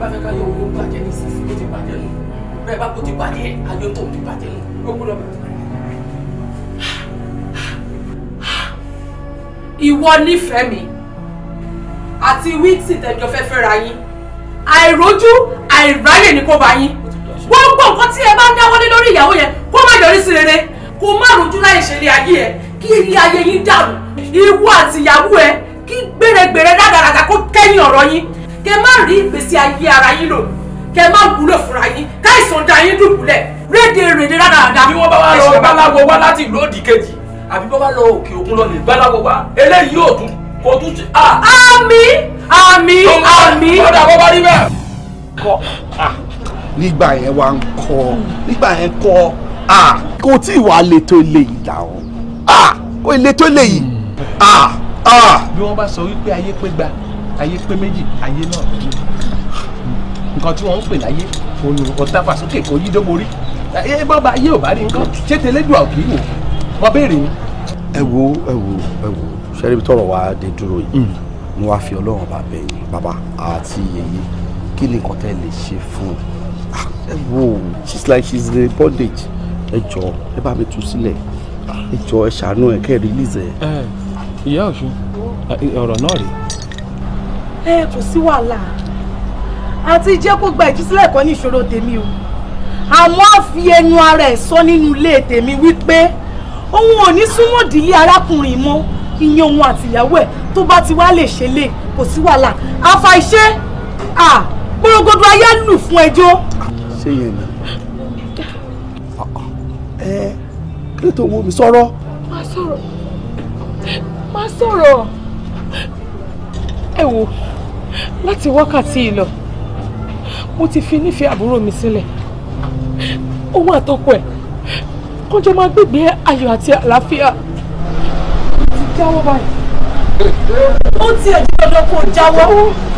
bá fẹ́ ká yọ owó bàjẹ́ ní sísí ó ti bàjẹ́ nù bẹ́ẹ̀ bá kó ti bàjẹ́ ayọ́ tó ti bàjẹ́ nù ó gbọ́dọ̀ bàjẹ́. ìwọ nífẹ̀ẹ́ mi àti wíìtì tẹ̀jọ́ fẹ́ fẹ́ra yín àìrójú àìráyè ni kò bá yín gbogbo nǹkan tí ẹ bá dáwọ́ lé lórí ìyàwó yẹn kó má yọrí sí rere kó má rojú láì ṣe ilé ayé ẹ kí ilé ayé yín dàrú ìwọ àti ìyàwó ẹ kí gbèrègbèrè rádaràdà kó kẹ́yìn ọ̀rọ̀ yín kẹ má rí ìgbésí ayé ara yín lò kẹ má wúlò fúnra yín káìsàn da yín dùbúlẹ̀ rédè rèdè rádaràda. bí wọ́n bá wá lọ báláwo wá láti ìlú òdì kejì àbí bá wá lọ òkè òkun lọ lè báláwo wá eléyìí yóò tún kó tún ṣe. àmì àmì àmì. kódà bó bá rí bẹ́ẹ̀. kọ́ nígbà yẹn wá ń kọ́ nígbà yẹn kọ́ kò tí ì wá lè eléyìí dà ọ́ kò eléyìí. bí wọ́n bá sọ wípé ayé pé gba ayé pé méjì ayé náà nǹkan tí wọ́n ń pè láyé ònù ọ̀tàfà kò yí ẹ bọ́ bá ayé ò bá rí nǹkan ṣé tẹlẹ́dùn wò mo béèrè ni. ẹ wo ẹ wo ẹ wo sẹ́ríbi tọrọ wa dé dúró yìí ni hmm. wàá fi ọlọ́run bá bẹ̀ yín bàbá àti yèyí kí ni nǹkan tẹ́ lè ṣe fún ah, ẹ wo she's like she's in bondage ẹ jọ ẹ bá mi tú sílẹ̀ ẹ jọ ẹ ṣàánú ẹ kẹ́ ẹ release ẹ. ìyá ọ̀ṣun ọ̀rọ̀ náà rèé ẹ kò sí wàhálà àti jẹ́ kó gba ìtúsílẹ̀ kan ní ìṣòro tèmi o àmọ́ fi ẹnu ara ẹ̀ sọ nínú ilé tèmi wípé òun ò ní súnmọ́ ìdílé arákùnrin mọ́ ìyẹn òun àtìyàwó ẹ̀ tó bá ti wá lè ṣe lè kò sí wàhálà àfa iṣẹ́ à gbọ́rọ̀gọ́dọ̀ ayé lù fún ẹjọ́. ṣé yẹn nà ẹ kí ló tó wo mi sọ̀rọ̀. má sọ̀rọ̀ má sọ̀rọ̀ ẹ wo láti wákàtí ìlọ mo ti fi nífẹ̀ẹ́ àbúrò mi sílẹ̀ òun àtọkọ ẹ̀ kọjọ máa gbégbé ayọ̀ àti àlàáfíà ti jáwọ́ báyìí. ó tiẹ̀ di dandan kó o jáwọ́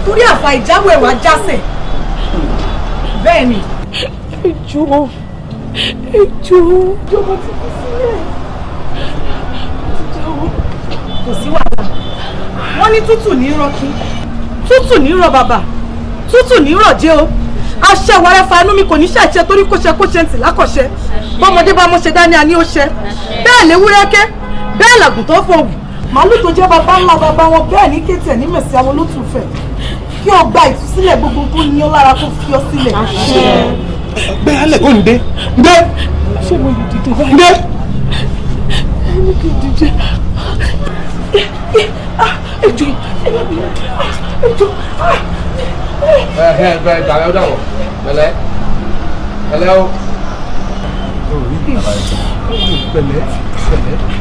torí àṣà ìjáwọ́ ẹ̀ wá jásẹ̀ bẹ́ẹ̀ ni. ẹ jọ̀ọ́ ẹ jọ̀ọ́ jọ̀ọ́ ti fi sílẹ̀ kò sí wà ní tútù ní rọ kí tútù ní rọ bàbà tútù ní rọ jẹ́ o aṣẹ wàrẹ fa inú mi kò ní ṣàṣẹ torí kó ṣe kó ṣe ń tì lákọṣẹ bọmọdé bá mọṣẹ dání àní ó ṣe bẹ́ẹ̀ léwúrẹ́kẹ́ bẹ́ẹ̀ làgùn tó fòwù màálù tó jẹ́ bàbá ńlá bàbá wọn bẹ́ẹ̀ ní kété ẹ̀ ní mẹ̀sí àwọn olótùfẹ́ kí o gba ìtúsílẹ̀ gbogbo tó ní ọ lára kó fi ọ sílẹ̀. bẹ́ẹ̀ alẹ́ kò ń dé dé ṣé mo lè dé ẹjọ ẹjọ. ẹ ẹ bẹ gbàgbé ọdọ àwọn pẹ̀lẹ́ pẹ̀lẹ́ o. pẹ̀lẹ́ pẹ̀lẹ́ bí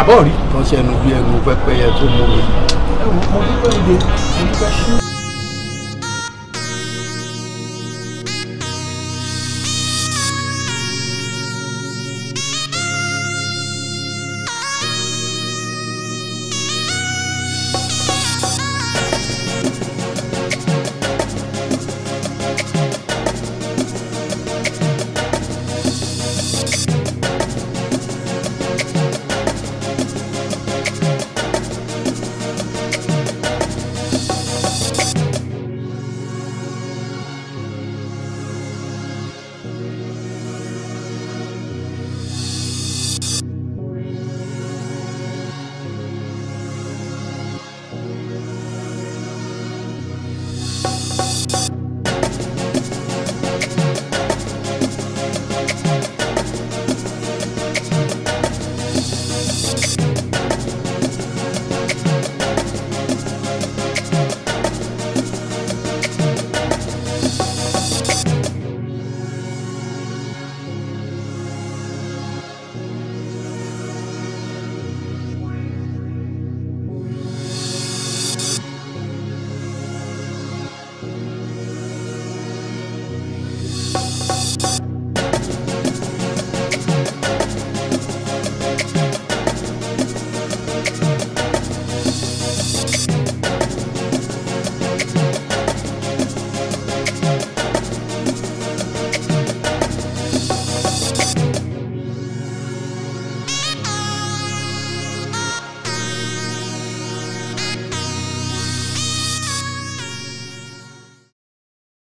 àbọ̀ rí. kan ṣẹnu bí ẹnu pẹpẹyẹ tó mú mi. ẹ wò ó mo dúpẹ́ òde mo dúpẹ́ ṣú.